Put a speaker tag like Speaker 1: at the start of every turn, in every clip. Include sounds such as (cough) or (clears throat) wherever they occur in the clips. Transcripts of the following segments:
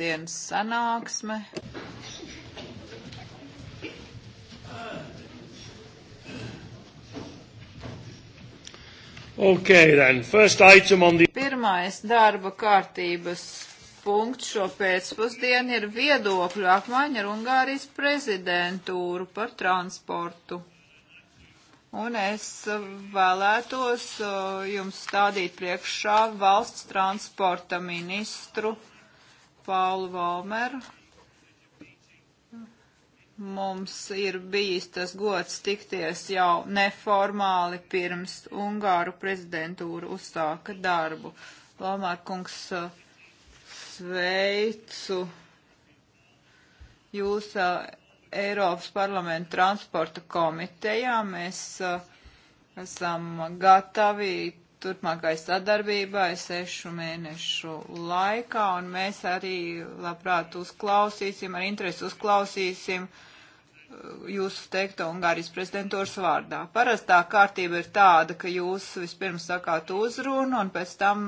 Speaker 1: dienas sanāksme.
Speaker 2: Okay, then. First item on the...
Speaker 1: Pirmais darba kārtības punkts šo pēcpusdienu ir viedokļu apmaiņa ar Ungārijas prezidentūru par transportu. Un es vēlētos uh, jums stādīt priekšā valsts transporta ministru Paulu Valmeru. Mums ir bijis tas gods tikties jau neformāli pirms Ungāru prezidentūra uzsāka darbu. Valmār kungs sveicu jūs Eiropas parlamenta transporta komitejā. Mēs esam gatavi turpmākai sadarbībai sešu mēnešu laikā, un mēs arī labprāt uzklausīsim, ar interesi uzklausīsim uh, jūsu teikto Ungārijas prezidentūras vārdā. Parastā kārtība ir tāda, ka jūs vispirms sakāt uzrunu, un pēc tam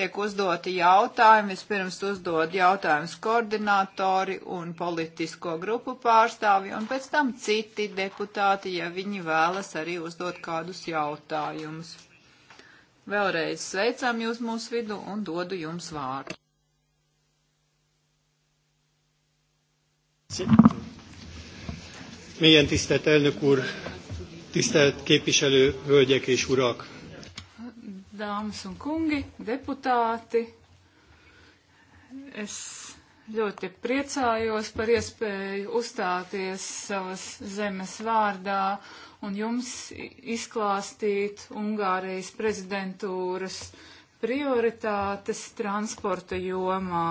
Speaker 1: tiek uzdoti jautājumi. Vispirms uzdod jautājumus koordinātori un politisko grupu pārstāvi, un pēc tam citi deputāti, ja viņi vēlas arī uzdot kādus jautājumus. Vēlreiz sveicām jūs mūsu vidu un dodu jums vārdu.
Speaker 3: Milyen tisztelt elnök úr, tisztelt képviselő, hölgyek és urak!
Speaker 4: Dāmas un kungi, deputāti, es ļoti priecājos par iespēju uzstāties savas zemes vārdā un jums izklāstīt Ungārijas prezidentūras prioritātes transporta jomā.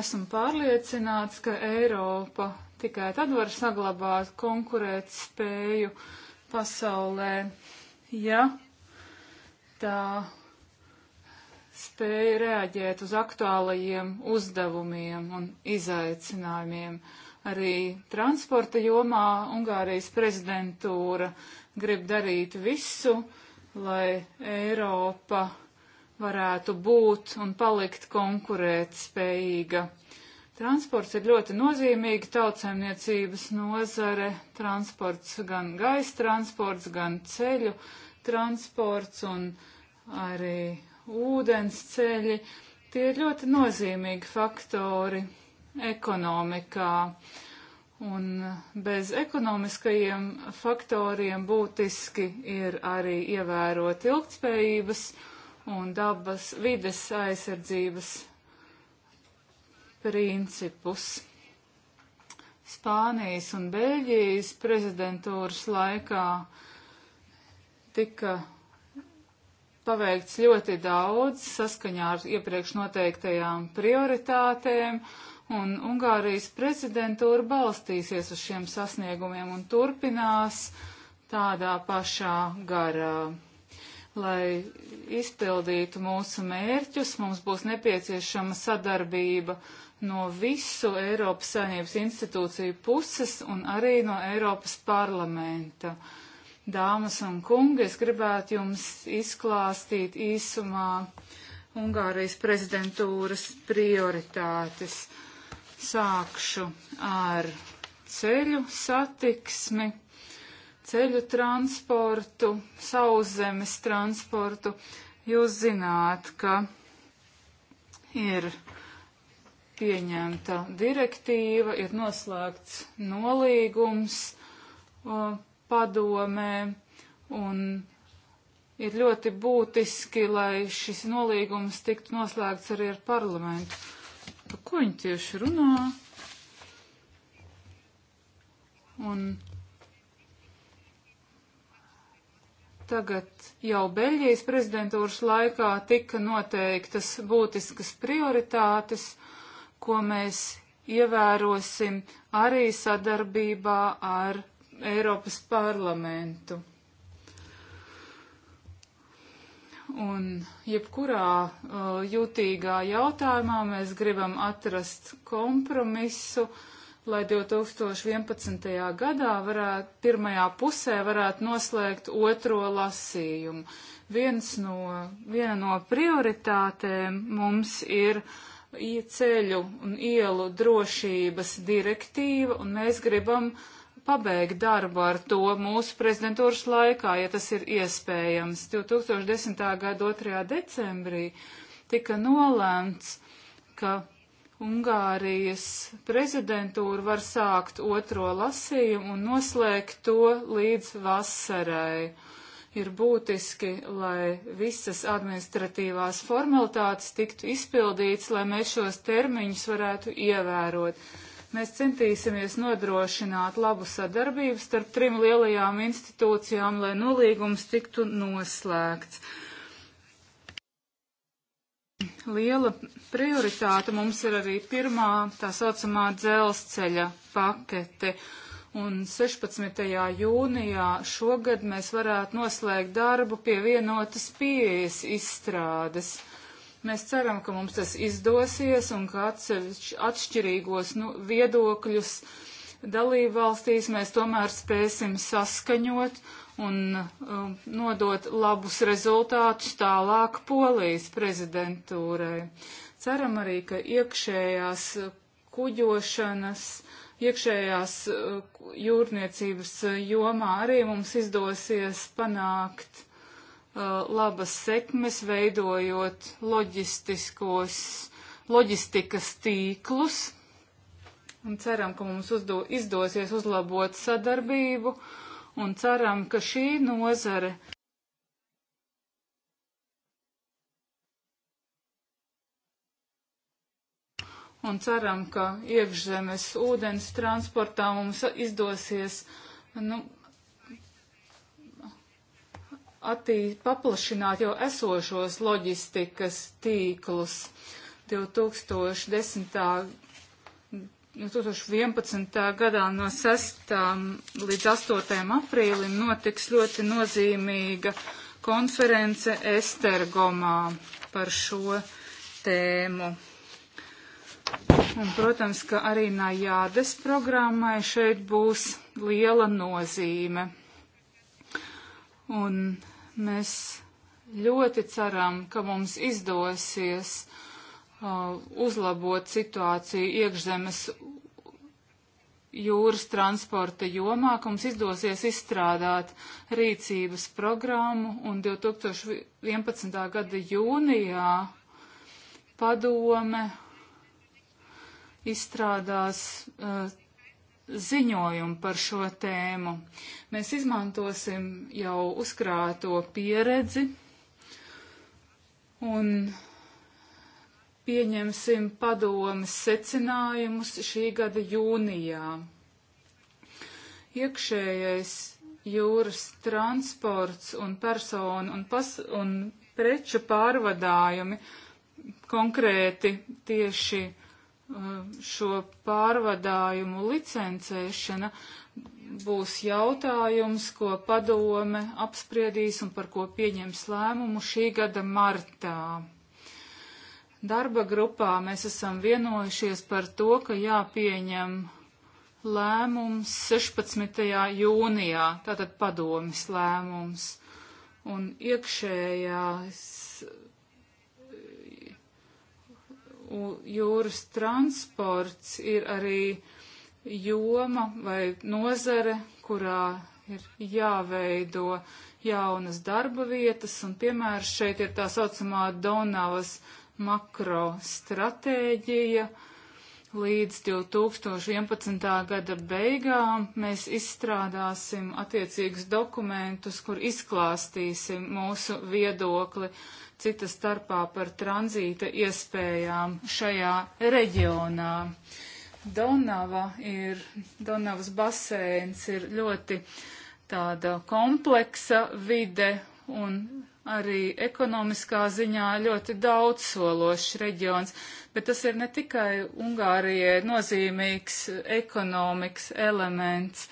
Speaker 4: Esmu pārliecināts, ka Eiropa tikai tad var saglabāt konkurēt spēju pasaulē, ja tā spēja reaģēt uz aktuālajiem uzdevumiem un izaicinājumiem. Uh, Arī transporta jomā Ungārijas prezidentūra grib darīt visu, lai Eiropa varētu būt un palikt konkurēt spējīga. Transports ir ļoti nozīmīga tautsēmniecības nozare, transports gan gaisa transports, gan ceļu transports un arī ūdens ceļi. Tie ir ļoti nozīmīgi faktori ekonomikā. Un bez ekonomiskajiem faktoriem būtiski ir arī ievērot ilgtspējības un dabas vides aizsardzības principus. Spānijas un Bēļģijas prezidentūras laikā tika paveikts ļoti daudz saskaņā ar iepriekš noteiktajām prioritātēm Un Ungārijas prezidentūra balstīsies uz šiem sasniegumiem un turpinās tādā pašā garā. Lai izpildītu mūsu mērķus, mums būs nepieciešama sadarbība no visu Eiropas saimnības institūciju puses un arī no Eiropas parlamenta. Dāmas un kungi, es gribētu jums izklāstīt īsumā Ungārijas prezidentūras prioritātes. Sākšu ar ceļu satiksmi, ceļu transportu, sauszemes transportu. Jūs zināt, ka ir pieņemta direktīva, ir noslēgts nolīgums uh, padomē un ir ļoti būtiski, lai šis nolīgums tiktu noslēgts arī ar parlamentu. Par ko viņi tieši runā? Un tagad jau Beļģijas prezidentūras laikā tika noteiktas būtiskas prioritātes, ko mēs ievērosim arī sadarbībā ar Eiropas parlamentu. un jebkurā uh, jūtīgā jautājumā mēs gribam atrast kompromisu, lai 2011. gadā varētu, pirmajā pusē varētu noslēgt otro lasījumu. Viens no, viena no prioritātēm mums ir ceļu un ielu drošības direktīva, un mēs gribam uh, pabeigt darbu ar to mūsu prezidentūras laikā, ja tas ir iespējams. 2010. gada 2. decembrī tika nolēmts, ka Ungārijas prezidentūra var sākt otro lasījumu un noslēgt to līdz vasarai. Ir būtiski, lai visas administratīvās formalitātes tiktu izpildīts, lai mēs šos termiņus varētu ievērot. Mēs centīsimies nodrošināt labu sadarbību starp trim lielajām institūcijām, lai nolīgums tiktu noslēgts. Liela prioritāte mums ir arī pirmā tā saucamā dzelzceļa pakete. Un 16. jūnijā šogad mēs varētu noslēgt darbu pie vienotas pieejas izstrādes. Mēs ceram, ka mums tas izdosies un ka atšķirīgos nu, viedokļus dalību valstīs mēs tomēr spēsim saskaņot un um, nodot labus rezultātus tālāk Polijas prezidentūrai. Ceram arī, ka iekšējās kuģošanas, iekšējās uh, jūrniecības jomā arī mums izdosies panākt Uh, labas sekmes veidojot loģistiskos, loģistikas tīklus. Un ceram, ka mums uzdo, izdosies uzlabot sadarbību un ceram, ka šī nozare. Un ceram, ka iekšzemes ūdens transportā mums izdosies nu, attī, paplašināt jau esošos loģistikas tīklus. 2010. 2011. gadā no 6. līdz 8. aprīlim notiks ļoti nozīmīga konference Estergomā par šo tēmu. Un, protams, ka arī Najādes programmai šeit būs liela nozīme. Un Mēs ļoti ceram, ka mums izdosies uh, uzlabot situāciju iekšzemes jūras transporta jomā, ka mums izdosies izstrādāt rīcības programmu un 2011. gada jūnijā padome izstrādās uh, ziņojumu par šo tēmu. Mēs izmantosim jau uzkrāto pieredzi un pieņemsim padomas secinājumus šī gada jūnijā. Iekšējais jūras transports un personu un, pas, un preču pārvadājumi konkrēti tieši šo pārvadājumu licencēšana būs jautājums, ko padome apspriedīs un par ko pieņems lēmumu šī gada martā. Darba grupā mēs esam vienojušies par to, ka jāpieņem lēmums 16. jūnijā, tātad padomis lēmums. Un iekšējās jūras transports ir arī joma vai nozare, kurā ir jāveido jaunas darba vietas, un piemērs šeit ir tā saucamā Donavas makro stratēģija, uh, līdz 2011. gada beigām mēs izstrādāsim attiecīgus dokumentus, kur izklāstīsim mūsu viedokli cita starpā par tranzīta iespējām šajā reģionā. Donava ir, Donavas basēns ir ļoti tāda kompleksa vide un arī ekonomiskā ziņā ļoti daudzsološs reģions bet tas ir ne tikai Ungārijai nozīmīgs ekonomikas elements.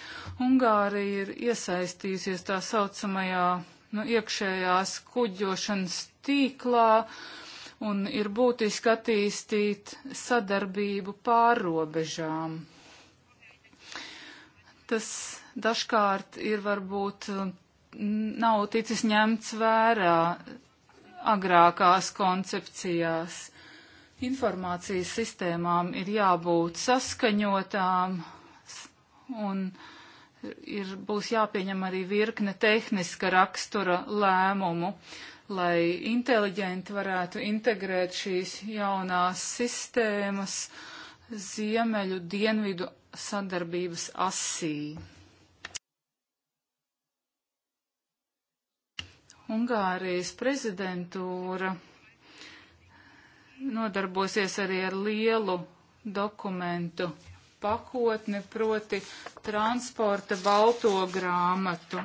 Speaker 4: Ungārija ir iesaistījusies tā saucamajā nu, iekšējās kuģošanas tīklā un ir būtiski attīstīt sadarbību pārrobežām. Tas dažkārt ir varbūt nav ticis ņemts vērā agrākās koncepcijās. Informācijas sistēmām ir jābūt saskaņotām un ir, būs jāpieņem arī virkne tehniska rakstura lēmumu, lai inteliģenti varētu integrēt šīs jaunās sistēmas ziemeļu dienvidu sadarbības asī. Ungārijas prezidentūra nodarbosies arī ar lielu dokumentu pakotni, proti transporta balto grāmatu.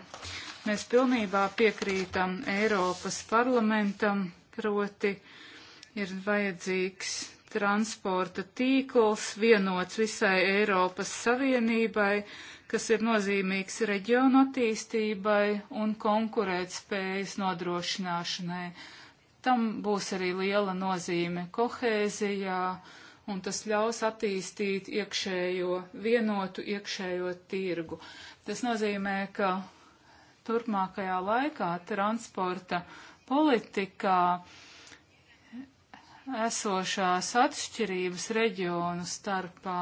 Speaker 4: Mēs pilnībā piekrītam Eiropas parlamentam, proti ir vajadzīgs transporta tīkls vienots visai Eiropas Savienībai, kas ir nozīmīgs reģionu attīstībai un konkurētspējas nodrošināšanai Tam būs arī liela nozīme kohēzijā, un tas ļaus attīstīt iekšējo, vienotu iekšējo tirgu. Tas nozīmē, ka turpmākajā laikā transporta politikā esošās atšķirības reģionu starpā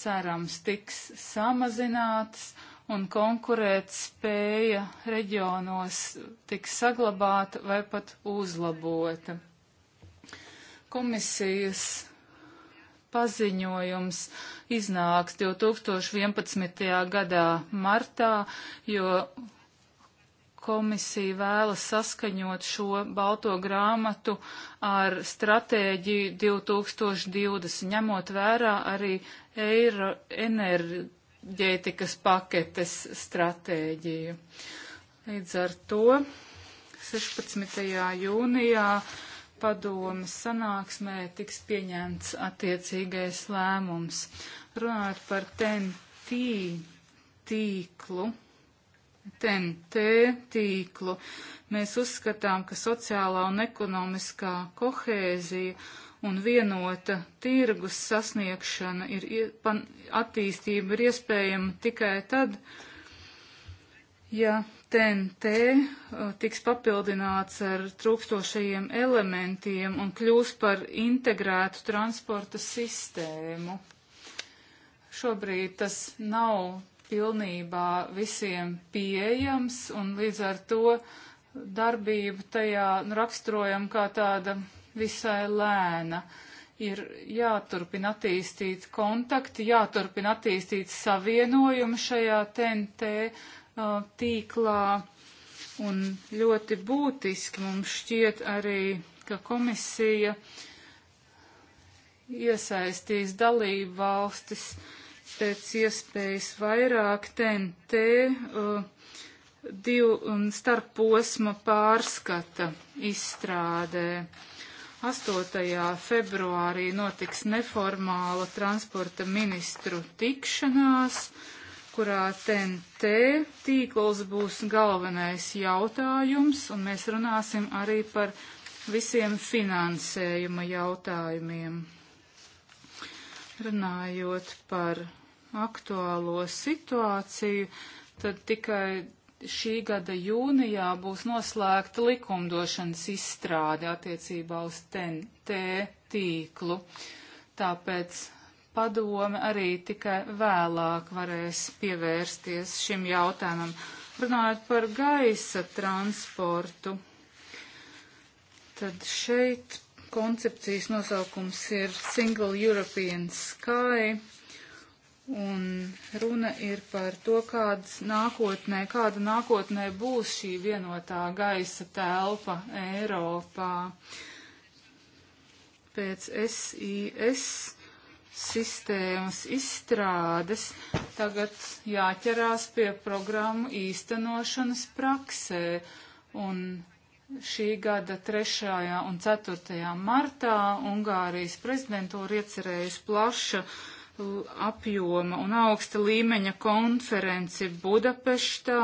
Speaker 4: cerams tiks samazinātas un konkurēt spēja reģionos tiks saglabāta vai pat uzlabota. Komisijas paziņojums iznāks 2011. gadā martā, jo komisija vēlas saskaņot šo balto grāmatu ar stratēģiju 2020, ņemot vērā arī eiro enerģiju enerģētikas paketes stratēģiju. Līdz ar to 16. jūnijā padomas sanāksmē tiks pieņemts attiecīgais lēmums. Runājot par TNT tīklu, TNT tīklu, mēs uzskatām, ka sociālā un ekonomiskā kohēzija un vienota tirgus sasniegšana ir pan, attīstība ir iespējama tikai tad, ja TNT uh, tiks papildināts ar trūkstošajiem elementiem un kļūs par integrētu transporta sistēmu. Šobrīd tas nav pilnībā visiem pieejams un līdz ar to darbību tajā nu, raksturojam kā tāda visai lēna. Ir jāturpina attīstīt kontakti, jāturpina attīstīt savienojumu šajā TNT uh, tīklā. Un ļoti būtiski mums šķiet arī, ka komisija iesaistīs dalību valstis pēc iespējas vairāk TNT uh, divu un starp posma pārskata izstrādē. Uh, 8. februārī notiks neformāla transporta ministru tikšanās, kurā TNT tīkls būs galvenais jautājums, un mēs runāsim arī par visiem finansējuma jautājumiem. Runājot par aktuālo situāciju, tad tikai šī gada jūnijā būs noslēgta likumdošanas izstrāde attiecībā uz TNT tīklu. Tāpēc padome arī tikai vēlāk varēs pievērsties šim jautājumam. Runājot par gaisa transportu, tad šeit koncepcijas nosaukums ir Single European Sky Un runa ir par to, kāds nākotnē, kāda nākotnē būs šī vienotā gaisa telpa Eiropā. Pēc SIS sistēmas izstrādes tagad jāķerās pie programmu īstenošanas praksē. Un šī gada 3. un 4. martā Ungārijas prezidentūra iecerējusi plaša Uh, apjoma un augsta līmeņa konferenci Budapeštā.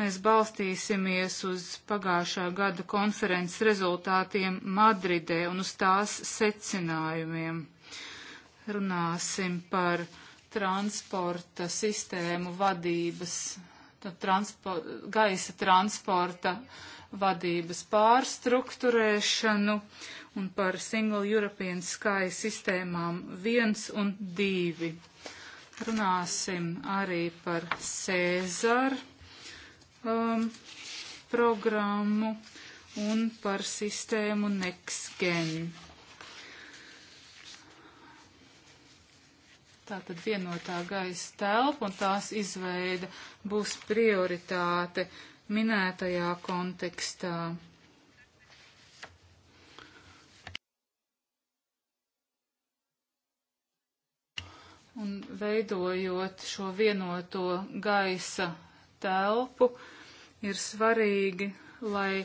Speaker 4: Mēs balstīsimies uz pagājušā gada konferences rezultātiem Madridē un uz tās secinājumiem. Runāsim par transporta sistēmu vadības, transpo, gaisa transporta vadības pārstruktūrēšanu un par Single European Sky sistēmām 1 un 2. Runāsim arī par Cēzar um, programmu un par sistēmu NextGen. Tātad vienotā gaisa telpa un tās izveida būs prioritāte minētajā kontekstā. un veidojot šo vienoto gaisa telpu, ir svarīgi, lai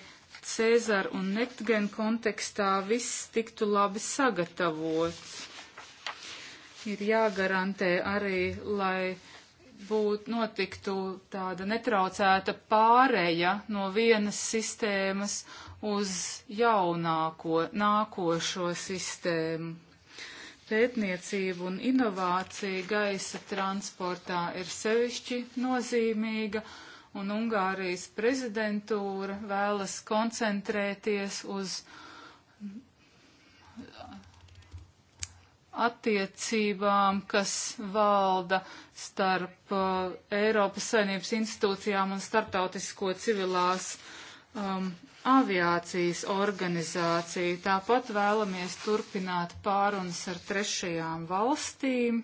Speaker 4: Cēzara un Netgen kontekstā viss tiktu labi sagatavots. Ir jāgarantē arī, lai būtu notiktu tāda netraucēta pāreja no vienas sistēmas uz jaunāko, nākošo sistēmu pētniecība un inovācija gaisa transportā ir sevišķi nozīmīga, un Ungārijas prezidentūra vēlas koncentrēties uz attiecībām, kas valda starp uh, Eiropas Savienības institūcijām un starptautisko civilās um, aviācijas organizāciju. Tāpat vēlamies turpināt pārunas ar trešajām valstīm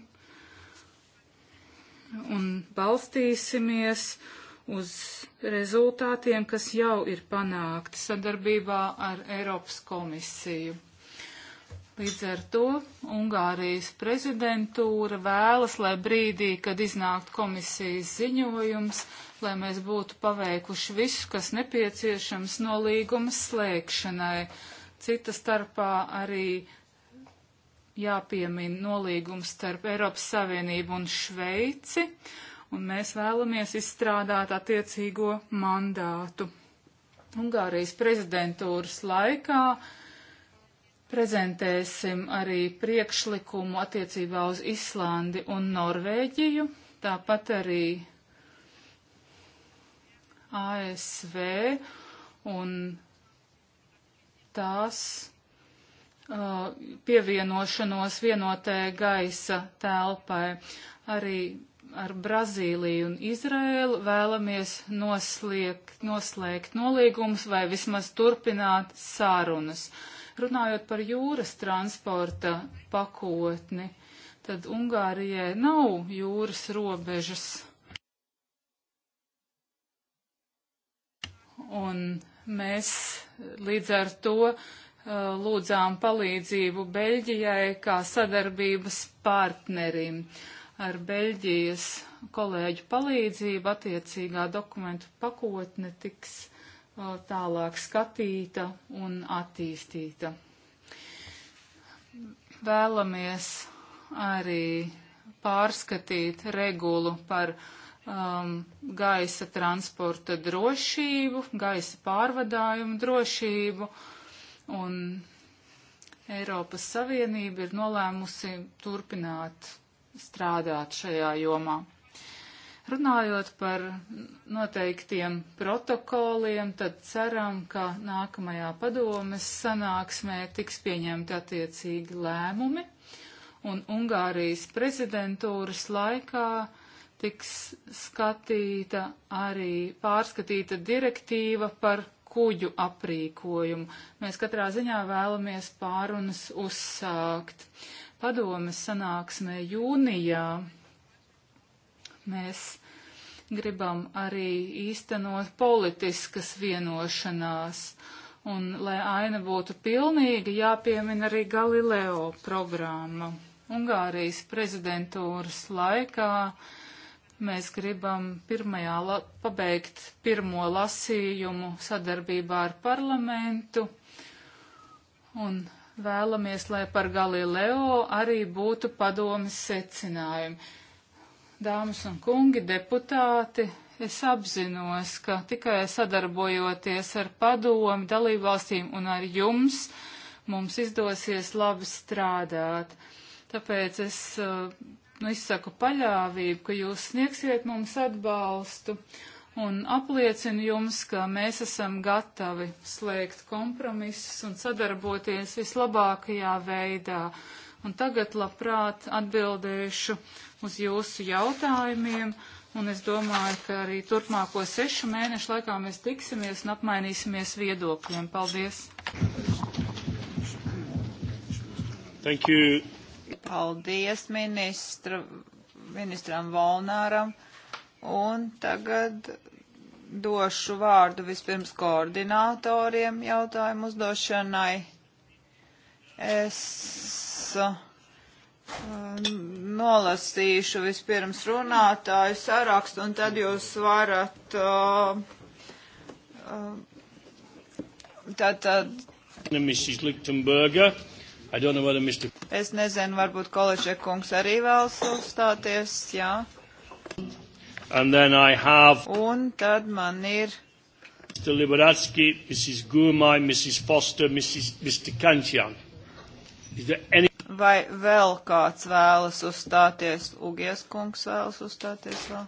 Speaker 4: un balstīsimies uz rezultātiem, kas jau ir panākti sadarbībā ar Eiropas komisiju. Līdz ar to Ungārijas prezidentūra vēlas, lai brīdī, kad iznākt komisijas ziņojums, lai mēs būtu paveikuši visu, kas nepieciešams no līguma slēgšanai. Cita starpā arī jāpiemina nolīgums starp Eiropas Savienību un Šveici, un mēs vēlamies izstrādāt attiecīgo mandātu. Ungārijas prezidentūras laikā prezentēsim arī priekšlikumu attiecībā uz Islandi un Norvēģiju, tāpat arī ASV un tās uh, pievienošanos vienotajai gaisa telpai. Arī ar Brazīliju un Izraēlu vēlamies noslēgt, noslēgt nolīgumus vai vismaz turpināt sārunas. Runājot par jūras transporta pakotni, tad Ungārijai nav jūras robežas un mēs eh, līdz ar to uh, lūdzām palīdzību Beļģijai kā sadarbības partnerim. Ar Beļģijas kolēģu palīdzību attiecīgā dokumentu pakotne tiks uh, tālāk skatīta un attīstīta. Vēlamies arī pārskatīt regulu par uh, um, gaisa transporta drošību, gaisa pārvadājumu drošību, un Eiropas Savienība ir nolēmusi turpināt strādāt šajā jomā. Runājot par noteiktiem protokoliem, tad ceram, ka nākamajā padomes sanāksmē tiks pieņemti attiecīgi lēmumi, un Ungārijas prezidentūras laikā tiks skatīta arī pārskatīta direktīva par kuģu aprīkojumu. Mēs katrā ziņā vēlamies pārunas uzsākt. Padomes sanāksmē jūnijā mēs gribam arī īstenot politiskas vienošanās. Un, lai aina būtu pilnīga, jāpiemina arī Galileo programma. Ungārijas prezidentūras laikā uh, Mēs gribam pirmajā la, pabeigt pirmo lasījumu sadarbībā ar parlamentu un vēlamies, lai par Galileo arī būtu padomis secinājumi. Dāmas un kungi, deputāti, es apzinos, ka tikai sadarbojoties ar padomi, dalībvalstīm un ar jums, mums izdosies labi strādāt. Tāpēc es uh, nu, izsaku paļāvību, ka jūs sniegsiet mums atbalstu un apliecinu jums, ka mēs esam gatavi slēgt kompromisus un sadarboties vislabākajā veidā. Un tagad labprāt atbildēšu uz jūsu jautājumiem. Un es domāju, ka arī turpmāko sešu mēnešu laikā mēs tiksimies un apmainīsimies viedokļiem. Paldies!
Speaker 2: Thank you.
Speaker 1: Paldies ministra, ministram Volnāram. Un tagad došu vārdu vispirms koordinātoriem jautājumu uzdošanai. Es um, nolasīšu vispirms runātāju sarakstu, un tad jūs varat. Um, um,
Speaker 2: Tātad. Mrs. Lichtenberger. Mr...
Speaker 1: Es nezinu, varbūt koleģe kungs arī vēlas uzstāties, jā.
Speaker 2: Have... Un tad man ir. Mr. Liberatsky, Mrs. Gurmai, Mrs. Foster, Mrs. Mr. Kanchian. Any... Vai vēl
Speaker 1: kāds vēlas uzstāties? Ugies kungs vēlas uzstāties vēl?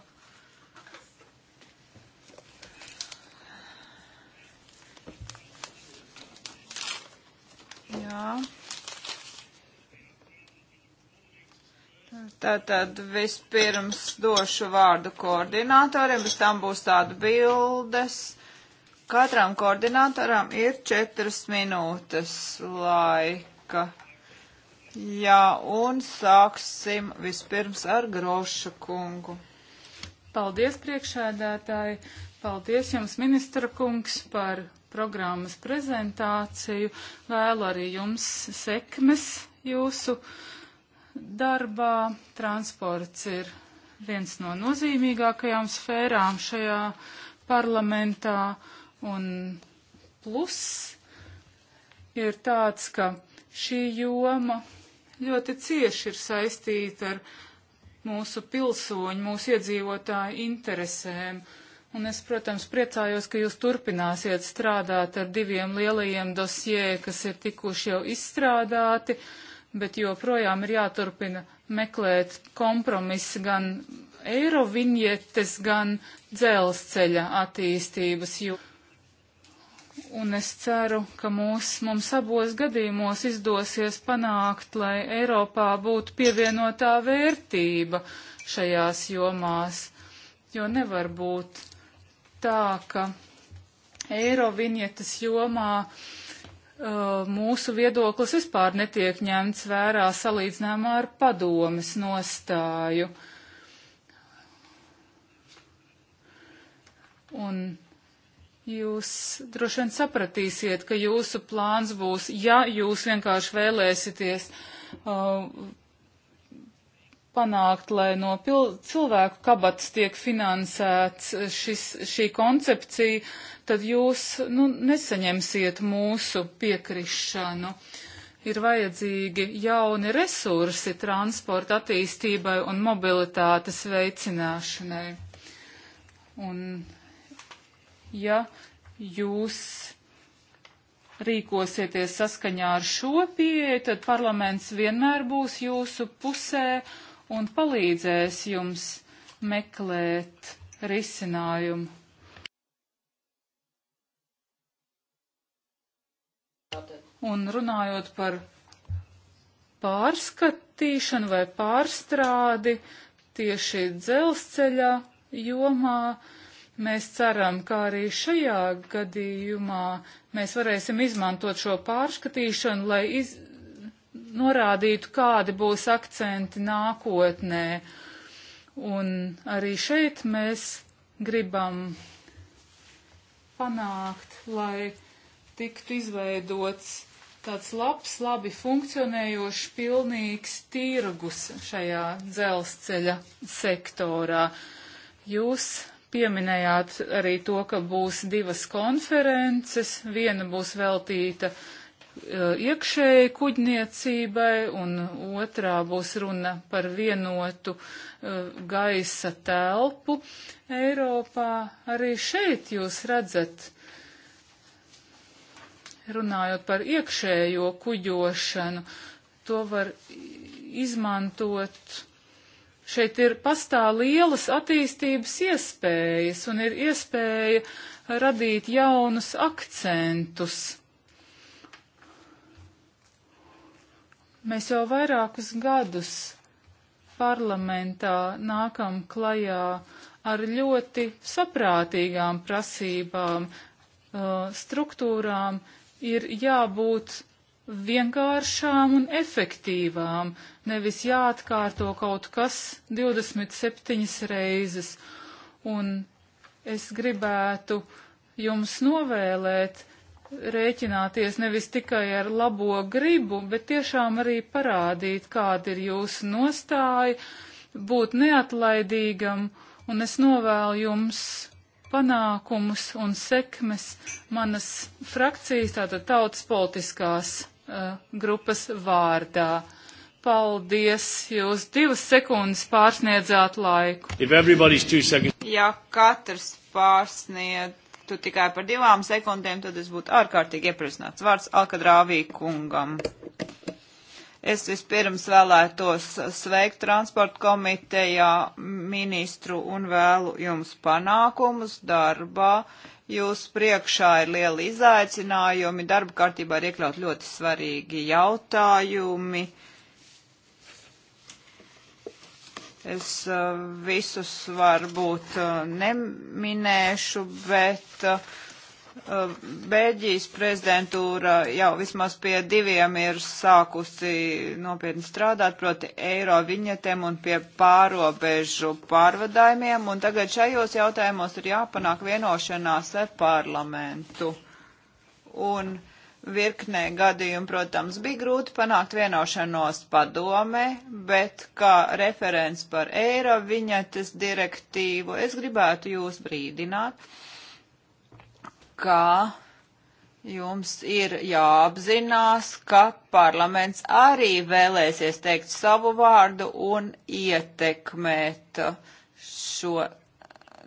Speaker 1: Jā. Tātad vispirms došu vārdu koordinatoriem, pēc tam būs tāda bildes. Katram koordinatoram ir četras minūtes laika. Jā, un sāksim vispirms ar Groša kungu.
Speaker 4: Paldies, priekšēdētāji! Paldies jums, ministra kungs, par programmas prezentāciju. Vēlu arī jums sekmes jūsu darbā. Transports ir viens no nozīmīgākajām sfērām šajā parlamentā. Un plus ir tāds, ka šī joma ļoti cieši ir saistīta ar mūsu pilsoņu, mūsu iedzīvotāju interesēm. Un es, protams, priecājos, ka jūs turpināsiet strādāt ar diviem lielajiem dosjē, kas ir tikuši jau izstrādāti. Uh, bet joprojām ir jāturpina meklēt kompromisu gan eirovinietes, gan dzelzceļa attīstības. Jo... Un es ceru, ka mūs, mums abos gadījumos izdosies panākt, lai Eiropā būtu pievienotā vērtība šajās jomās, jo nevar būt tā, ka eirovinietes jomā uh, Uh, mūsu viedoklis vispār netiek ņemts vērā salīdzinājumā ar padomes nostāju. Un jūs droši vien sapratīsiet, ka jūsu plāns būs, ja jūs vienkārši vēlēsieties uh, panākt, lai no cilvēku kabatas tiek finansēts šis, šī koncepcija, tad jūs nu, nesaņemsiet mūsu piekrišanu. Ir vajadzīgi jauni resursi transporta attīstībai un mobilitātes veicināšanai. Un ja jūs rīkosieties saskaņā ar šo pieeju, tad parlaments vienmēr būs jūsu pusē un palīdzēs jums meklēt risinājumu. Un runājot par pārskatīšanu vai pārstrādi tieši dzelzceļa jomā, Mēs ceram, ka arī šajā gadījumā mēs varēsim izmantot šo pārskatīšanu, lai iz, norādītu, kādi būs akcenti nākotnē. Un arī šeit mēs gribam panākt, lai tiktu izveidots tāds labs, labi funkcionējošs, pilnīgs tirgus šajā dzelzceļa sektorā. Jūs pieminējāt arī to, ka būs divas konferences, viena būs veltīta uh, Uh, iekšēji kuģniecībai, un otrā būs runa par vienotu uh, gaisa telpu Eiropā. Arī šeit jūs redzat, runājot par iekšējo kuģošanu, to var izmantot šeit ir pastāv lielas attīstības iespējas un ir iespēja radīt jaunus akcentus. Mēs jau vairākus gadus parlamentā nākam klajā ar ļoti saprātīgām prasībām, uh, struktūrām ir jābūt vienkāršām un efektīvām, nevis jāatkārto kaut kas 27 reizes. Un es gribētu jums novēlēt, rēķināties nevis tikai ar labo gribu, bet tiešām arī parādīt, kāda ir jūsu nostāja, būt neatlaidīgam, un es novēlu jums panākumus un sekmes manas frakcijas, tātad tautas politiskās uh, grupas vārdā. Paldies! Jūs divas sekundes pārsniedzāt laiku. Ja
Speaker 1: katrs pārsniedz tiktu tikai par divām sekundēm, tad es būtu ārkārtīgi iepriecināts. Vārds Alkadrāvī kungam. Es vispirms vēlētos sveikt transporta komitejā ministru un vēlu jums panākumus darbā. Jūs priekšā ir lieli izaicinājumi, darba kārtībā ir iekļaut ļoti svarīgi jautājumi. Uh, Es uh, visus varbūt uh, neminēšu, bet uh, Bēļģijas prezidentūra jau vismaz pie diviem ir sākusi nopietni strādāt, proti eiro viņetēm un pie pārobežu pārvadājumiem, un tagad šajos jautājumos ir jāpanāk vienošanās ar parlamentu. Un virknē gadījumu, protams, bija grūti panākt vienošanos padome, bet kā referents par eiro viņatas direktīvu es gribētu jūs brīdināt, ka jums ir jāapzinās, ka parlaments arī vēlēsies teikt savu vārdu un ietekmēt šo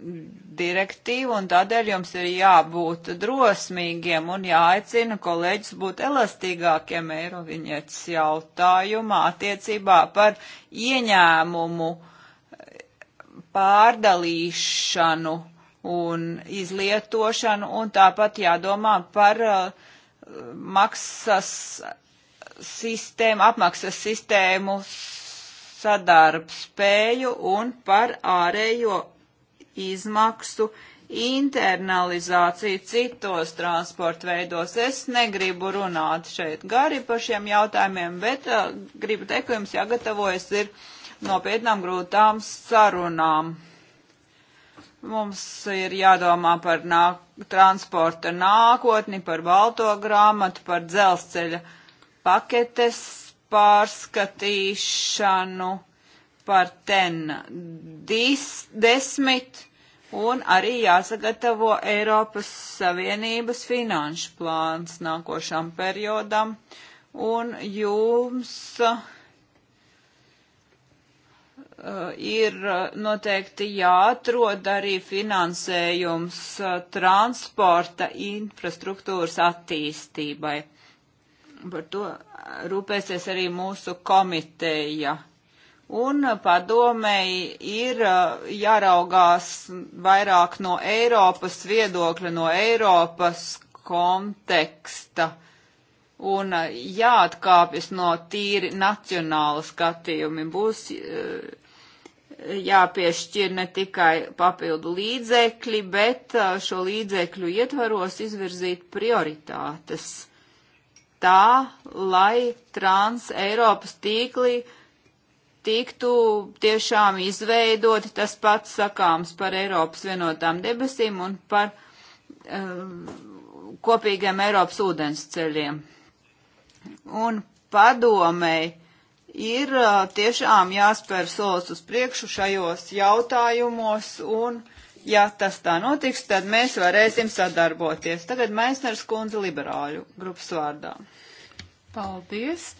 Speaker 1: direktīvu, un tādēļ jums ir jābūt drosmīgiem un jāaicina kolēģis būt elastīgākiem eiroviņietas jautājumā attiecībā par ieņēmumu pārdalīšanu un izlietošanu, un tāpat jādomā par uh, maksas sistēmu, apmaksas sistēmu sadarbspēju un par ārējo izmaksu internalizāciju citos transporta veidos. Es negribu runāt šeit gari par šiem jautājumiem, bet uh, gribu teikt, ka jums jāgatavojas ir nopietnām grūtām sarunām. Mums ir jādomā par nāk, transporta nākotni, par balto grāmatu, par dzelzceļa paketes pārskatīšanu par ten dis, desmit un arī jāsagatavo Eiropas Savienības finanšu plāns nākošam periodam. Un jums uh, ir uh, noteikti jāatrod arī finansējums uh, transporta infrastruktūras attīstībai. Par to rūpēsies arī mūsu komiteja. Un padomēji ir uh, jāraugās vairāk no Eiropas viedokļa, no Eiropas konteksta un uh, jāatkāpjas no tīri nacionāla skatījumi. Būs uh, jāpiešķir ne tikai papildu līdzekļi, bet šo līdzekļu ietvaros izvirzīt prioritātes tā, lai trans Eiropas tīklī uh, tiktu tiešām izveidoti tas pats sakāms par Eiropas vienotām debesīm un par um, kopīgiem Eiropas ūdens ceļiem. Un padomēji ir uh, tiešām jāspēr solis uz priekšu šajos jautājumos un, ja tas tā notiks, tad mēs varēsim sadarboties. Tagad Maisners kundze liberāļu grupas vārdā.
Speaker 4: Paldies!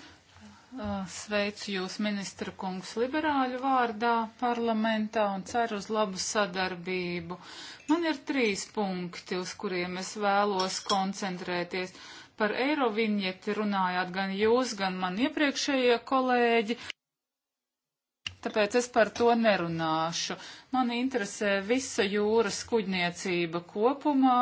Speaker 4: Uh, sveicu jūs, ministra kungs, liberāļu vārdā parlamentā un ceru uz labu sadarbību. Man ir trīs punkti, uz kuriem es vēlos koncentrēties. Par eirovinieti runājāt gan jūs, gan man iepriekšējie kolēģi, tāpēc es par to nerunāšu. Man interesē visa jūras kuģniecība kopumā.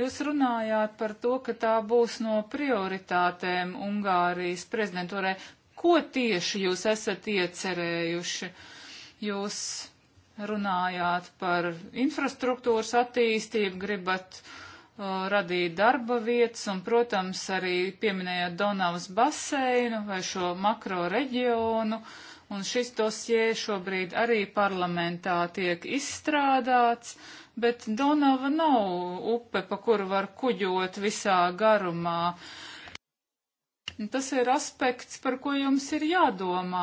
Speaker 4: Jūs runājāt par to, ka tā būs no prioritātēm Ungārijas prezidentūrai. Ko tieši jūs esat iecerējuši? Jūs runājāt par infrastruktūras attīstību, gribat uh, radīt darba vietas un, protams, arī pieminējāt Donavas baseinu vai šo makro reģionu. Un šis dosie šobrīd arī parlamentā tiek izstrādāts, bet Donava nav upe, pa kuru var kuģot visā garumā. Uh, Nu, tas ir aspekts, par ko jums ir jādomā.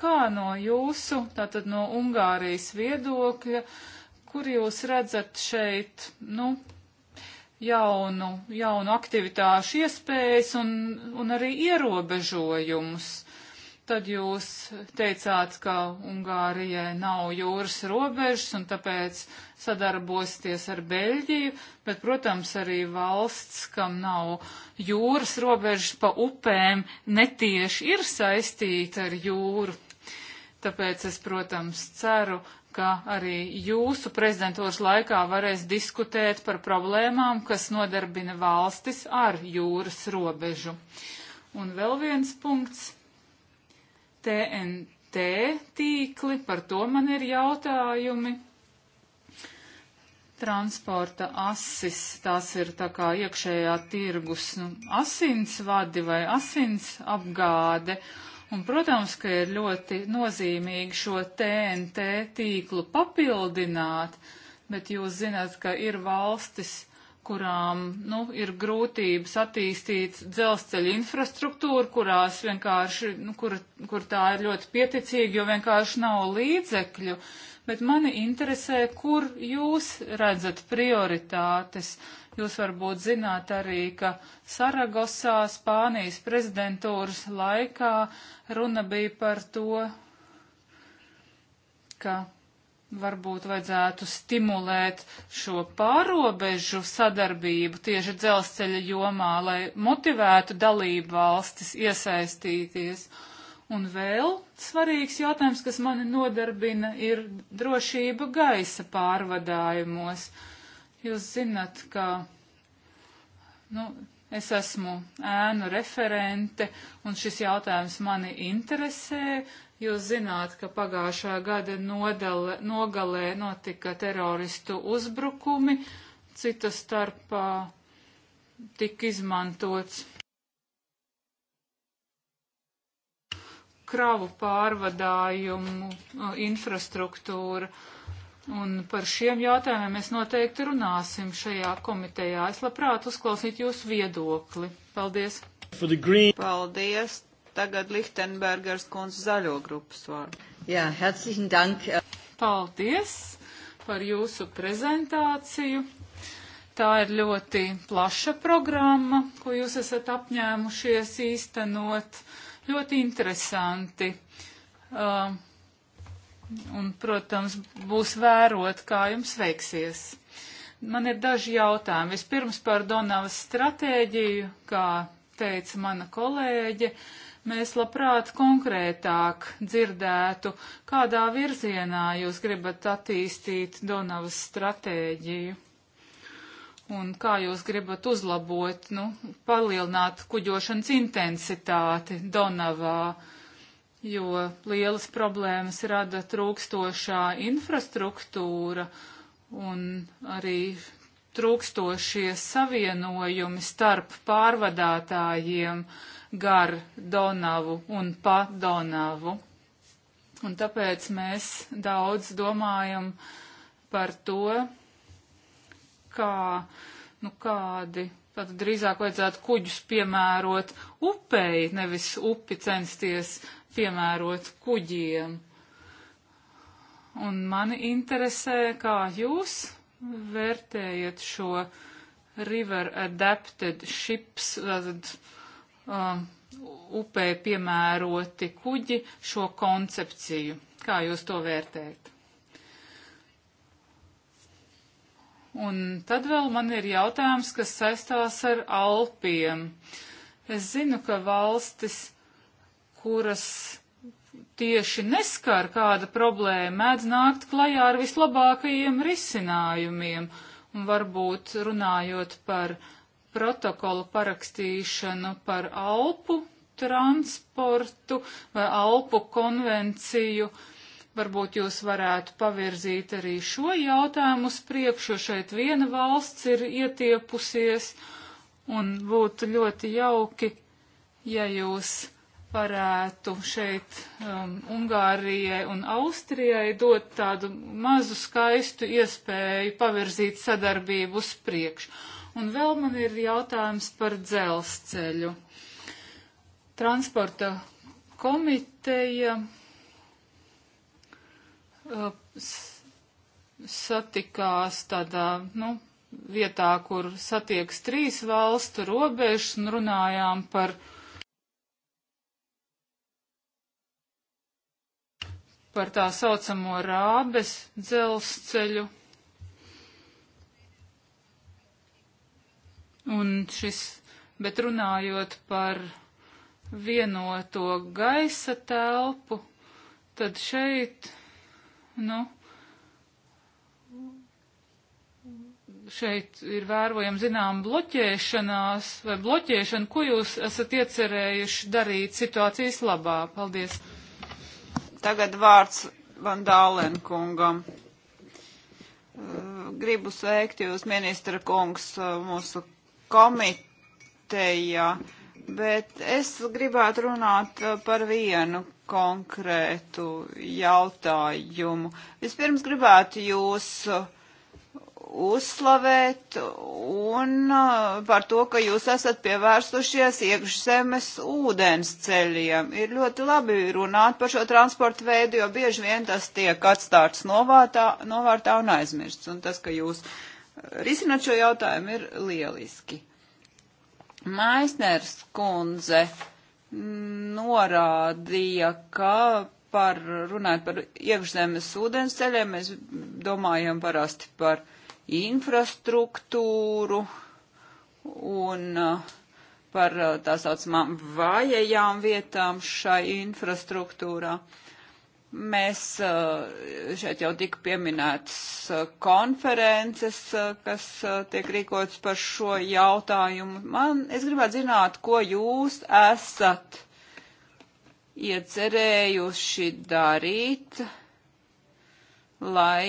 Speaker 4: Kā no jūsu, tātad no Ungārijas viedokļa, kur jūs redzat šeit, nu, jaunu, jaunu aktivitāšu iespējas un, un arī ierobežojumus? Tad jūs teicāt, ka Ungārijai nav jūras robežas un tāpēc sadarbosieties ar Beļģiju, bet, protams, arī valsts, kam nav jūras robežas pa upēm, netieši ir saistīta ar jūru. Tāpēc es, protams, ceru, ka arī jūsu prezidentūras laikā varēs diskutēt par problēmām, kas nodarbina valstis ar jūras robežu. Un vēl viens punkts TNT tīkli, par to man ir jautājumi. Transporta asis, tās ir tā kā iekšējā tirgus nu, asinsvadi vai asins apgāde. Un, protams, ka ir ļoti nozīmīgi šo TNT tīklu papildināt, bet jūs zināt, ka ir valstis, kurām nu, ir grūtības attīstīt dzelzceļa infrastruktūru, kurās vienkārši, nu, kur, kur tā ir ļoti pieticīga, jo vienkārši nav līdzekļu. Bet mani interesē, kur jūs redzat prioritātes. Jūs varbūt zināt arī, ka Saragosā Spānijas prezidentūras laikā runa bija par to, ka varbūt vajadzētu stimulēt šo pārobežu sadarbību tieši dzelzceļa jomā, lai motivētu dalību valstis iesaistīties. Un vēl svarīgs jautājums, kas mani nodarbina, ir drošība gaisa pārvadājumos. Jūs zinat, ka nu, es esmu ēnu referente, un šis jautājums mani interesē, Jūs zināt, ka pagājušā gada nodale, nogalē notika teroristu uzbrukumi, cita starpā tika izmantots kravu pārvadājumu infrastruktūra. Un par šiem jautājumiem mēs noteikti runāsim šajā komitejā. Es labprāt uzklausītu jūsu viedokli. Paldies!
Speaker 1: Paldies! Tagad Lichtenbergers kundze zaļo grupas
Speaker 4: vārdu. Jā, herzlichen dank. Eh, Paldies par jūsu prezentāciju. Tā ir ļoti plaša programma, ko jūs esat apņēmušies īstenot. Ļoti interesanti. Uh, un, protams, būs vērot, kā jums veiksies. Man ir daži jautājumi. Vispirms par Donavas stratēģiju, kā teica mana kolēģe. Uh, mēs labprāt konkrētāk dzirdētu, kādā virzienā jūs gribat attīstīt Donavas stratēģiju un kā jūs gribat uzlabot, nu, palielināt kuģošanas intensitāti Donavā, jo lielas problēmas rada trūkstošā infrastruktūra un arī trūkstošie savienojumi starp pārvadātājiem. Uh, gar Donavu un pa Donavu. Un tāpēc mēs daudz domājam par to, kā, nu kādi, tad drīzāk vajadzētu kuģus piemērot upei, nevis upi censties piemērot kuģiem. Un mani interesē, kā jūs vērtējat šo river adapted ships, tātad um, upē piemēroti kuģi šo koncepciju. Kā jūs to vērtējat? Un tad vēl man ir jautājums, kas saistās ar Alpiem. Es zinu, ka valstis, kuras tieši neskar kāda problēma, mēdz nākt klajā ar vislabākajiem risinājumiem. Un varbūt runājot par uh, protokolu parakstīšanu par Alpu transportu vai Alpu konvenciju. Varbūt jūs varētu pavirzīt arī šo jautājumu uz priekšu, šeit viena valsts ir ietiepusies, un būtu ļoti jauki, ja jūs varētu šeit um, Ungārijai un Austrijai dot tādu mazu skaistu iespēju pavirzīt sadarbību uz priekšu. Un vēl man ir jautājums par dzelzceļu. Transporta komiteja uh, satikās tādā, nu, vietā, kur satieks trīs valstu robežas un runājām par, par tā saucamo rābes dzelzceļu Un šis, bet runājot par vienoto gaisa telpu, tad šeit, nu, šeit ir vērojama zinām bloķēšanās vai bloķēšana. Ko jūs esat iecerējuši darīt situācijas labā? Paldies. Tagad vārds Van Dālenkungam. Gribu
Speaker 1: sveikt jūs, ministra kungs, mūsu komiteja, bet es gribētu runāt uh, par vienu konkrētu jautājumu. Vispirms gribētu jūs uh, uzslavēt un uh, par to, ka jūs esat pievērstušies iekšzemes ūdens ceļiem. Ir ļoti labi runāt par šo transportu veidu, jo bieži vien tas tiek atstāts novārtā, novārtā un aizmirsts. Un tas, ka jūs uh, risinot šo jautājumu ir lieliski. Maisners kundze norādīja, ka par, runājot par iekšzemes ūdens ceļiem, mēs domājam parasti par infrastruktūru un eh, par eh, tā saucamām vājajām vietām šai infrastruktūrā. Uh, Mēs eh, šeit jau tika pieminētas eh, konferences, eh, kas tiek rīkots par šo jautājumu. Man, es gribētu zināt, ko jūs esat iecerējuši darīt, lai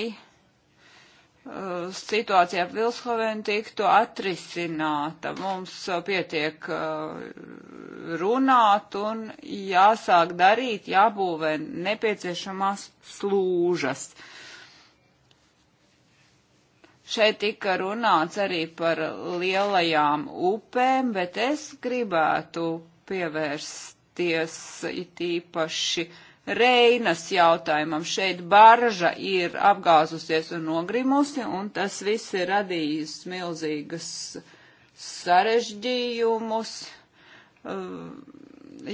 Speaker 1: Uh, situācija ar Vilshovenu tiktu atrisināta. Mums uh, pietiek uh, runāt un jāsāk darīt, jābūvē nepieciešamās slūžas. Šeit tika runāts arī par lielajām upēm, bet es gribētu pievērsties it īpaši uh, Reinas jautājumam. Šeit barža ir apgāzusies un nogrimusi, un tas viss ir radījis milzīgas sarežģījumus. Uh,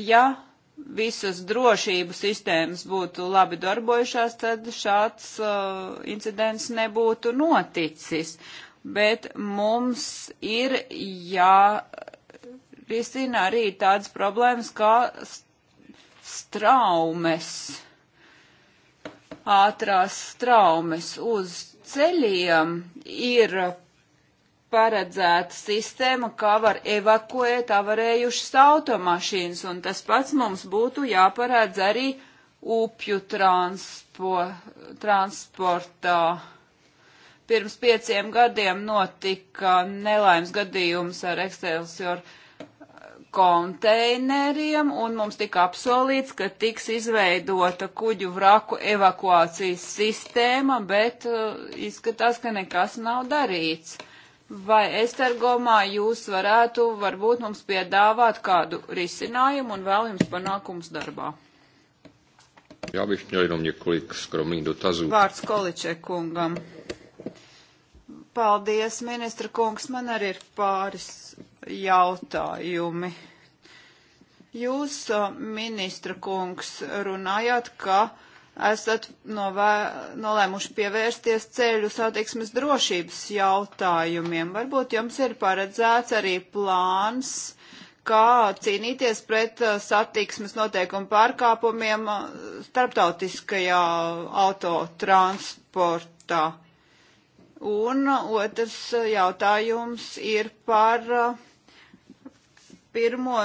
Speaker 1: ja visas drošības sistēmas būtu labi darbojušās, tad šāds uh, incidents nebūtu noticis. Bet mums ir jārisina arī tādas problēmas kā straumes, ātrās straumes uz ceļiem ir paredzēta sistēma, kā var evakuēt avarējušas automašīnas, un tas pats mums būtu jāparādz arī upju transpo, transportā. Pirms pieciem gadiem notika nelaimes gadījums ar Excelsior konteineriem, un mums tika apsolīts, ka tiks izveidota kuģu vraku evakuācijas sistēma, bet uh, izskatās, ka nekas nav darīts. Vai Estergomā jūs varētu varbūt mums piedāvāt kādu risinājumu un vēl jums panākums darbā?
Speaker 3: Já bych měl jenom několik skromných dotazů. Vārds
Speaker 1: Količe kungam. Paldies, ministra kungs, man arī ir pāris jautājumi. Jūs, ministra kungs, runājāt, ka esat novē, nolēmuši pievērsties ceļu satiksmes drošības jautājumiem. Varbūt jums ir paredzēts arī plāns, kā cīnīties pret satiksmes noteikumu pārkāpumiem starptautiskajā autotransportā. Un otrs jautājums ir par uh, pirmo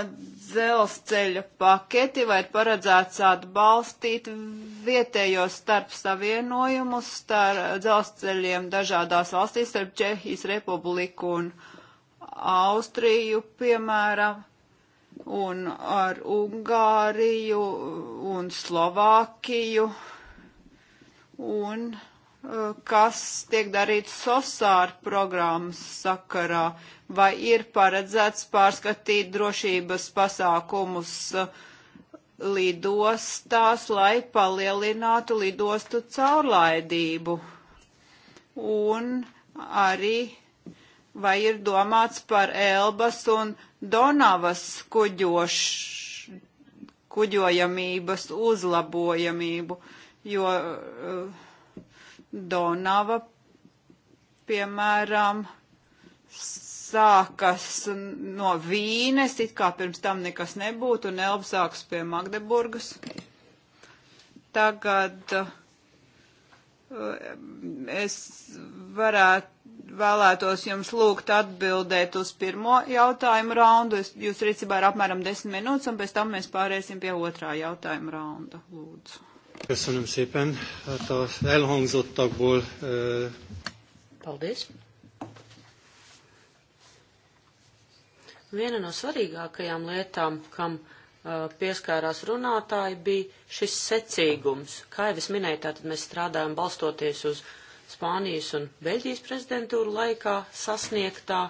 Speaker 1: dzelzceļa paketi vai ir paredzēts atbalstīt vietējos starp savienojumus starp dzelzceļiem dažādās valstīs, starp Čehijas republiku un Austriju, piemēram, un ar Ungāriju un Slovākiju un kas tiek darīts SOSAR programmas sakarā, vai ir paredzēts pārskatīt drošības pasākumus uh, lidostās, lai palielinātu lidostu caurlaidību. Un arī vai ir domāts par Elbas un Donavas kuģoš, kuģojamības uzlabojamību, jo uh, Donava, piemēram, sākas no Vīnes, it kā pirms tam nekas nebūtu, un Elba sākas pie Magdeburgas. Tagad uh, es varētu, vēlētos jums lūgt atbildēt uz pirmo jautājumu raundu. Es, jūs rīcībā ir apmēram desmit minūtes, un pēc tam mēs pāriesim pie otrā jautājuma raunda. Lūdzu.
Speaker 3: Köszönöm szépen. Hát az elhangzottakból... Paldies.
Speaker 5: Viena no svarīgākajām lietām, kam pieskārās runātāji, bija šis secīgums. Kā jau es minēju, tātad mēs strādājam balstoties uz Spānijas un Beļģijas prezidentūru laikā sasniegtā,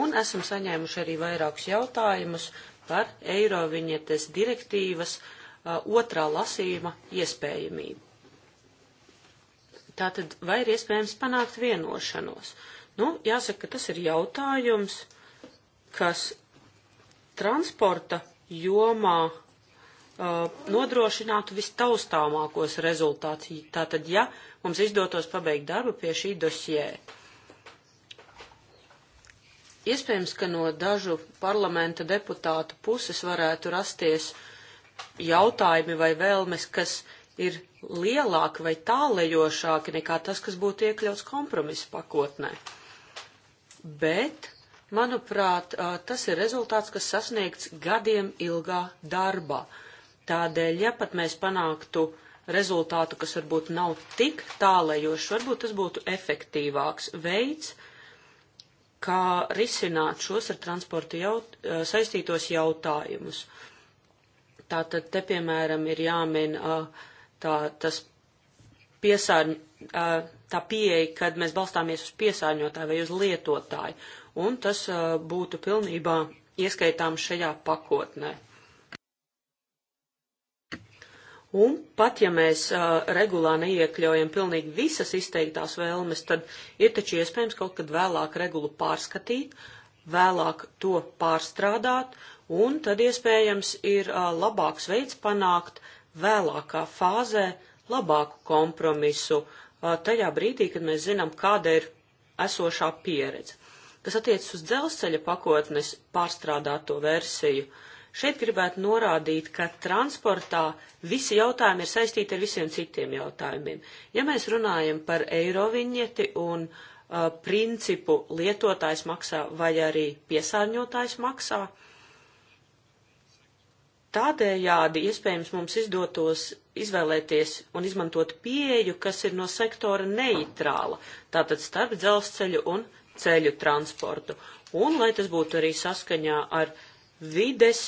Speaker 5: un esam saņēmuši arī vairākus jautājumus par eiroviņietes direktīvas uh, otrā lasījuma iespējamību. Tātad, vai ir iespējams panākt vienošanos? Nu, jāsaka, ka tas ir jautājums, kas transporta jomā uh, nodrošinātu vistaustāmākos rezultātus. Tātad, ja mums izdotos pabeigt darbu pie šī dosjē. Iespējams, ka no dažu parlamenta deputātu puses varētu rasties uh, jautājumi vai vēlmes, kas ir lielāki vai tālējošāki nekā tas, kas būtu iekļauts kompromisa pakotnē. Bet, manuprāt, tas ir rezultāts, kas sasniegts gadiem ilgā darbā. Tādēļ, ja pat mēs panāktu rezultātu, kas varbūt nav tik tālējošs, varbūt tas būtu efektīvāks veids, kā risināt šos ar transportu jaut saistītos jautājumus. Tātad te, piemēram, ir jāmin tā, tas piesārņ, tā pieeja, kad mēs balstāmies uz piesārņotāju vai uz lietotāju, un tas būtu pilnībā ieskaitām šajā pakotnē. Un pat ja mēs uh, regulā neiekļaujam pilnīgi visas izteiktās vēlmes, tad ir taču iespējams kaut kad vēlāk regulu pārskatīt, vēlāk to pārstrādāt un tad iespējams ir uh, labāks veids panākt vēlākā fāzē labāku kompromisu uh, tajā brīdī, kad mēs zinām, kāda ir esošā pieredze. Kas attiecas uz dzelzceļa pakotnes pārstrādāto versiju, šeit gribētu norādīt, ka transportā visi jautājumi ir saistīti ar visiem citiem jautājumiem. Ja mēs runājam par eiroviņieti un uh, principu lietotājs maksā vai arī piesārņotājs maksā, uh, Tādējādi iespējams mums izdotos izvēlēties un izmantot pieeju, kas ir no sektora neitrāla, tātad starp dzelzceļu un ceļu transportu. Un, lai tas būtu arī saskaņā ar vides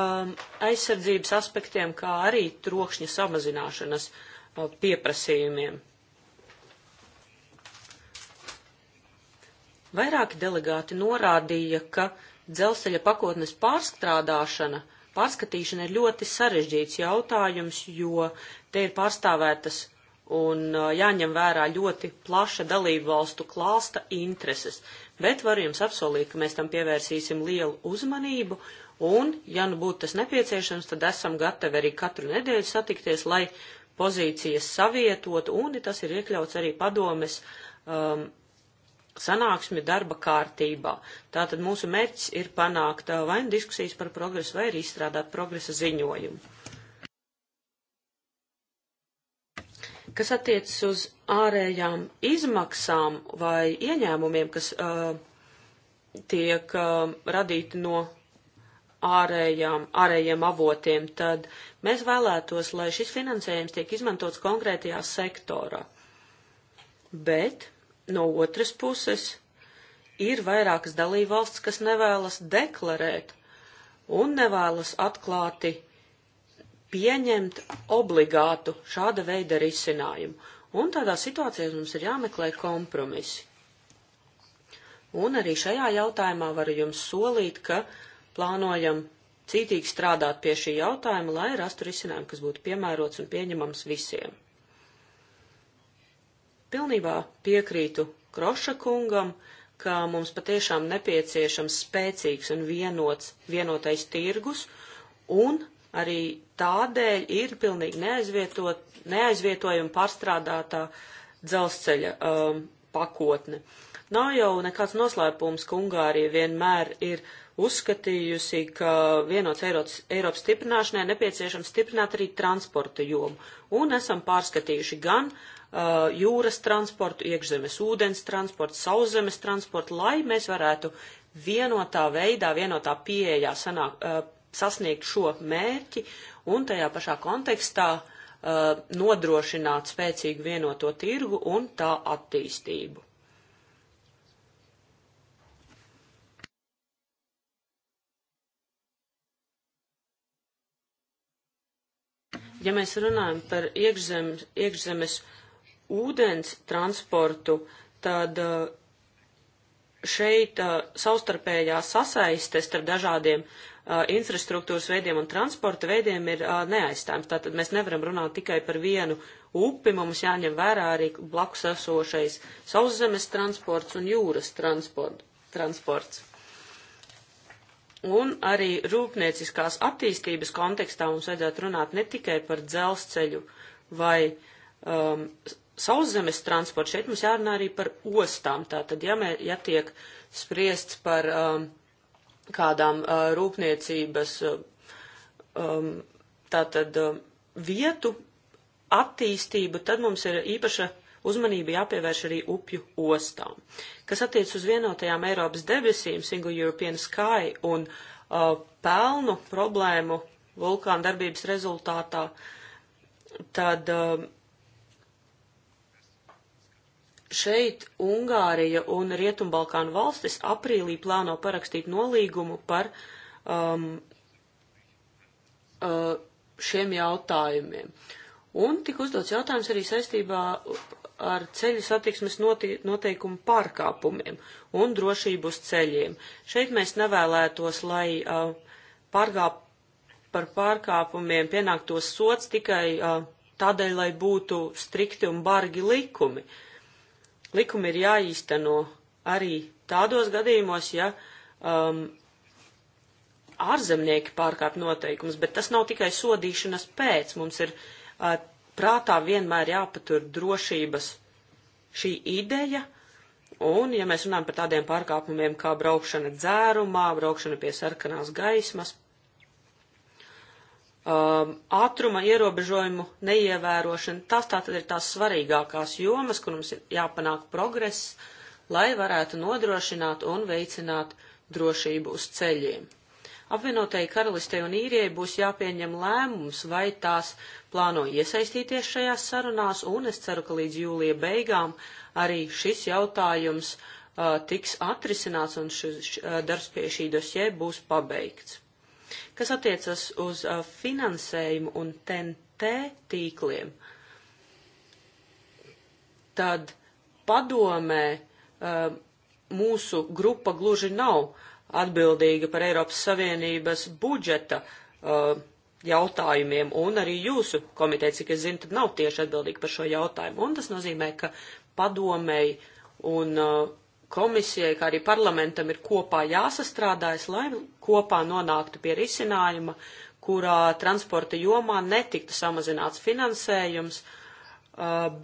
Speaker 5: um, aizsardzības aspektiem, kā arī trokšņa samazināšanas uh, pieprasījumiem. Vairāki delegāti norādīja, ka dzelzceļa pakotnes pārstrādāšana uh, pārskatīšana ir ļoti sarežģīts jautājums, jo te ir pārstāvētas un uh, jāņem vērā ļoti plaša dalību valstu klāsta intereses. Bet varu jums apsolīt, ka mēs tam pievērsīsim lielu uzmanību un, ja nu būtu tas nepieciešams, tad esam gatavi arī katru nedēļu satikties, lai pozīcijas savietot un tas ir iekļauts arī padomes um, sanāksmi darba kārtībā. Tātad mūsu mērķis ir panākt vai nu diskusijas par progresu, vai arī izstrādāt progresa ziņojumu. Kas attiecas uz ārējām izmaksām vai ieņēmumiem, kas uh, tiek uh, radīti no ārējām, ārējiem avotiem, tad mēs vēlētos, lai šis finansējums tiek izmantots konkrētajā sektorā. Bet No otras puses, ir vairākas dalībvalsts, kas nevēlas deklarēt un nevēlas atklāti pieņemt obligātu šāda veida risinājumu. Un tādā situācijā mums ir jāmeklē kompromisi. Un arī šajā jautājumā varu jums solīt, ka plānojam cītīgi strādāt pie šī jautājuma, lai rastu risinājumu, kas būtu piemērots un pieņemams visiem. Pilnībā piekrītu Kroša kungam, ka mums patiešām nepieciešams spēcīgs un vienots, vienotais tirgus, un arī tādēļ ir pilnīgi neaizvietojama pārstrādātā dzelzceļa um, pakotne. Nav jau nekāds noslēpums, ka Ungārija vienmēr ir uzskatījusi, ka vienots Eiropas, Eiropas stiprināšanai nepieciešams stiprināt arī transporta jomu, un esam pārskatījuši gan uh, Uh, jūras transportu, iekšzemes ūdens transportu, sauszemes transportu, lai mēs varētu vienotā veidā, vienotā pieejā sanāk, uh, sasniegt šo mērķi un tajā pašā kontekstā uh, nodrošināt spēcīgu vienoto tirgu un tā attīstību. ja mēs runājam par iekšzemes, iekšzemes ūdens transportu, tad eh, šeit eh, savstarpējā sasaiste starp dažādiem eh, infrastruktūras veidiem un transporta veidiem ir neaizstājams. Tātad mēs nevaram runāt tikai par vienu upi, mums jāņem vērā arī blakus esošais sauszemes transports un jūras transport, transports. Un arī rūpnieciskās attīstības kontekstā mums vajadzētu runāt ne tikai par dzelzceļu vai um, sauszemes transportu, šeit mums jārunā arī par ostām. Tātad, ja, mē, ja tiek spriests par um, kādām uh, rūpniecības uh, um, tātad, um, vietu attīstību, tad mums ir īpaša uzmanība jāpievērš arī upju ostām. Kas attiec uz vienotajām Eiropas debesīm, Single European Sky un uh, pelnu problēmu vulkāna darbības rezultātā, tad uh, Šeit Ungārija un Rietumbalkānu valstis aprīlī plāno parakstīt nolīgumu par um, uh, šiem jautājumiem. Un tika uzdots jautājums arī saistībā ar ceļu satiksmes noteikumu pārkāpumiem un drošību uz ceļiem. Šeit mēs nevēlētos, lai uh, pārkāp, par pārkāpumiem pienāktos sots tikai uh, tādēļ, lai būtu strikti un bargi likumi. Uh, likumi ir jāīsteno arī tādos gadījumos, ja um, ārzemnieki pārkāp noteikumus, bet tas nav tikai sodīšanas pēc. Mums ir uh, prātā vienmēr jāpatur drošības šī ideja, un, ja mēs runājam par tādiem pārkāpumiem kā braukšana dzērumā, braukšana pie sarkanās gaismas, um, ātruma ierobežojumu neievērošana, tās tātad ir tās svarīgākās jomas, kur mums ir jāpanāk progress, lai varētu nodrošināt un veicināt drošību uz ceļiem. Apvienotai karalistei un īrijai būs jāpieņem lēmums, vai tās plāno iesaistīties šajās sarunās, un es ceru, ka līdz jūlija beigām arī šis jautājums uh, tiks atrisināts un šis uh, darbs pie šī dosie būs pabeigts. Kas attiecas uz uh, finansējumu un TNT tīkliem, tad padomē uh, mūsu grupa gluži nav atbildīga par Eiropas Savienības budžeta uh, jautājumiem, un arī jūsu komiteja, cik es zinu, tad nav tieši atbildīga par šo jautājumu. Un tas nozīmē, ka padomēji un uh, komisijai, kā arī parlamentam ir kopā jāsastrādājas, lai kopā nonāktu pie risinājuma, kurā transporta jomā netiktu samazināts finansējums,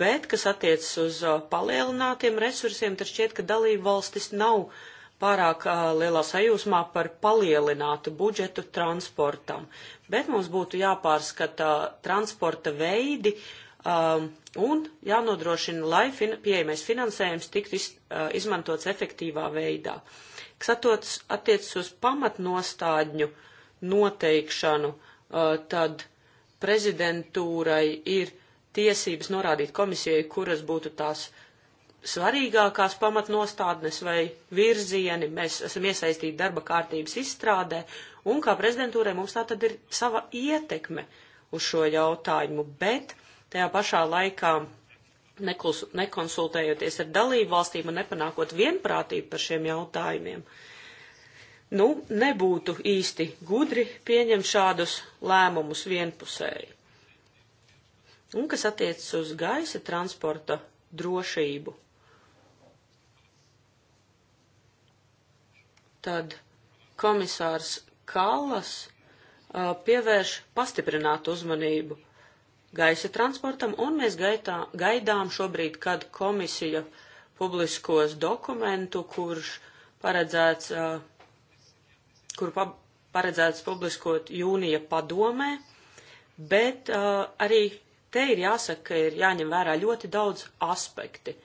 Speaker 5: bet, kas attiecas uz palielinātiem resursiem, tad šķiet, ka dalība valstis nav pārāk lielā sajūsmā par palielinātu budžetu transportam. Bet mums būtu jāpārskata transporta veidi, uh, um, un jānodrošina, lai fin pieejamais finansējums tiktu iz, uh, izmantots efektīvā veidā. Kas atots, attiecas uz pamatnostādņu noteikšanu, uh, tad prezidentūrai ir tiesības norādīt komisijai, kuras būtu tās svarīgākās pamatnostādnes vai virzieni. Mēs esam iesaistīti darba kārtības izstrādē, un kā prezidentūrai mums tā tad ir sava ietekme uz šo jautājumu, bet tajā pašā laikā neklus, nekonsultējoties ar dalību valstīm un nepanākot vienprātību par šiem jautājumiem. Nu, nebūtu īsti gudri pieņemt šādus lēmumus vienpusēji. Un kas attiecas uz gaisa transporta drošību, tad komisārs Kallas uh, pievērš pastiprinātu uzmanību gaisa transportam, un mēs gaitā, gaidām šobrīd, kad komisija publiskos dokumentu, kurš paredzēts, uh, kur pa, paredzēts publiskot jūnija padomē, bet uh, arī te ir jāsaka, ka ir jāņem vērā ļoti daudz aspekti.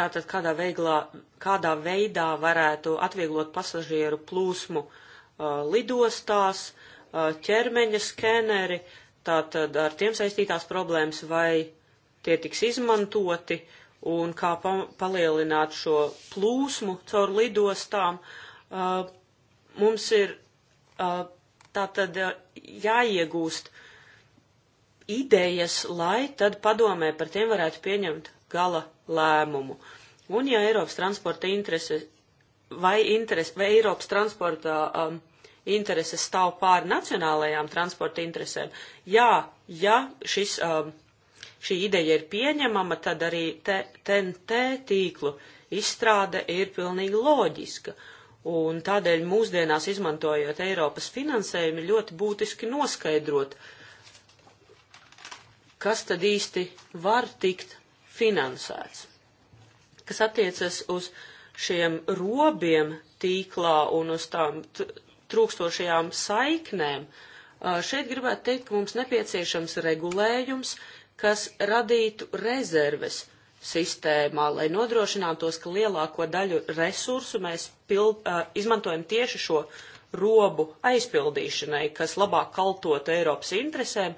Speaker 5: Tātad kādā, veiglā, kādā veidā varētu atvieglot pasažieru plūsmu uh, lidostās, Uh, ķermeņa skeneri, tātad ar tiem saistītās problēmas, vai tie tiks izmantoti un kā pa palielināt šo plūsmu caur lidostām. Uh, mums ir uh, tātad jāiegūst idejas, lai tad padomē par tiem varētu pieņemt gala lēmumu. Un ja Eiropas transporta interese vai, interes, vai Eiropas transporta um, intereses stāv pāri nacionālajām transporta interesēm. Jā, ja šis, um, šī ideja ir pieņemama, tad arī te, TNT tīklu izstrāde ir pilnīgi loģiska. Un tādēļ mūsdienās izmantojot Eiropas finansējumu ļoti būtiski noskaidrot, kas tad īsti var tikt finansēts. Kas attiecas uz šiem robiem tīklā un uz tām trūkstošajām saiknēm, uh, šeit gribētu teikt, ka mums nepieciešams regulējums, kas radītu rezerves sistēmā, lai nodrošinātos, ka lielāko daļu resursu mēs pild, uh, izmantojam tieši šo robu aizpildīšanai, kas labāk kaltot Eiropas interesēm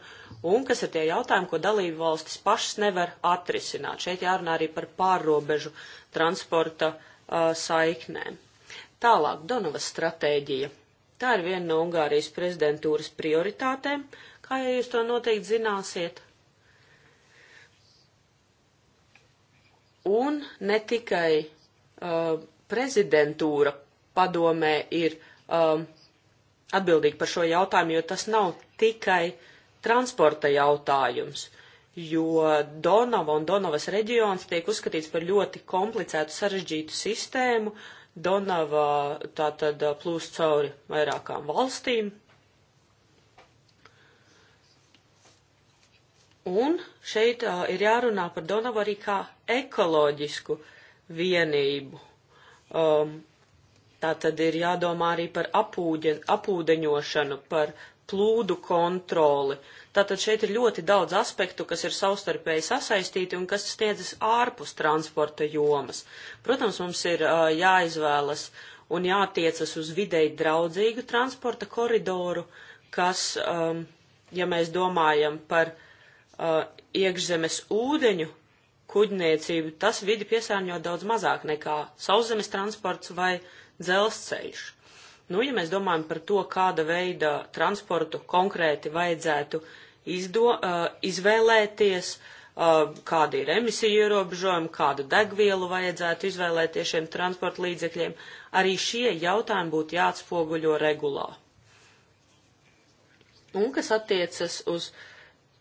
Speaker 5: un kas ir tie jautājumi, ko dalību valstis pašas nevar atrisināt. Šeit jārunā arī par pārrobežu transporta uh, saiknēm. Tālāk, Donovas stratēģija. Tā ir viena no Ungārijas prezidentūras prioritātēm, kā jau jūs to noteikti zināsiet. Un ne tikai uh, prezidentūra padomē ir um, atbildīga par šo jautājumu, jo tas nav tikai transporta jautājums, jo Donava un Donavas reģions tiek uzskatīts par ļoti komplicētu, sarežģītu sistēmu, uh, Donava tātad uh, plūst cauri vairākām valstīm. Un šeit uh, ir jārunā par Donavu arī kā ekoloģisku vienību. Um, tā tad ir jādomā arī par apūģe, apūdeņošanu, par plūdu kontroli. Tātad šeit ir ļoti daudz aspektu, kas ir savstarpēji sasaistīti un kas stiedzas ārpus transporta jomas. Protams, mums ir uh, jāizvēlas un jātiecas uz videi draudzīgu transporta koridoru, kas, um, ja mēs domājam par uh, iekšzemes ūdeņu kuģniecību, tas vidi piesārņo daudz mazāk nekā sauszemes transports vai dzelzceļš. Nu, ja mēs domājam par to, kāda veida transportu konkrēti vajadzētu izdo, uh, izvēlēties, uh, kāda ir emisija ierobežojuma, kādu degvielu vajadzētu izvēlēties šiem transporta līdzekļiem, arī šie jautājumi būtu jāatspoguļo regulā. Un kas attiecas uz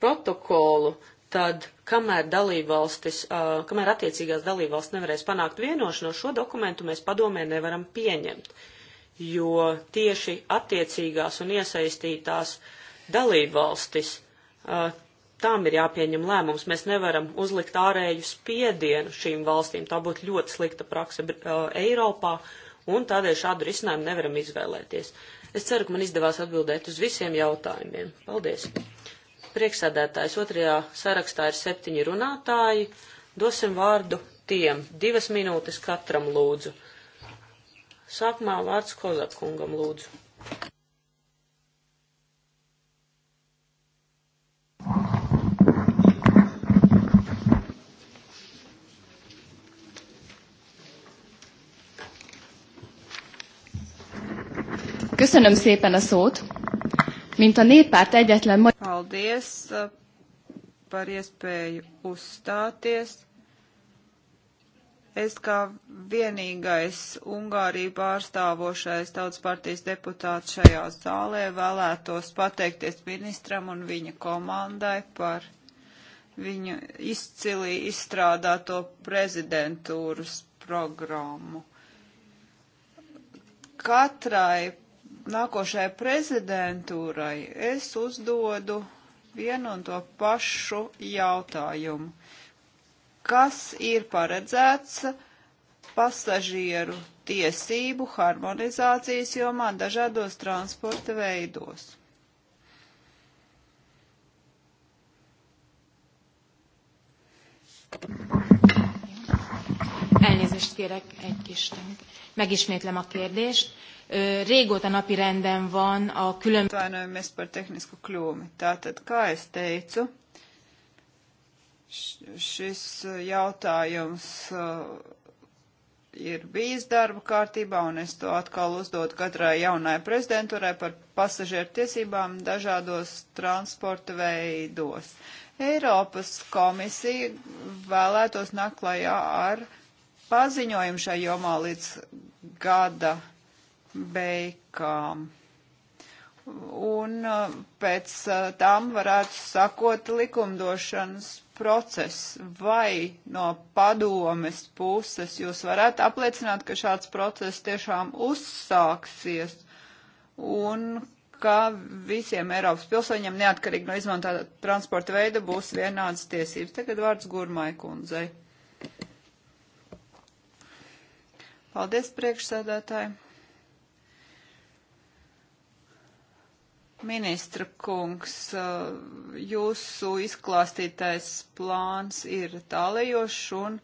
Speaker 5: protokolu, tad kamēr dalībvalstis, uh, kamēr attiecīgās dalībvalsts nevarēs panākt vienošanos, šo dokumentu mēs padomē nevaram pieņemt. Uh, jo tieši attiecīgās un iesaistītās dalībvalstis uh, tām ir jāpieņem lēmums. Mēs nevaram uzlikt ārēju spiedienu šīm valstīm. Tā būtu ļoti slikta praksa uh, Eiropā, un tādēļ šādu risinājumu nevaram izvēlēties. Es ceru, ka man izdevās atbildēt uz visiem jautājumiem. Paldies! Prieksēdētājs otrajā sarakstā ir septiņi runātāji. Dosim vārdu tiem. Divas minūtes katram lūdzu. Sākumā vārds Kozakungam lūdzu.
Speaker 4: Köszönöm szépen a szót. Mint a néppárt egyetlen magyar...
Speaker 1: Paldies uh, par iespēju uzstāties. Es kā vienīgais Ungāriju pārstāvošais tautas partijas deputāts šajā zālē vēlētos pateikties ministram un viņa komandai par viņu izcilī izstrādāto prezidentūras programmu. Katrai nākošai prezidentūrai es uzdodu vienu un to pašu jautājumu kas ir paredzēts pasažieru tiesību harmonizācijas jomā dažādos transporta veidos.
Speaker 4: Elnézést kérek, egy kis teng. Megismétlem a kérdést. Régóta napi renden van a külön...
Speaker 1: Atvainojamies par tehnisku kļūmi. Tātad, kā es teicu, Šis uh, jautājums uh, ir bijis darba kārtībā, un es to atkal uzdodu katrai jaunai prezidentūrai par pasažieru tiesībām dažādos transporta veidos. Eiropas komisija vēlētos nākt klajā ar paziņojumu šai jomā līdz gada beigām un uh, pēc uh, tam varētu sakot likumdošanas process. Vai no padomes puses jūs varētu apliecināt, ka šāds process tiešām uzsāksies un ka visiem Eiropas pilsoņiem neatkarīgi no izmantotā transporta veida būs vienādas tiesības. Tagad vārds Gurmai kundzei. Paldies priekšsēdētāji. Ministra kungs, eh, jūsu izklāstītais plāns ir tālējošs un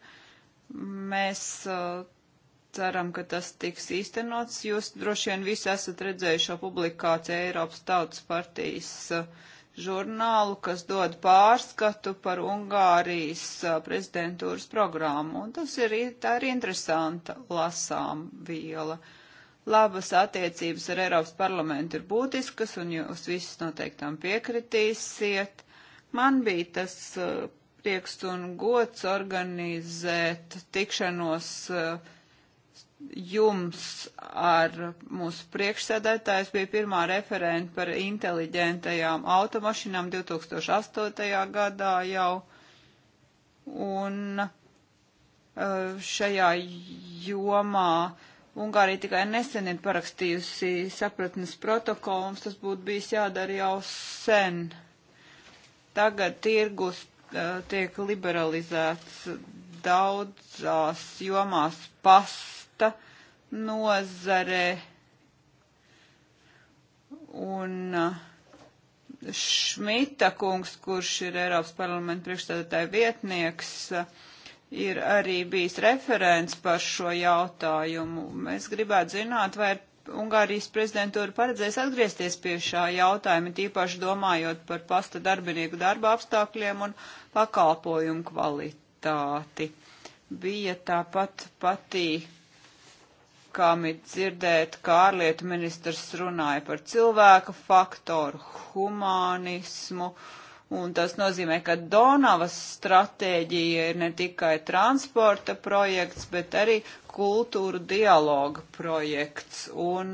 Speaker 1: mēs eh, ceram, ka tas tiks īstenots. Jūs droši vien visi esat redzējuši šo publikāciju Eiropas Tautas partijas eh, žurnālu, kas dod pārskatu par Ungārijas prezidentūras programmu. Un tas ir, tā ir interesanta lasām viela. Uh, Labas attiecības ar Eiropas parlamentu ir būtiskas, un jūs visus noteikti tam piekritīsiet. Man bija tas uh, prieks un gods organizēt tikšanos uh, jums ar mūsu priekšsēdētājs bija pirmā referenta par inteliģentajām automašīnām 2008. gadā jau. Un eh, šajā jomā uh, Ungārija tikai nesen ir parakstījusi sapratnes protokolu, mums tas būtu bijis jādara jau sen. Tagad tirgus uh, tiek liberalizēts daudzās jomās pasta nozare un uh, Šmita kungs, kurš ir Eiropas parlamenta priekšstādātāja vietnieks, uh, ir arī bijis referents par šo jautājumu. Mēs gribētu zināt, vai Ungārijas prezidentūra paredzēs atgriezties pie šā jautājuma, tīpaši domājot par pasta darbinieku darba apstākļiem un pakalpojumu kvalitāti. Bija tāpat patīkami dzirdēt, kā ārlietu ministrs runāja par cilvēka faktoru, humānismu. Uh, Un tas nozīmē, ka Donavas stratēģija ir ne tikai transporta projekts, bet arī kultūra dialoga projekts. Un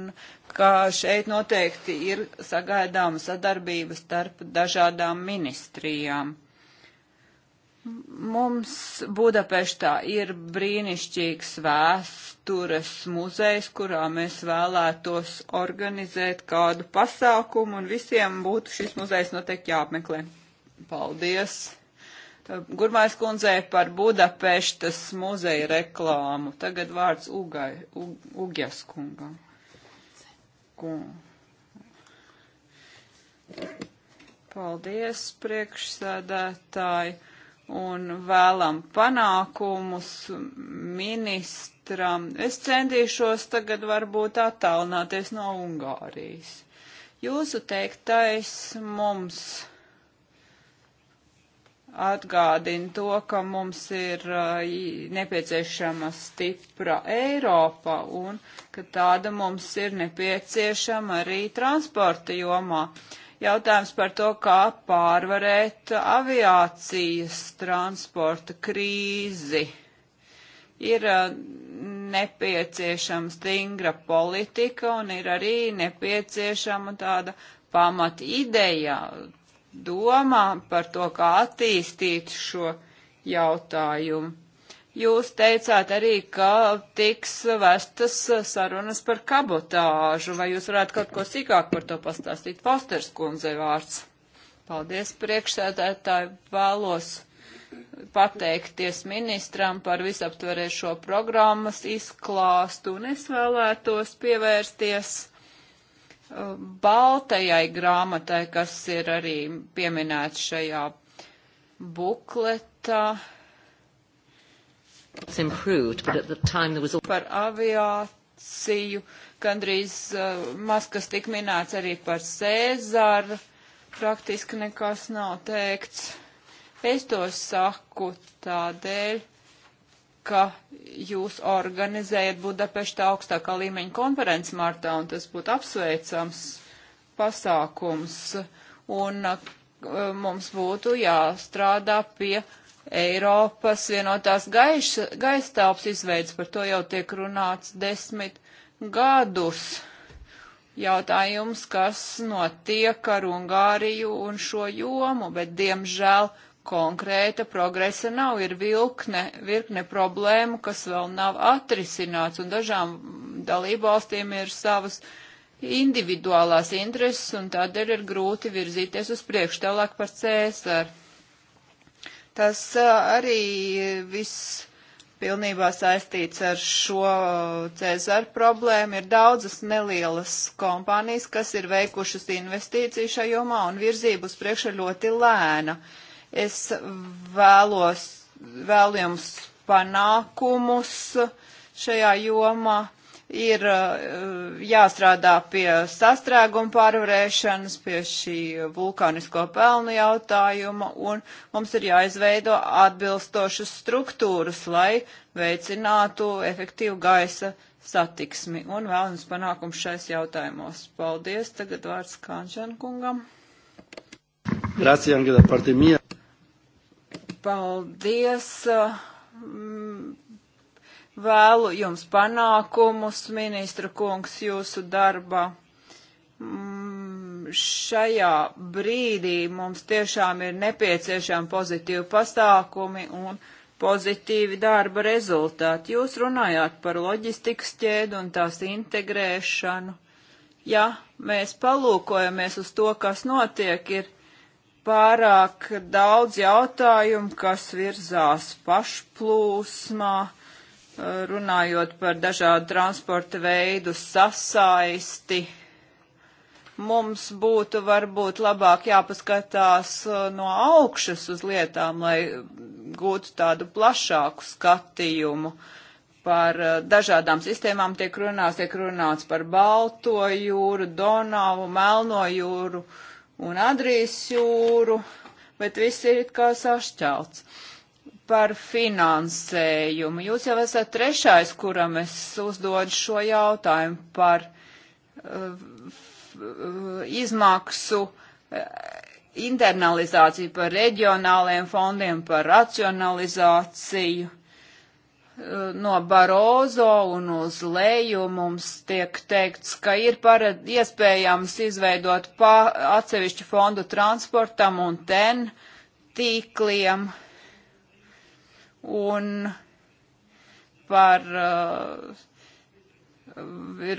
Speaker 1: ka šeit noteikti ir sagaidāma sadarbība starp dažādām ministrijām. Mums Budapeštā ir brīnišķīgs vēstures muzejs, kurā mēs vēlētos organizēt kādu pasākumu, un visiem būtu šis muzejs noteikti jāapmeklē. Paldies! Gurmais kundzei par Budapeštas muzeja reklāmu. Tagad vārds Ugai, Ug, Ugjas kungam. Kung. Paldies, priekšsēdētāji, un vēlam panākumus ministram. Es centīšos tagad varbūt attālināties no Ungārijas. Jūsu teiktais mums atgādina to, ka mums ir uh, nepieciešama stipra Eiropa un ka tāda mums ir nepieciešama arī transporta jomā. Jautājums par to, kā pārvarēt aviācijas transporta krīzi. Ir uh, nepieciešama stingra politika un ir arī nepieciešama tāda pamat ideja domā par to, kā attīstīt šo jautājumu. Jūs teicāt arī, ka tiks vestas sarunas par kabotāžu, vai jūs varētu kaut ko sīkāk par to pastāstīt? Fosters kundze vārds. Paldies priekšsēdētāji, vēlos pateikties ministram par visaptverēšo programmas izklāstu, un es vēlētos pievērsties baltajai grāmatai, kas ir arī pieminēts šajā bukletā. Was... Par aviāciju, gandrīz uh, maz kas tik minēts arī par Cēzaru, praktiski nekas nav teikts. Es to saku tādēļ, ka jūs organizējat Budapešta augstākā līmeņa konferenci martā, un tas būtu apsveicams pasākums. Un uh, mums būtu jāstrādā pie Eiropas vienotās gaistāps izveids, par to jau tiek runāts desmit gadus. Jautājums, kas notiek ar Ungāriju un šo jomu, bet diemžēl konkrēta progresa nav, ir vilkne, virkne problēmu, kas vēl nav atrisināts, un dažām dalībvalstīm ir savas individuālās intereses, un tādēļ ir grūti virzīties uz priekšu tālāk par Cēsaru. Tas arī viss pilnībā saistīts ar šo Cēzaru problēmu. Ir daudzas nelielas kompānijas, kas ir veikušas investīciju šajā jomā, un virzību uz priekšu ļoti lēna. Uh, Es vēlos, vēl jums panākumus šajā jomā ir uh, jāstrādā pie sastrēguma pārvarēšanas, pie šī vulkānisko pelnu jautājuma, un mums ir jāizveido atbilstošas struktūras, lai veicinātu efektīvu gaisa satiksmi. Un vēl jums panākums šais jautājumos. Paldies. Tagad vārds Kančan kungam.
Speaker 3: Grazie, Angela, parte mia.
Speaker 1: Paldies! Mm, vēlu jums panākumus, ministra kungs, jūsu darba. Mm, šajā brīdī mums tiešām ir nepieciešami pozitīvi pasākumi un pozitīvi darba rezultāti. Jūs runājāt par loģistikas ķēdu un tās integrēšanu. Ja mēs palūkojamies uz to, kas notiek, ir pārāk daudz jautājumu, kas virzās pašplūsmā, eh, runājot par dažādu transporta veidu sasaisti. Mums būtu varbūt labāk jāpaskatās eh, no augšas uz lietām, lai gūtu tādu plašāku skatījumu. Par eh, dažādām sistēmām tiek runāts, tiek runāts par Balto jūru, Donavu, Melno jūru. Uh, un Adrijas jūru, bet viss ir kā sašķelts. Par finansējumu. Jūs jau esat trešais, kuram es uzdodu šo jautājumu par uh, izmaksu uh, internalizāciju, par reģionāliem fondiem, par racionalizāciju. Uh, Eh, no Barozo un uz leju mums tiek teikts, ka ir parad, iespējams izveidot pa, atsevišķu fondu transportam un ten tīkliem un par uh,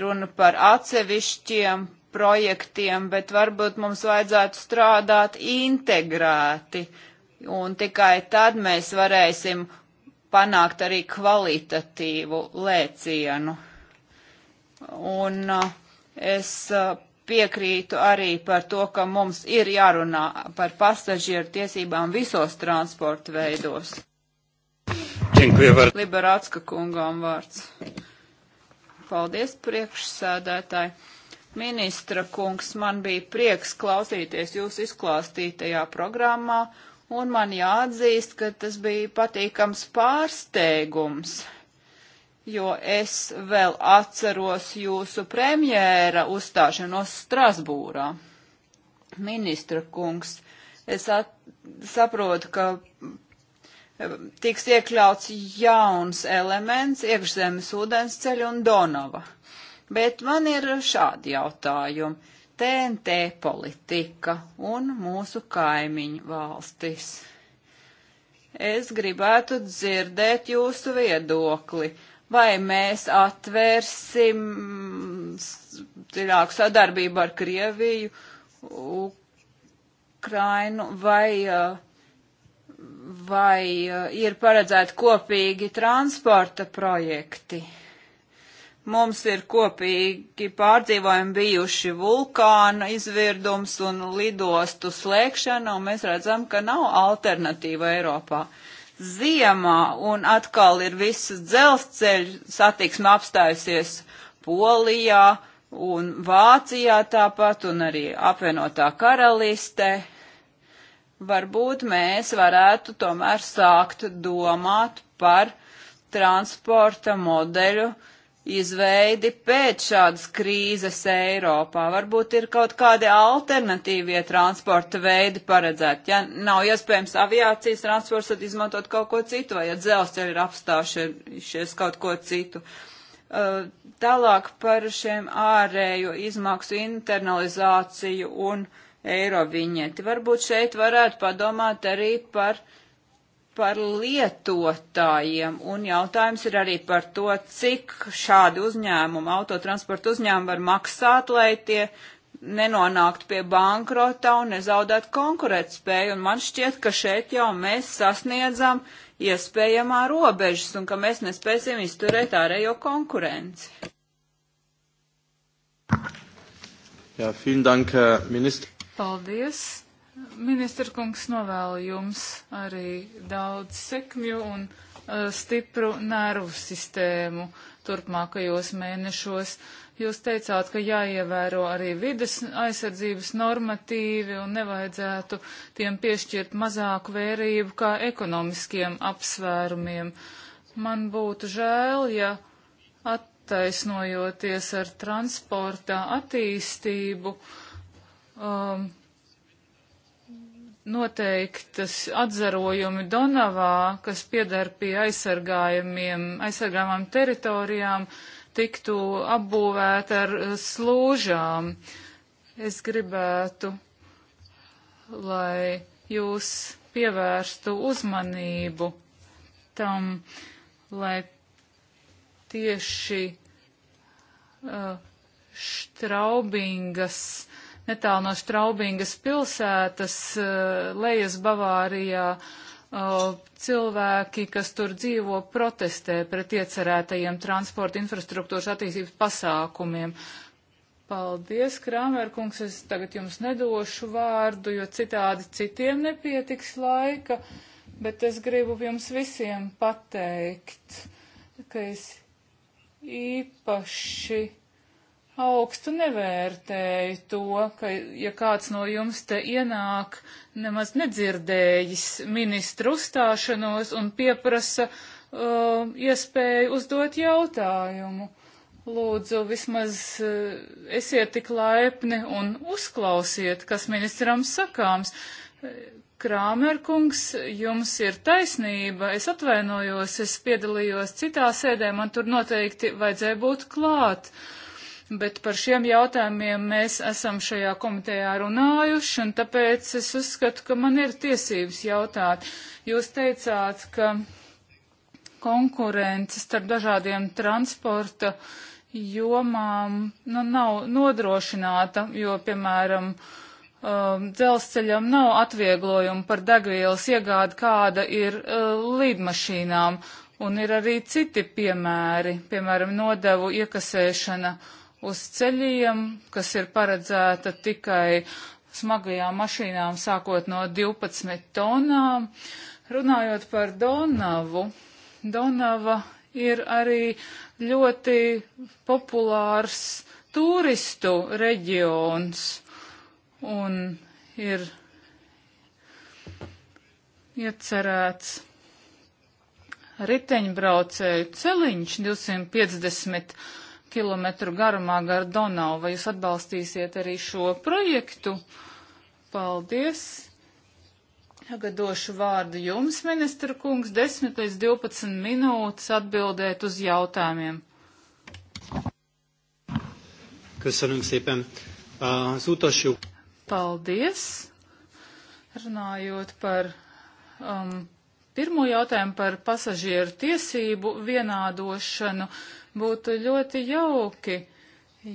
Speaker 1: runa par atsevišķiem projektiem, bet varbūt mums vajadzētu strādāt integrēti, un tikai tad mēs varēsim panākt arī kvalitatīvu lēcienu. Un uh, es uh, piekrītu arī par to, ka mums ir jārunā par pasažieru tiesībām visos transporta veidos.
Speaker 2: Liberācka
Speaker 1: kungām vārds. Paldies, priekšsēdētāji. Ministra kungs, man bija prieks klausīties jūs izklāstītajā programmā un man jāatzīst, ka tas bija patīkams pārsteigums, jo es vēl atceros jūsu premjēra uzstāšanos Strasbūrā. Ministra kungs, es at, saprotu, ka eh, tiks iekļauts jauns elements - iekšzemes ūdensceļa un Donava. Bet man ir šādi jautājumi. TNT politika un mūsu kaimiņu valstis. Es gribētu dzirdēt jūsu viedokli. Vai mēs atvērsim dziļāku sadarbību ar Krieviju, Ukrainu, vai, vai ir paredzēti kopīgi transporta projekti? Mums ir kopīgi pārdzīvojumi bijuši vulkāna izvirdums un lidostu slēgšana, un mēs redzam, ka nav alternatīva Eiropā. Ziemā un atkal ir visas dzelzceļa satiksme apstājusies Polijā un Vācijā tāpat un arī apvienotā karalistē. Varbūt mēs varētu tomēr sākt domāt par transporta modeļu izveidi pēc šādas krīzes Eiropā. Varbūt ir kaut kādi alternatīvie transporta veidi paredzēti. Ja nav iespējams aviācijas transports, tad izmantot kaut ko citu, vai ja dzelzceļi ir apstājušies kaut ko citu. Uh, tālāk par šiem ārējo izmaksu internalizāciju un eiro viņieti. Varbūt šeit varētu padomāt arī par uh, par lietotājiem, un jautājums ir arī par to, cik šādi uzņēmumi, autotransporta uzņēmumi var maksāt, lai tie nenonāktu pie bankrota un nezaudētu konkurētspēju. Un man šķiet, ka šeit jau mēs sasniedzam iespējamā robežas un ka mēs nespēsim
Speaker 4: izturēt ārējo konkurenci.
Speaker 6: Jā, ja, vielen dank, ministri.
Speaker 4: Paldies Ministra kungs novēlu jums arī daudz sekmju un uh, stipru nervu sistēmu turpmākajos mēnešos. Jūs teicāt, ka jāievēro arī vidas aizsardzības normatīvi un nevajadzētu tiem piešķirt mazāku vērību kā ekonomiskiem apsvērumiem. Man būtu žēl, ja attaisnojoties ar transporta attīstību, um, noteiktas atzarojumi Donavā, kas piedar pie aizsargājumām teritorijām, tiktu apbūvēta ar slūžām. Es gribētu, lai jūs pievērstu uzmanību tam, lai tieši uh, štraubingas uh, netālu no Straubingas pilsētas, eh, lejas Bavārijā, eh, cilvēki, kas tur dzīvo, protestē pret iecerētajiem transporta infrastruktūras attīstības pasākumiem. Paldies, Krāmērkungs, es tagad jums nedošu vārdu, jo citādi citiem nepietiks laika, bet es gribu jums visiem pateikt, ka es īpaši augstu nevērtēju to, ka ja kāds no jums te ienāk, nemaz nedzirdējis ministru uzstāšanos un pieprasa uh, iespēju uzdot jautājumu. Lūdzu, vismaz uh, esiet tik laipni un uzklausiet, kas ministram sakāms. Krāmerkungs, jums ir taisnība, es atvainojos, es piedalījos citā sēdē, man tur noteikti vajadzēja būt klāt. Uh, bet par šiem jautājumiem mēs esam šajā komitejā runājuši, un tāpēc es uzskatu, ka man ir tiesības jautāt. Jūs teicāt, ka konkurence starp dažādiem transporta jomām nu, nav nodrošināta, jo, piemēram, um, dzelzceļam nav atvieglojumu par degvielas iegādi, kāda ir uh, līdmašīnām. Un ir arī citi piemēri, piemēram, nodevu iekasēšana uh, uz ceļiem, kas ir paredzēta tikai smagajām mašīnām sākot no 12 tonām. Runājot par Donavu, Donava ir arī ļoti populārs turistu reģions un ir iecerēts riteņbraucēju celiņš 250 kilometru garumā gar Donau. Vai jūs atbalstīsiet arī šo projektu? Paldies! Tagad došu vārdu jums, ministra kungs, 10 līdz 12 minūtes atbildēt uz jautājumiem.
Speaker 3: Köszönöm szépen. Az utasjog.
Speaker 4: Paldies. Runājot par um, pirmo jautājumu par pasažieru tiesību vienādošanu, Būtu ļoti jauki,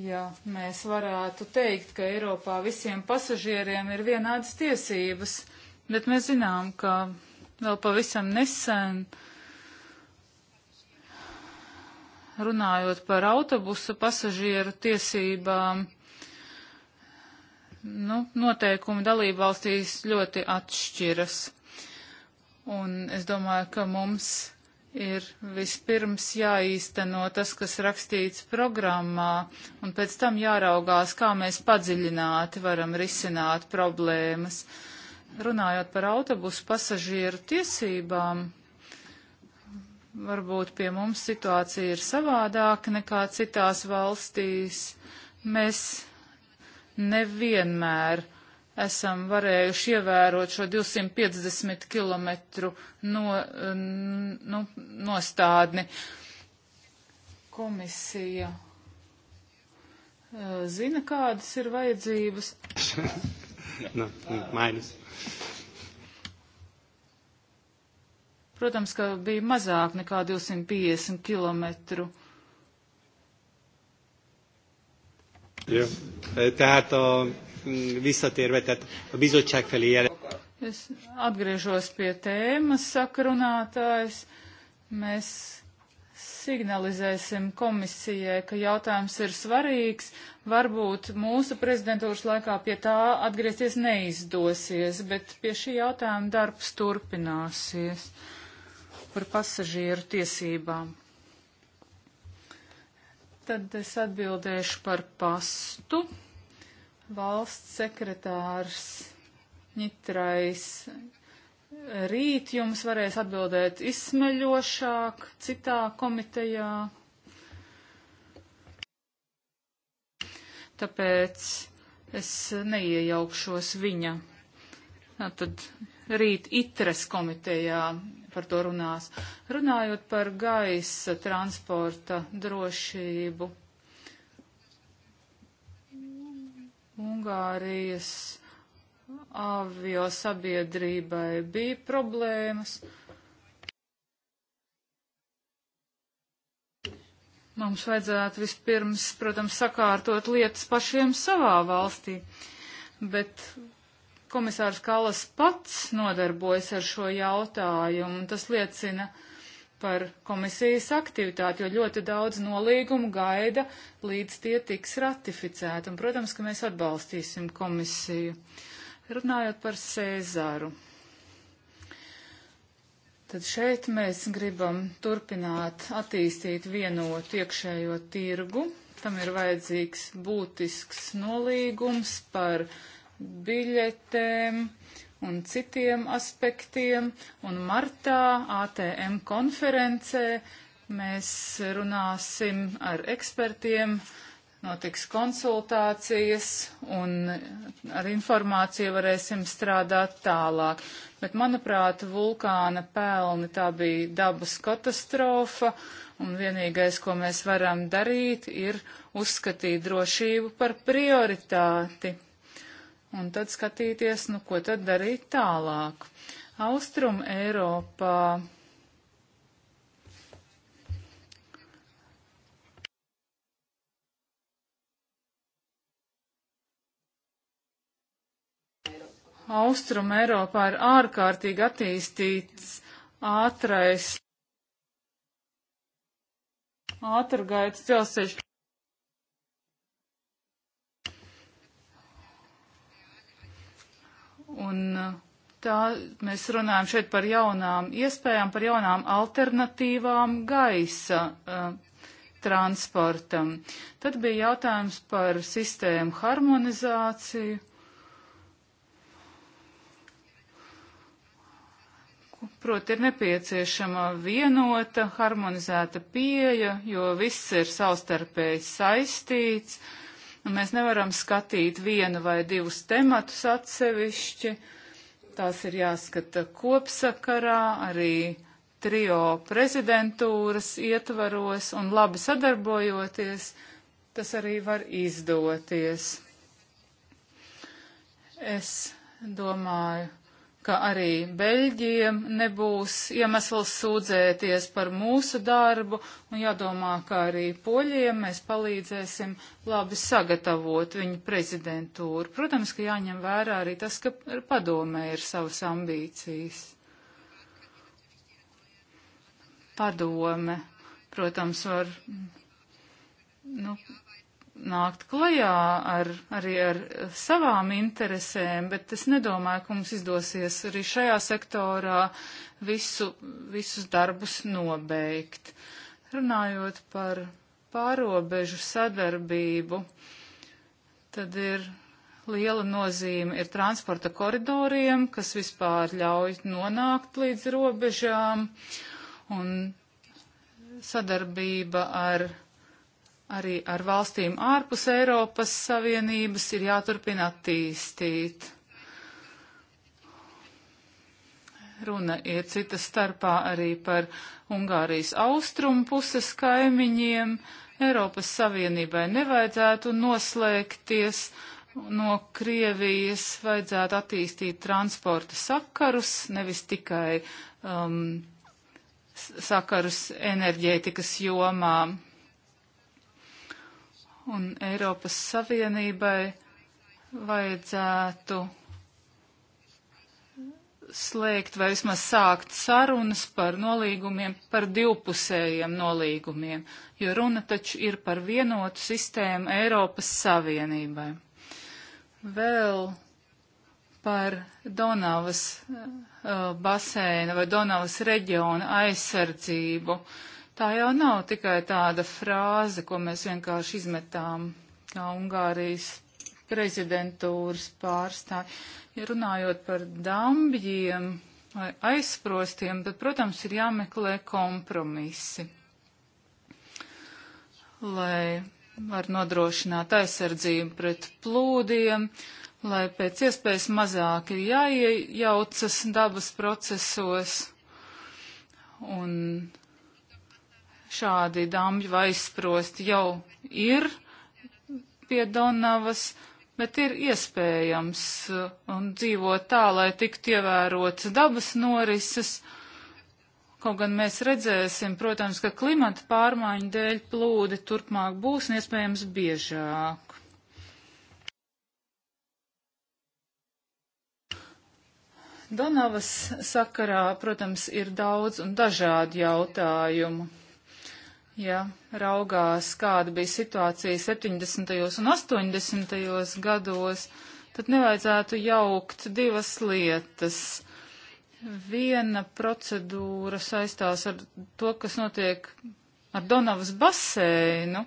Speaker 4: ja mēs varētu teikt, ka Eiropā visiem pasažieriem ir vienādas tiesības, bet mēs zinām, ka vēl pavisam nesen runājot par autobusu pasažieru tiesībām, nu, noteikumi dalībvalstīs ļoti atšķiras. Un es domāju, ka mums ir vispirms jāīsteno tas, kas rakstīts programmā, un pēc tam jāraugās, kā mēs padziļināti varam risināt problēmas. Runājot par autobusu pasažieru tiesībām, varbūt pie mums situācija ir savādāka nekā citās valstīs. Mēs nevienmēr esam varējuši ievērot šo 250 km no, nu, nostādni. Komisija eh, zina, kādas ir vajadzības.
Speaker 3: (laughs) Nu, nu, mainas.
Speaker 4: Protams, ka bija mazāk nekā 250 km.
Speaker 3: Jó, tehát a, visszatérve, tehát a bizottság felé jelen.
Speaker 4: Es atgriežos pie tēmas, saka runātājs. Mēs signalizēsim komisijai, ka jautājums ir svarīgs. Varbūt mūsu prezidentūras laikā pie tā atgriezties neizdosies, bet pie šī jautājuma darbs turpināsies par pasažieru tiesībām. Tad es atbildēšu par pastu valsts sekretārs Nitrais rīt jums varēs atbildēt izsmeļošāk citā komitejā. Tāpēc es neiejaukšos viņa. Tad rīt itres komitejā par to runās. Runājot par gaisa transporta drošību Ungārijas avio sabiedrībai bija problēmas. Mums vajadzētu vispirms, protams, sakārtot lietas pašiem savā valstī, bet komisārs Kalas pats nodarbojas ar šo jautājumu, un tas liecina, ka par komisijas aktivitāti, jo ļoti daudz nolīgumu gaida, līdz tie tiks ratificēti. Un, protams, ka mēs atbalstīsim komisiju. Runājot par Cēzaru, tad šeit mēs gribam turpināt attīstīt vienotu iekšējo tirgu. Tam ir vajadzīgs būtisks nolīgums par biļetēm un citiem aspektiem, un martā ATM konferencē mēs runāsim ar ekspertiem, notiks konsultācijas un ar informāciju varēsim strādāt tālāk. Bet, manuprāt, vulkāna pelni tā bija dabas katastrofa, un vienīgais, ko mēs varam darīt, ir uzskatīt drošību par prioritāti un tad skatīties, nu, ko tad darīt tālāk. Austrum Eiropā. Austrum Eiropā ir ārkārtīgi attīstīts ātrais ātrgaitas dzelzceļš. Un uh, tā mēs runājam šeit par jaunām iespējām, par jaunām alternatīvām gaisa uh, transportam. Tad bija jautājums par sistēmu harmonizāciju. Proti, ir nepieciešama vienota, harmonizēta pieeja, jo viss ir savstarpēji saistīts. Uh, Un nu, mēs nevaram skatīt vienu vai divus tematus atsevišķi. Tās ir jāskata kopsakarā, arī trio prezidentūras ietvaros un labi sadarbojoties, tas arī var izdoties. Es domāju, ka arī Beļģiem nebūs iemesls sūdzēties par mūsu darbu un jādomā, ka arī poļiem mēs palīdzēsim labi sagatavot viņu prezidentūru. Protams, ka jāņem vērā arī tas, ka padomē ir savas ambīcijas. Padome, protams, var nu, nākt klajā ar, arī ar savām interesēm, bet es nedomāju, ka mums izdosies arī šajā sektorā visu, visus darbus nobeigt. Runājot par pārobežu sadarbību, tad ir liela nozīme ir transporta koridoriem, kas vispār ļauj nonākt līdz robežām, un sadarbība ar arī ar valstīm ārpus Eiropas Savienības ir jāturpina attīstīt. Runa ir cita starpā arī par Ungārijas austrumu puses kaimiņiem. Eiropas Savienībai nevajadzētu noslēgties no Krievijas, vajadzētu attīstīt transporta sakarus, nevis tikai um, sakarus enerģētikas jomām un Eiropas Savienībai vajadzētu slēgt vai vismaz sākt sarunas par nolīgumiem, par divpusējiem nolīgumiem, jo runa taču ir par vienotu sistēmu Eiropas Savienībai. Vēl par Donavas uh, basēna vai Donavas reģiona aizsardzību. Uh, Tā jau nav tikai tāda frāze, ko mēs vienkārši izmetām kā Ungārijas prezidentūras pārstāvi. Ja runājot par dambjiem vai aizsprostiem, tad, protams, ir jāmeklē kompromisi, lai var nodrošināt aizsardzību pret plūdiem, lai pēc iespējas mazāk ir jāiejaucas dabas procesos. Un šādi dambļu aizsprosti jau ir pie Donavas, bet ir iespējams uh, un dzīvo tā, lai tiktu ievērots dabas norises. Kaut gan mēs redzēsim, protams, ka klimata pārmaiņu dēļ plūdi turpmāk būs un iespējams biežāk. Donavas sakarā, protams, ir daudz un dažādi jautājumu ja raugās, kāda bija situācija 70. un 80. gados, tad nevajadzētu jaukt divas lietas. Viena procedūra saistās ar to, kas notiek ar Donavas baseinu.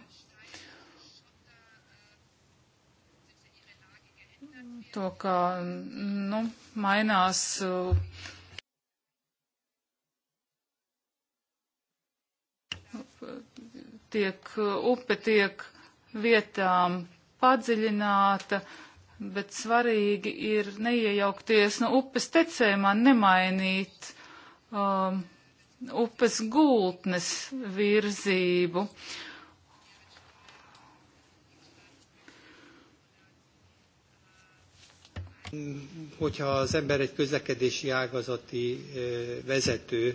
Speaker 4: To, kā, nu, mainās uh, tiek, uh, upe tiek vietām padziļināta, bet svarīgi ir neiejaukties no upes tecējumā, nemainīt um, upes gultnes virzību.
Speaker 3: Hogyha az ember egy közlekedési ágazati eh, vezető,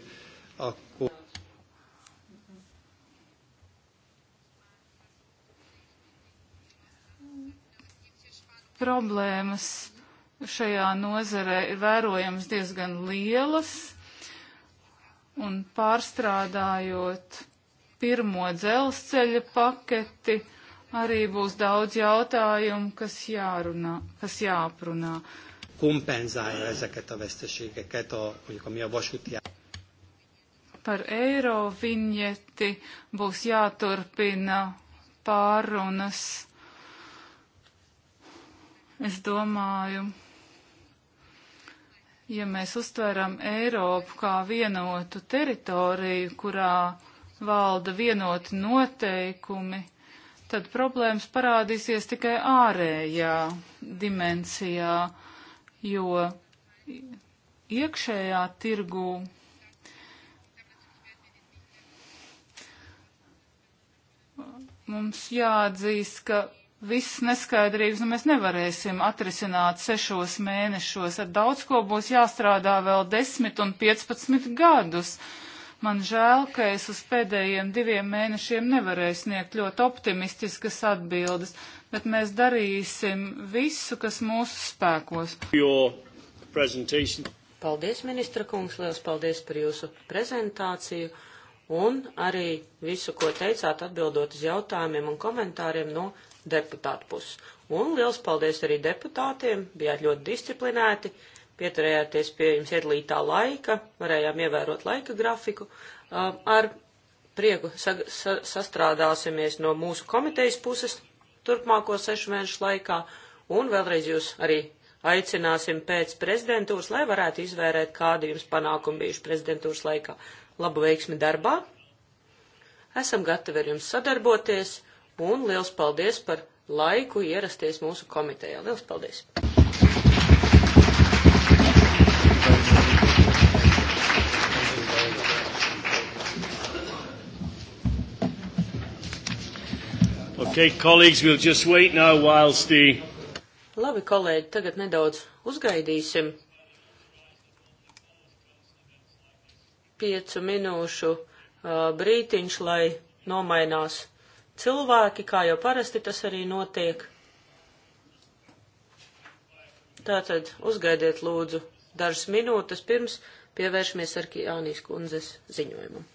Speaker 4: problēmas šajā nozarē ir vērojams diezgan lielas, un pārstrādājot pirmo dzelzceļa paketi, arī būs daudz jautājumu, kas jārunā, kas jāprunā.
Speaker 3: Kompenzálja ezeket a veszteségeket a, mondjuk, ami a vasúti
Speaker 4: Par eiro viņeti būs jāturpina pārunas Es domāju, ja mēs uztveram Eiropu kā vienotu teritoriju, kurā valda vienoti noteikumi, tad problēmas parādīsies tikai ārējā dimensijā, jo iekšējā tirgū mums jāatzīst, ka Viss neskaidrības nu, mēs nevarēsim atrisināt sešos mēnešos. Ar daudz ko būs jāstrādā vēl 10 un 15 gadus. Man žēl, ka es uz pēdējiem diviem mēnešiem nevarēju sniegt ļoti optimistiskas atbildes, bet mēs darīsim visu, kas mūsu spēkos. Paldies, ministra
Speaker 5: kungs, liels paldies par jūsu prezentāciju un arī visu, ko teicāt, atbildot uz jautājumiem un komentāriem no deputātu puses. Un liels paldies arī deputātiem, bijāt ļoti disciplinēti, pieturējāties pie jums iedalītā laika, varējām ievērot laika grafiku. Um, ar prieku sa sa sastrādāsimies no mūsu komitejas puses turpmāko sešu mēnešu laikā, un vēlreiz jūs arī aicināsim pēc prezidentūras, lai varētu izvērēt, kādi jums panākumi bijuši prezidentūras laikā. Labu veiksmi darbā! Esam gatavi ar jums sadarboties! un liels paldies par laiku ierasties mūsu komitejā. Liels paldies!
Speaker 2: Okay, colleagues, we'll just wait now whilst the...
Speaker 5: Labi, kolēģi, tagad nedaudz uzgaidīsim. Piecu minūšu uh, brītiņš, lai nomainās cilvēki, kā jau parasti tas arī notiek. Tātad uzgaidiet lūdzu dažas minūtes pirms pievēršamies ar Kijānijas kundzes ziņojumam.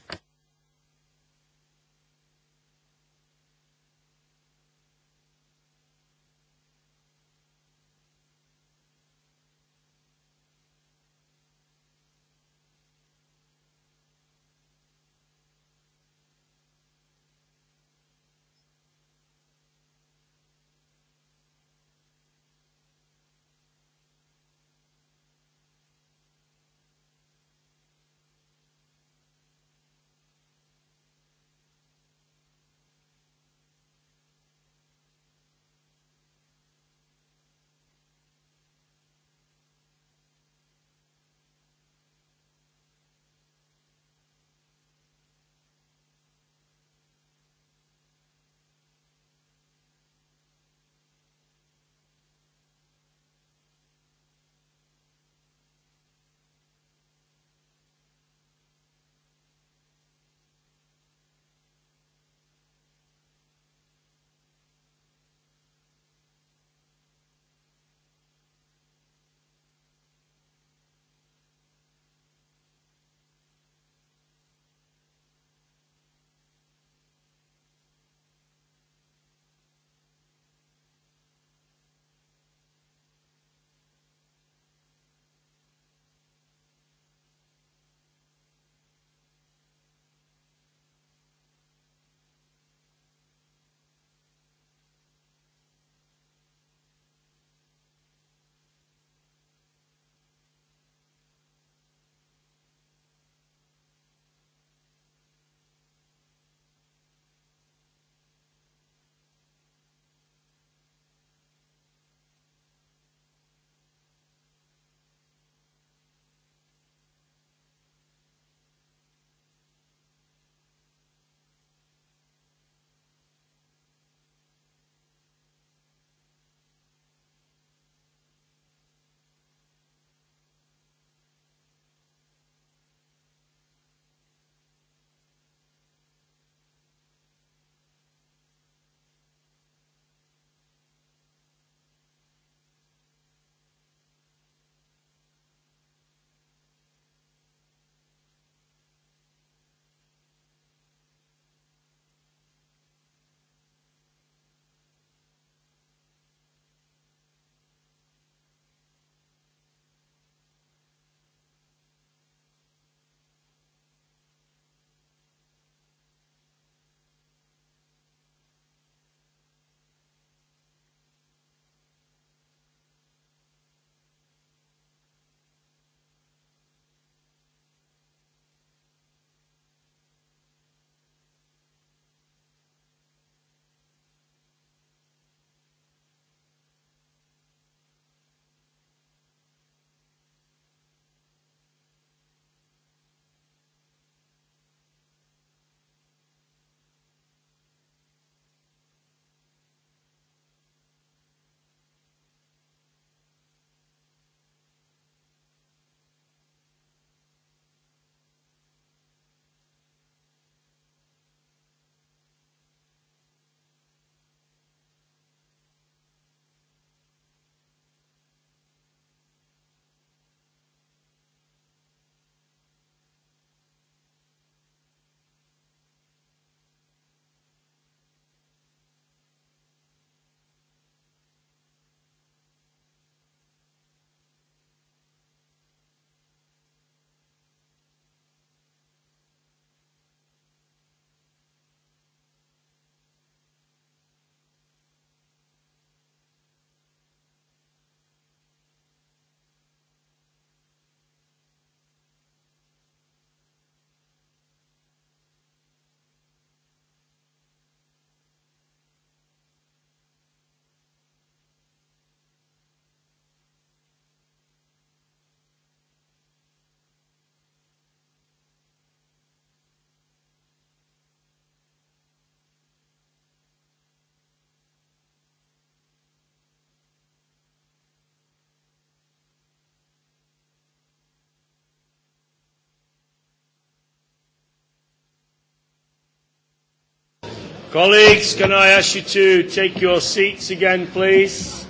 Speaker 2: Colleagues, can I ask you to take your seats again, please?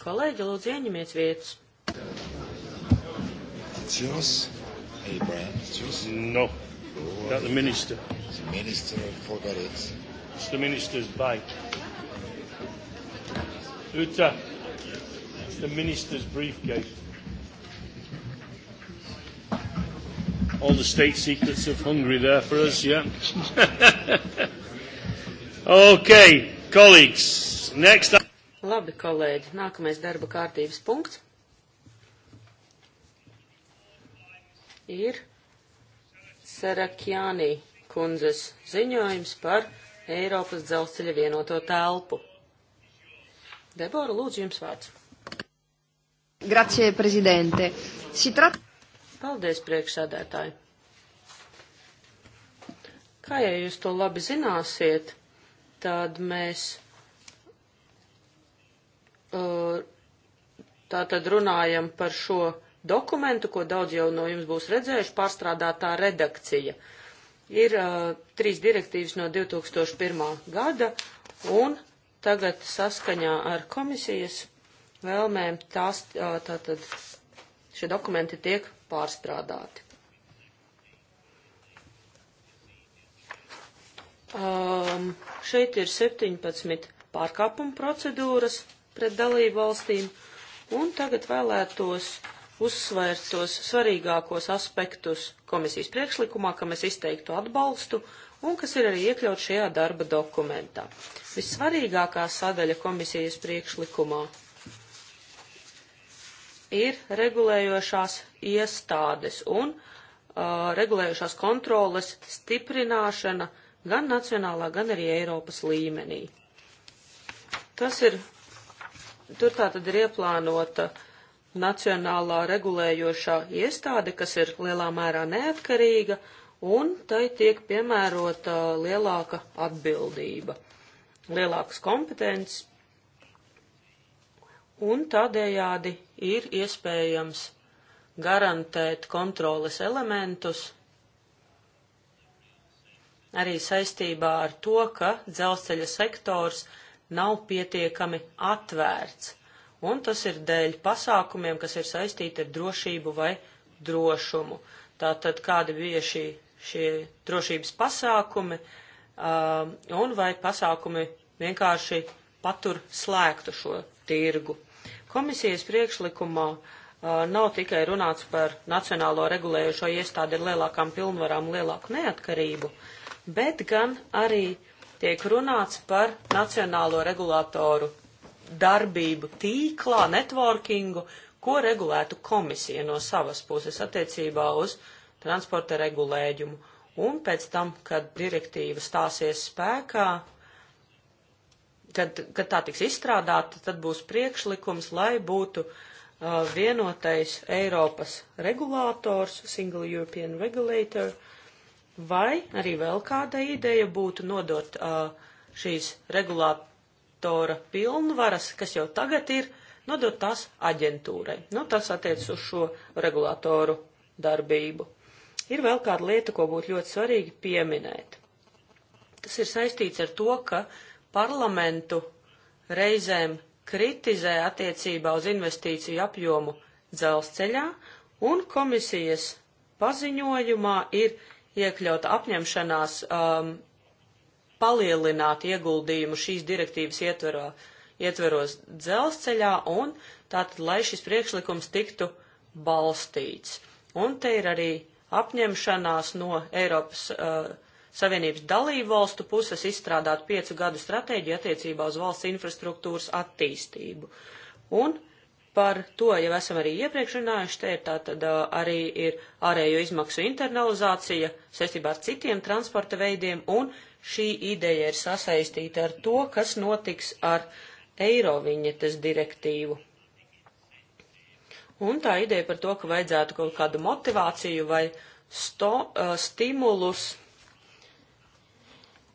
Speaker 5: Kolēģi, lūdzu, ieņemiet vietas.
Speaker 2: It's yours, Abraham. It's yours. No. Oh, Not the minister. The minister forgot it. It's the minister's bike. Uta, it's the minister's briefcase. all the state secrets of Hungary there for us, yeah? (laughs) okay, colleagues, next. Labi,
Speaker 5: kolēģi, nākamais darba kārtības punkts ir Sarakjānī kundzes ziņojums par Eiropas dzelzceļa vienoto telpu. Debora,
Speaker 6: lūdzu, jums vārds. Grazie, prezidente. Si trat...
Speaker 5: Paldies, priekšsēdētāji! Kā ja jūs to labi zināsiet, tad mēs uh, tātad runājam par šo dokumentu, ko daudz jau no jums būs redzējuši, pārstrādātā redakcija. Ir uh, trīs direktīvas no 2001. gada, un tagad saskaņā ar komisijas vēlmēm tās, uh, tātad šie dokumenti tiek pārstrādāti. Um, šeit ir 17 pārkāpuma procedūras pret dalību valstīm, un tagad vēlētos uzsvērt tos svarīgākos aspektus komisijas priekšlikumā, kam es izteiktu atbalstu un kas ir arī iekļauts šajā darba dokumentā. Vissvarīgākā sadaļa komisijas priekšlikumā ir regulējošās iestādes un uh, regulējošās kontroles stiprināšana gan nacionālā, gan arī Eiropas līmenī. Tas ir, tur tā tad ir ieplānota nacionālā regulējošā iestāde, kas ir lielā mērā neatkarīga, un tai tiek piemērota lielāka atbildība, lielākas kompetences un tādējādi ir iespējams garantēt kontroles elementus arī saistībā ar to, ka dzelzceļa sektors nav pietiekami atvērts, un tas ir dēļ pasākumiem, kas ir saistīti ar drošību vai drošumu. Tātad kādi bija šī, šie drošības pasākumi, um, un vai pasākumi vienkārši patur slēgtu šo tirgu. Komisijas priekšlikumā nav tikai runāts par nacionālo regulējušo iestādi ar lielākām pilnvarām, lielāku neatkarību, bet gan arī tiek runāts par nacionālo regulātoru darbību tīklā, networkingu, ko regulētu komisija no savas puses attiecībā uz transporta regulējumu. Un pēc tam, kad direktīva stāsies spēkā, kad, kad tā tiks izstrādāta, tad būs priekšlikums, lai būtu uh, vienotais Eiropas regulators, Single European Regulator, vai arī vēl kāda ideja būtu nodot uh, šīs regulātora pilnvaras, kas jau tagad ir, nodot tās aģentūrai. Nu, tas attiecas uz šo regulātoru darbību. Ir vēl kāda lieta, ko būtu ļoti svarīgi pieminēt. Tas ir saistīts ar to, ka uh, parlamentu reizēm kritizē attiecībā uz investīciju apjomu dzelzceļā, un komisijas paziņojumā ir iekļauta apņemšanās um, palielināt ieguldījumu šīs direktīvas ietverā, ietveros dzelzceļā, un tātad, lai šis priekšlikums tiktu balstīts. Un te ir arī apņemšanās no Eiropas uh, Savienības dalību valstu puses izstrādāt piecu gadu stratēģiju attiecībā uz valsts infrastruktūras attīstību. Un par to jau esam arī iepriekš runājuši, te ir tātad arī ir ārējo izmaksu internalizācija saistībā ar citiem transporta veidiem, un šī ideja ir sasaistīta ar to, kas notiks ar eiroviņetes direktīvu. Un tā ideja par to, ka vajadzētu kaut kādu motivāciju vai sto, uh, stimulus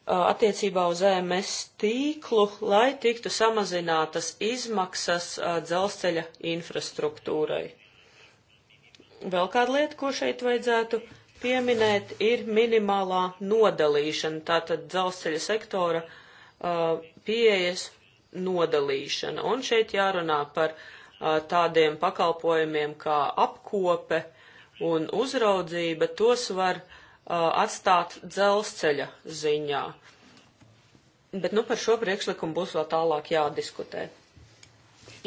Speaker 5: attiecībā uz EMS tīklu, lai tiktu samazinātas izmaksas dzelzceļa infrastruktūrai. Vēl kāda lieta, ko šeit vajadzētu pieminēt, ir minimālā nodalīšana, tātad dzelzceļa sektora uh, pieejas nodalīšana. Un šeit jārunā par uh, tādiem pakalpojumiem kā apkope un uzraudzība, tos var uh, Uh, atstāt dzelzceļa ziņā. Bet nu par šo priekšlikumu būs vēl tālāk jādiskutē.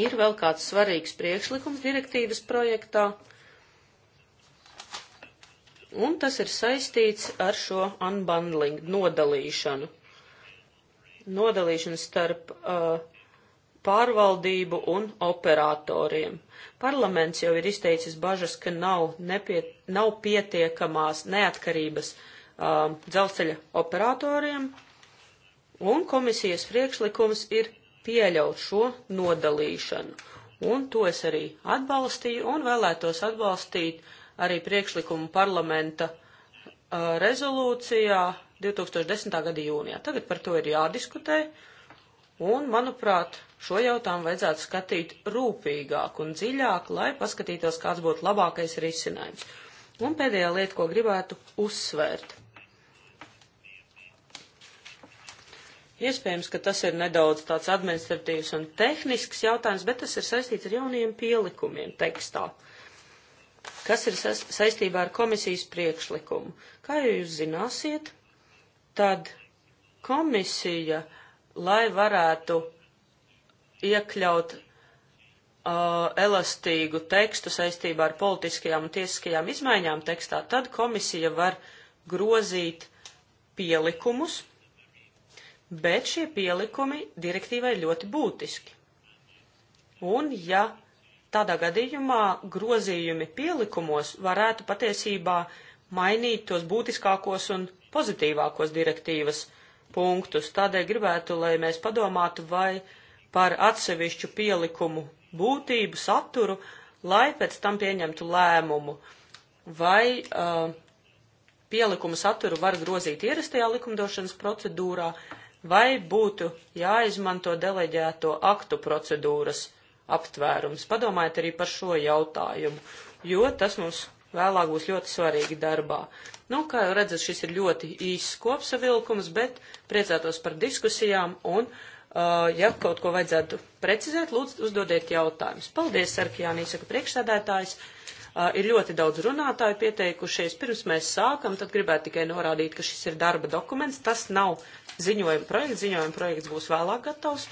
Speaker 5: Ir vēl kāds svarīgs priekšlikums direktīvas projektā, un tas ir saistīts ar šo unbundling, nodalīšanu. Nodalīšanu starp uh, pārvaldību un operatoriem. Parlaments jau ir izteicis bažas, ka nav, nepie, nav pietiekamās neatkarības um, dzelzceļa operatoriem, un komisijas priekšlikums ir pieļaut šo nodalīšanu. Un to es arī atbalstīju un vēlētos atbalstīt arī priekšlikumu parlamenta uh, rezolūcijā 2010. gada jūnijā. Tagad par to ir jādiskutē, un, manuprāt, Šo jautājumu vajadzētu skatīt rūpīgāk un dziļāk, lai paskatītos, kāds būtu labākais risinājums. Un pēdējā lieta, ko gribētu uzsvērt. Iespējams, ka tas ir nedaudz tāds administratīvs un tehnisks jautājums, bet tas ir saistīts ar jauniem pielikumiem tekstā, kas ir saistībā ar komisijas priekšlikumu. Kā jūs zināsiet, tad komisija, lai varētu iekļaut Uh, elastīgu tekstu saistībā ar politiskajām un tiesiskajām izmaiņām tekstā, tad komisija var grozīt pielikumus, bet šie pielikumi direktīvai ļoti būtiski. Un ja tādā gadījumā grozījumi pielikumos varētu patiesībā mainīt tos būtiskākos un pozitīvākos direktīvas punktus, tādēļ gribētu, lai mēs padomātu, vai uh, par atsevišķu pielikumu būtību, saturu, lai pēc tam pieņemtu lēmumu, vai uh, pielikuma saturu var grozīt ierastajā likumdošanas procedūrā, vai būtu jāizmanto deleģēto aktu procedūras aptvērums. Padomājiet arī par šo jautājumu, jo tas mums vēlāk būs ļoti svarīgi darbā. Nu, kā jau redzat, šis ir ļoti īss kopsavilkums, bet priecātos par diskusijām un uh, Uh, ja kaut ko vajadzētu precizēt, lūdzu, uzdodiet jautājumus. Paldies, Arkijānī, saka priekšsēdētājs. Uh, ir ļoti daudz runātāju pieteikušies. Pirms mēs sākam, tad gribētu tikai norādīt, ka šis ir darba dokuments. Tas nav ziņojuma projekts. Ziņojuma projekts būs vēlāk gatavs.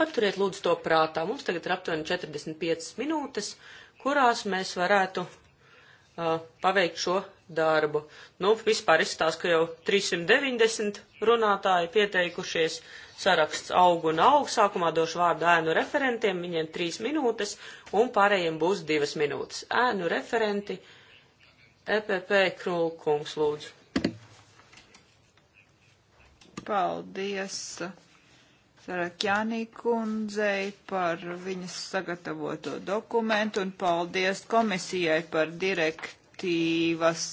Speaker 5: Paturiet lūdzu to prātā. Mums tagad ir aptuveni 45 minūtes, kurās mēs varētu uh, paveikt šo darbu. Nu, vispār izstāsta, ka jau 390 runātāji pieteikušies, saraksts aug un aug, sākumā došu vārdu ēnu referentiem, viņiem trīs minūtes, un pārējiem būs divas minūtes. Ēnu referenti,
Speaker 1: EPP Krulkungs lūdzu. Paldies Sarakjānī kundzei par viņas sagatavoto dokumentu un paldies komisijai par direktīvu direktīvas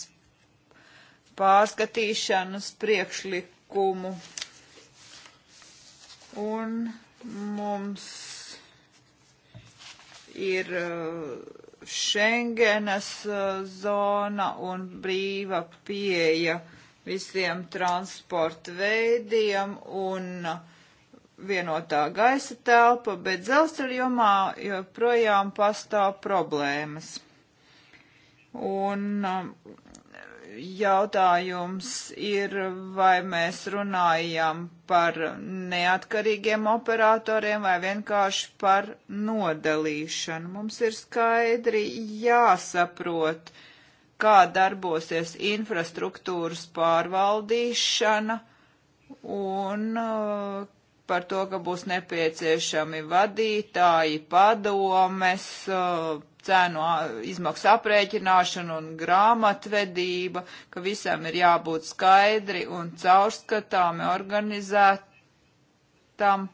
Speaker 1: pārskatīšanas priekšlikumu. Un mums ir uh, Schengenas uh, zona un brīva pieeja visiem transporta veidiem un vienotā gaisa telpa, bet dzelzceļa jomā joprojām pastāv problēmas. Un um, jautājums ir, vai mēs runājam par neatkarīgiem operatoriem vai vienkārši par nodalīšanu. Mums ir skaidri jāsaprot, kā darbosies infrastruktūras pārvaldīšana un uh, par to, ka būs nepieciešami vadītāji, padomes, uh, cēnu izmaksu aprēķināšana un grāmatvedība, ka visam ir jābūt skaidri un caurskatāmi organizētam.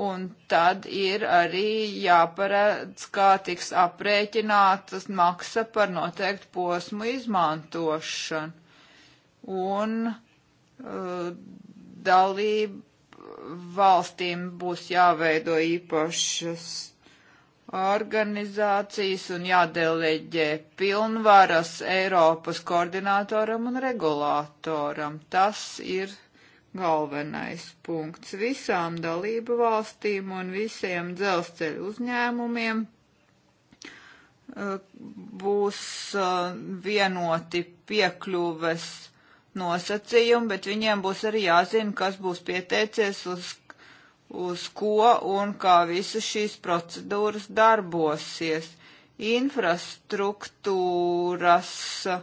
Speaker 1: Un tad ir arī jāparedz, kā tiks aprēķinātas maksa par noteiktu posmu izmantošanu. Un uh, dalību valstīm būs jāveido īpašas organizācijas un jādeleģē pilnvaras Eiropas koordinātoram un regulātoram. Tas ir galvenais punkts visām dalību valstīm un visiem dzelzceļu uzņēmumiem būs uh, vienoti piekļuves nosacījumi, bet viņiem būs arī jāzina, kas būs pieteicies uz uz ko un kā visas šīs procedūras darbosies. Infrastruktūras uh,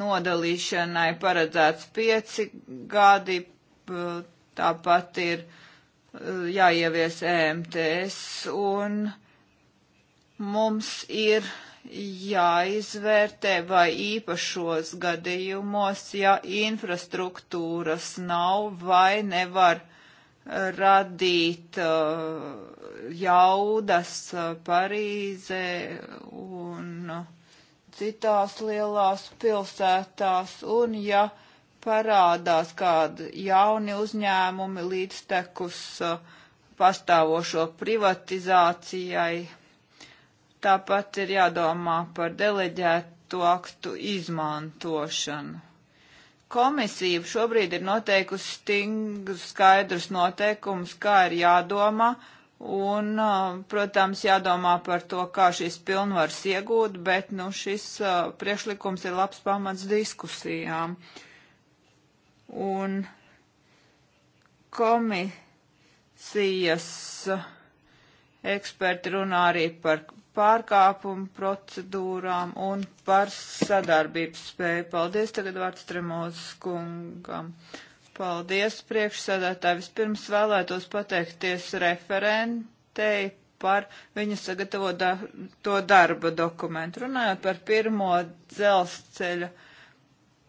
Speaker 1: nodalīšanai paredzēts pieci gadi, tāpat ir uh, jāievies EMTS un mums ir jāizvērtē, vai īpašos gadījumos, ja infrastruktūras nav vai nevar radīt uh, jaudas uh, Parīzē un uh, citās lielās pilsētās, un ja parādās kādi jauni uzņēmumi līdztekus pastāvošo privatizācijai, tāpat ir jādomā par deleģēto aktu izmantošanu. Komisija šobrīd ir noteikusi stingrus skaidrus noteikumus, kā ir jādomā, un, uh, protams, jādomā par to, kā šīs pilnvaras iegūt, bet, nu, šis uh, priešlikums ir labs pamats diskusijām. Un komisijas uh, eksperti runā arī par pārkāpumu procedūrām un par sadarbības spēju. Paldies tagad vārds Tremozes kungam. Paldies priekšsēdētāji. Vispirms vēlētos pateikties referentei par viņa sagatavo da to darba dokumentu. Runājot par pirmo dzelzceļa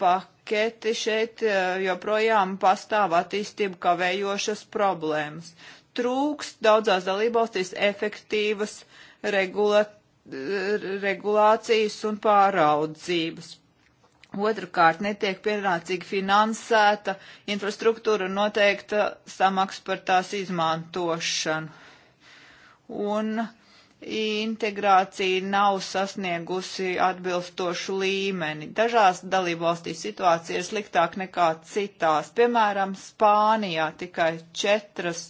Speaker 1: paketi, šeit eh, joprojām pastāv attīstību kavējošas problēmas. Trūkst daudzās dalībvalstīs efektīvas uh, regula, regulācijas un pāraudzības. Otrakārt, netiek pienācīgi finansēta infrastruktūra un noteikta samaksa par tās izmantošanu. Un integrācija nav sasniegusi atbilstošu līmeni. Dažās dalībvalstīs situācija ir sliktāk nekā citās. Piemēram, Spānijā tikai četras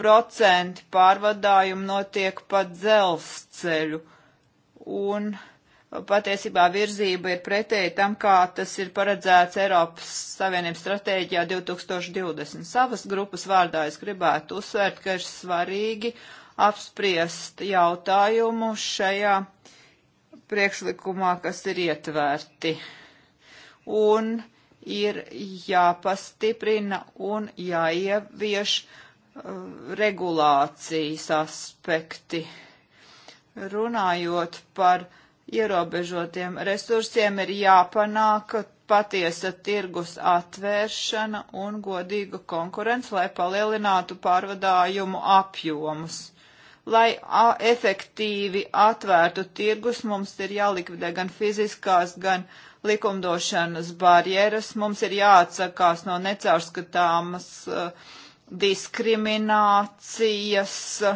Speaker 1: 50% pārvadājumu notiek pa dzelzceļu. Un patiesībā virzība ir pretēji tam, kā tas ir paredzēts Eiropas Savienības stratēģijā 2020. Savas grupas vārdā es gribētu uzsvērt, ka ir svarīgi apspriest jautājumu šajā priekšlikumā, kas ir ietvērti. Un ir jāpastiprina un jāievieš uh, Uh, regulācijas aspekti. Runājot par ierobežotiem resursiem, ir jāpanāk patiesa tirgus atvēršana un godīga konkurence, lai palielinātu pārvadājumu apjomus. Lai efektīvi atvērtu tirgus, mums ir jālikvidē gan fiziskās, gan likumdošanas barjeras, mums ir jāatsakās no necaurskatāmas uh, diskriminācijas uh,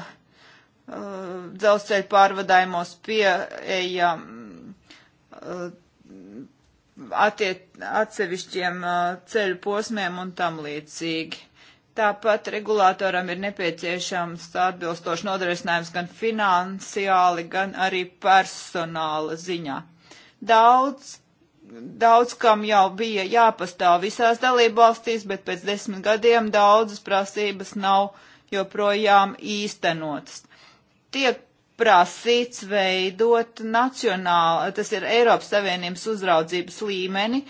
Speaker 1: dzelzceļa pārvadājumos pieejam uh, attiet, atsevišķiem uh, ceļu posmiem un tam līdzīgi. Tāpat regulātoram ir nepieciešams atbilstošs nodarinājums gan finansiāli, gan arī personāla ziņā. Daudz daudz kam jau bija jāpastāv visās dalībvalstīs, bet pēc desmit gadiem daudzas prasības nav joprojām īstenotas. Tiek prasīts veidot nacionālu, tas ir Eiropas Savienības uzraudzības līmeni,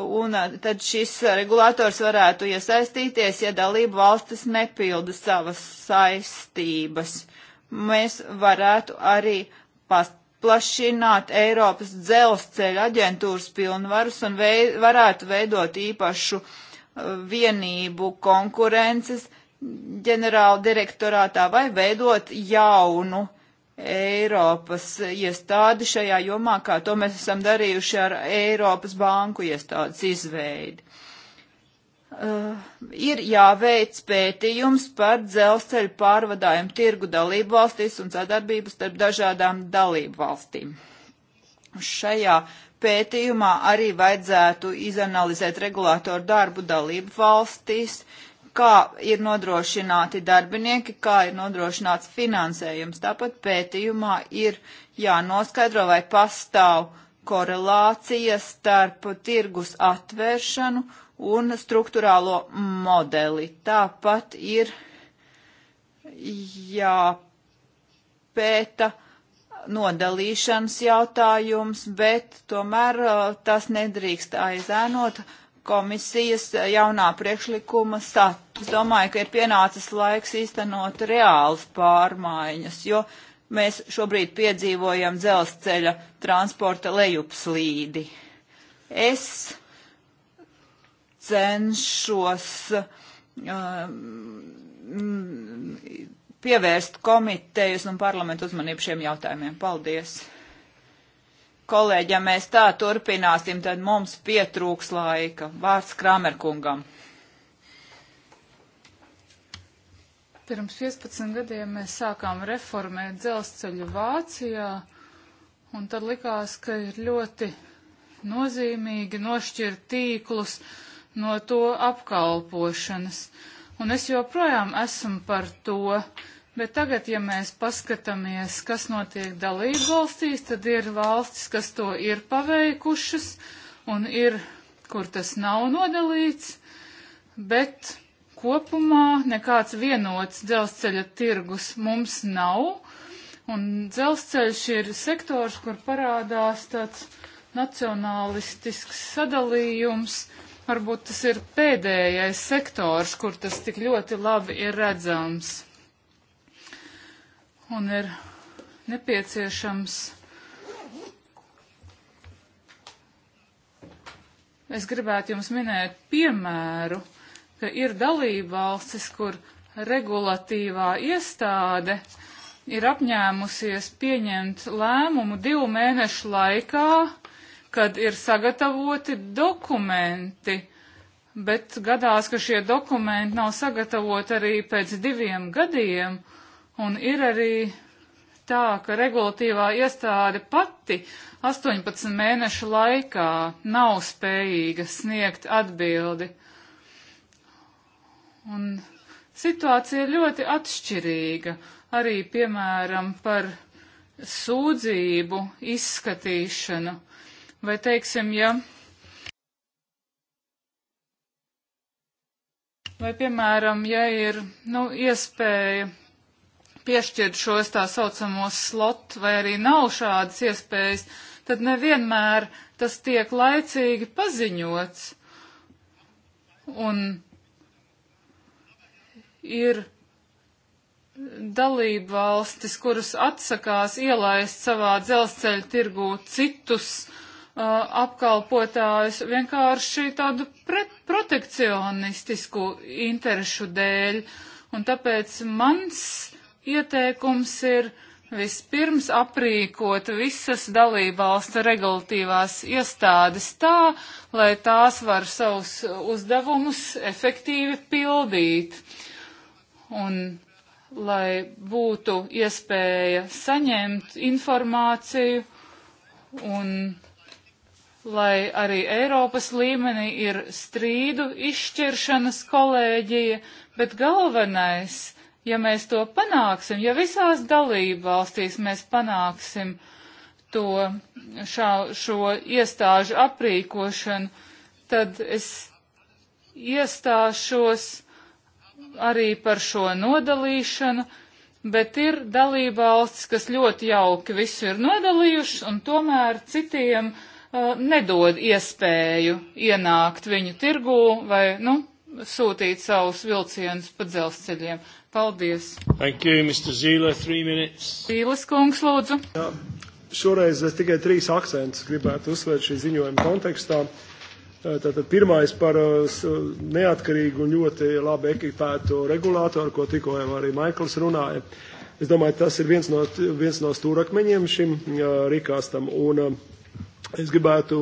Speaker 1: un uh, tad šis regulators varētu iesaistīties, ja dalību valstis nepilda savas saistības. Mēs varētu arī past, paplašināt Eiropas dzelzceļa aģentūras pilnvarus un vei, varētu veidot īpašu uh, vienību konkurences ģenerāla direktorātā vai veidot jaunu Eiropas iestādi šajā jomā, kā to mēs esam darījuši ar Eiropas banku iestādes izveidi. Uh, ir jāveic pētījums par dzelzceļu pārvadājumu tirgu dalību valstīs un sadarbības starp dažādām dalību valstīm. Šajā pētījumā arī vajadzētu izanalizēt regulātoru darbu dalību valstīs, kā ir nodrošināti darbinieki, kā ir nodrošināts finansējums. Tāpat pētījumā ir jānoskaidro, vai pastāv korelācija starp tirgus atvēršanu un struktūrālo modeli. Tāpat ir jāpēta nodalīšanas jautājums, bet tomēr uh, tas nedrīkst aizēnot komisijas jaunā priekšlikuma status. Es domāju, ka ir pienācis laiks īstenot reāls pārmaiņas, jo mēs šobrīd piedzīvojam dzelzceļa transporta lejupslīdi. Es cenšos um, pievērst komitejas un parlamentu uzmanību šiem jautājumiem. Paldies! Kolēģi, ja mēs tā turpināsim, tad mums pietrūks laika. Vārds Kramerkungam.
Speaker 4: Pirms 15 gadiem mēs sākām reformēt dzelzceļu Vācijā, un tad likās, ka ir ļoti nozīmīgi nošķirt tīklus no to apkalpošanas. Un es joprojām esmu par to, bet tagad, ja mēs paskatāmies, kas notiek dalību valstīs, tad ir valstis, kas to ir paveikušas un ir, kur tas nav nodalīts, bet kopumā nekāds vienots dzelzceļa tirgus mums nav. Un dzelzceļš ir sektors, kur parādās tāds nacionālistisks sadalījums. Uh, Varbūt tas ir pēdējais sektors, kur tas tik ļoti labi ir redzams. Un ir nepieciešams. Es gribētu jums minēt piemēru, ka ir dalībvalstis, kur regulatīvā iestāde ir apņēmusies pieņemt lēmumu divu mēnešu laikā, kad ir sagatavoti dokumenti, bet gadās, ka šie dokumenti nav sagatavoti arī pēc diviem gadiem, un ir arī tā, ka regulatīvā iestāde pati 18 mēnešu laikā nav spējīga sniegt atbildi. Un situācija ir ļoti atšķirīga, arī piemēram par sūdzību izskatīšanu Vai teiksim, ja. Vai, piemēram, ja ir nu, iespēja piešķirt šos tā saucamos slot, vai arī nav šādas iespējas, tad nevienmēr tas tiek laicīgi paziņots. Un ir dalība valstis, kuras atsakās ielaist savā dzelzceļa tirgū citus uh, apkalpotājus vienkārši tādu protekcionistisku interešu dēļ. Un tāpēc mans ieteikums ir vispirms aprīkot visas dalībvalsta regulatīvās iestādes tā, lai tās var savus uzdevumus efektīvi pildīt. Un lai būtu iespēja saņemt informāciju un lai arī Eiropas līmenī ir strīdu izšķiršanas kolēģija, bet galvenais, ja mēs to panāksim, ja visās dalību valstīs mēs panāksim to šā, šo iestāžu aprīkošanu, tad es iestāšos arī par šo nodalīšanu, bet ir dalība valsts, kas ļoti jauki visu ir nodalījuši, un tomēr citiem uh, Uh, nedod iespēju ienākt viņu tirgū vai, nu, sūtīt savus vilcienus pa dzelzceļiem. Paldies!
Speaker 7: Thank you, Mr. Zīle, three minutes.
Speaker 2: Zīles kungs, lūdzu. Jā,
Speaker 7: šoreiz es tikai trīs akcentus gribētu uzsvērt šī ziņojuma kontekstā. Uh, tātad pirmais par uh, neatkarīgu un ļoti labi ekipētu regulātoru, ko tikko jau arī Maikls runāja. Es domāju, tas ir viens no, viens no stūrakmeņiem šim rikāstam. Un, uh, Es gribētu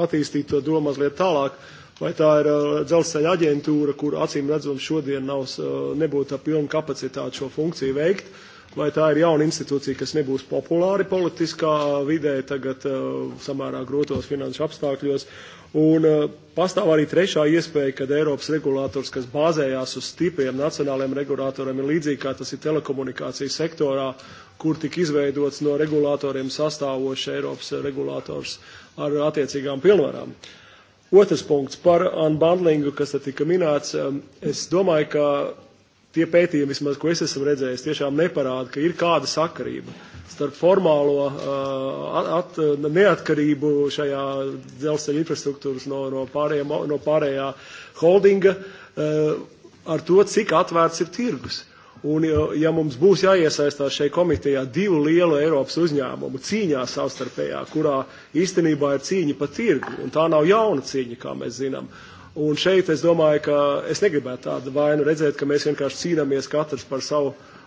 Speaker 7: attīstīt to domu mazliet tālāk, vai tā ir uh, dzelzceļa aģentūra, kur acīm redzot šodien nav, uh, nebūtu ar pilnu kapacitāti šo funkciju veikt, vai tā ir jauna institūcija, kas nebūs populāri politiskā vidē, tagad uh, samērā grotos finanšu apstākļos. Un pastāv arī trešā iespēja, kad Eiropas regulators, kas bāzējās uz stipriem nacionāliem regulātoriem, ir līdzīgi kā tas ir telekomunikācijas sektorā, kur tika izveidots no regulātoriem sastāvošs Eiropas regulātors ar attiecīgām pilnvarām. Otrs punkts par unbundlingu, kas te tika minēts. Um, es domāju, ka tie pētījumi, vismaz, ko es esmu redzējis, tiešām neparāda, ka ir kāda sakarība starp formālo uh, at, neatkarību šajā dzelzceļa infrastruktūras no, no, pārējā, no pārējā holdinga uh, ar to, cik atvērts ir tirgus. Un, ja mums būs jāiesaistās šajā komitejā divu lielu Eiropas uzņēmumu cīņā savstarpējā, kurā īstenībā ir cīņa pa tirgu, un tā nav jauna cīņa, kā mēs zinām, un šeit es domāju, ka es negribētu tādu vainu redzēt, ka mēs vienkārši cīnāmies katrs par savu uh,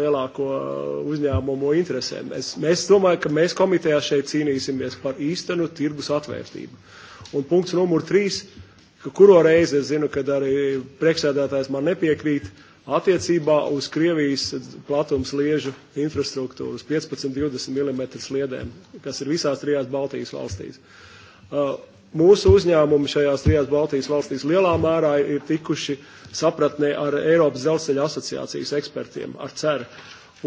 Speaker 7: lielāko uh, uzņēmumu interesēm. Es, mēs domāju, ka mēs komitejā šeit cīnīsimies par īstenu tirgus atvērtību. Un punkts numur trīs, ka kuro reizi es zinu, kad arī priekšsēdētājs man nepiekrīt, uh, Attiecībā uz Krievijas platums liežu infrastruktūru uz 15-20 mm sliedēm, kas ir visās trijās Baltijas valstīs. Uh, mūsu uzņēmumi šajās trijās Baltijas valstīs lielā mērā ir tikuši sapratnē ar Eiropas dzelzceļa asociācijas ekspertiem, ar CER.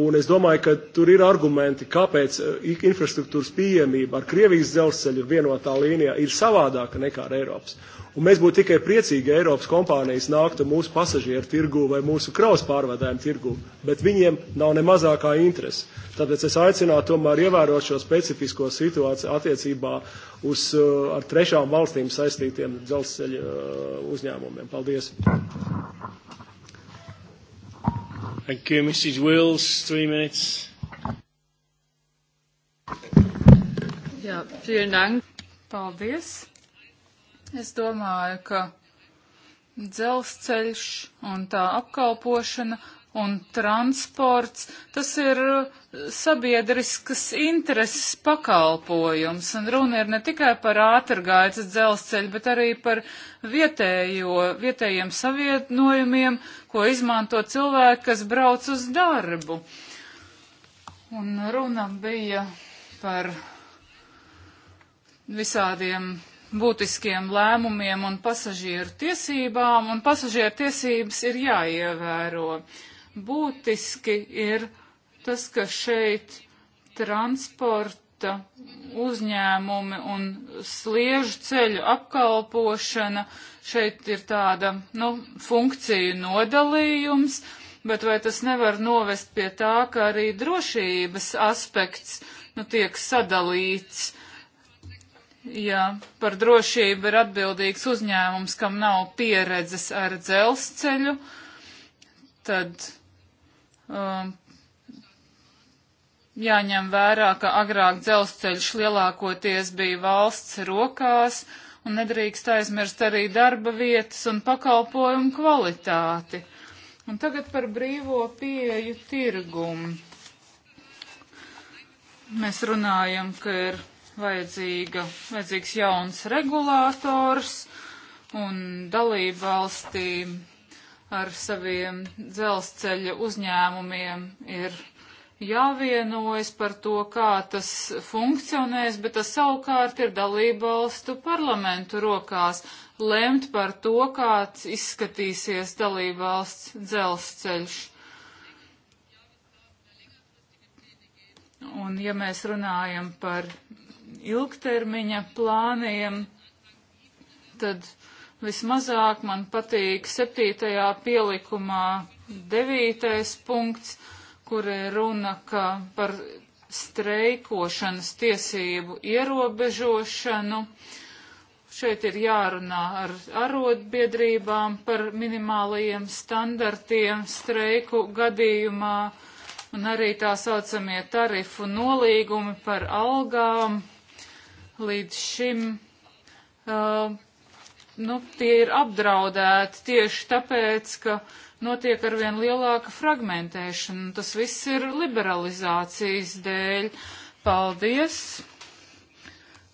Speaker 7: Un es domāju, ka tur ir argumenti, kāpēc uh, infrastruktūras pieejamība ar Krievijas dzelzceļu vienotā līnijā ir savādāka nekā ar Eiropas. Un mēs būtu tikai priecīgi, ja Eiropas kompānijas nāktu mūsu pasažieru tirgu vai mūsu kraus pārvadājumu tirgu, bet viņiem nav ne mazākā interese. Tāpēc es aicinātu tomēr ievērot šo specifisko situāciju attiecībā uz uh, ar trešām valstīm saistītiem dzelzceļa uh, uzņēmumiem. Paldies! Thank you, Mrs.
Speaker 2: Wills. Three minutes.
Speaker 4: Jā, vielen Dank. Paldies. Es domāju, ka dzelzceļš un tā apkalpošana un transports, tas ir uh, sabiedriskas intereses pakalpojums, un runa ir ne tikai par ātrgaitas dzelzceļu, bet arī par vietējo, vietējiem savienojumiem, ko izmanto cilvēki, kas brauc uz darbu. Un runa bija par visādiem būtiskiem lēmumiem un pasažieru tiesībām, un pasažieru tiesības ir jāievēro. Būtiski ir tas, ka šeit transporta uzņēmumi un sliežu ceļu apkalpošana šeit ir tāda, nu, funkciju nodalījums, bet vai tas nevar novest pie tā, ka arī drošības aspekts, nu, tiek sadalīts. Uh, ja par drošību ir atbildīgs uzņēmums, kam nav pieredzes ar dzelzceļu, tad um, jāņem vērā, ka agrāk dzelzceļš lielākoties bija valsts rokās un nedrīkst aizmirst arī darba vietas un pakalpojumu kvalitāti. Un tagad par brīvo pieeju tirgumu. Mēs runājam, ka ir vajadzīga, vajadzīgs jauns regulators un dalību valstīm ar saviem dzelzceļa uzņēmumiem ir jāvienojas par to, kā tas funkcionēs, bet tas savukārt ir dalību valstu parlamentu rokās lemt par to, kāds izskatīsies dalību valsts dzelzceļš. Un ja mēs runājam par ilgtermiņa plāniem, tad vismazāk man patīk septītajā pielikumā devītais punkts, kur ir runa par streikošanas tiesību ierobežošanu. Šeit ir jārunā ar arotbiedrībām par minimālajiem standartiem streiku gadījumā un arī tā saucamie tarifu nolīgumi par algām līdz šim, uh, nu, tie ir apdraudēti tieši tāpēc, ka notiek arvien lielāka fragmentēšana. Tas viss ir liberalizācijas dēļ. Paldies!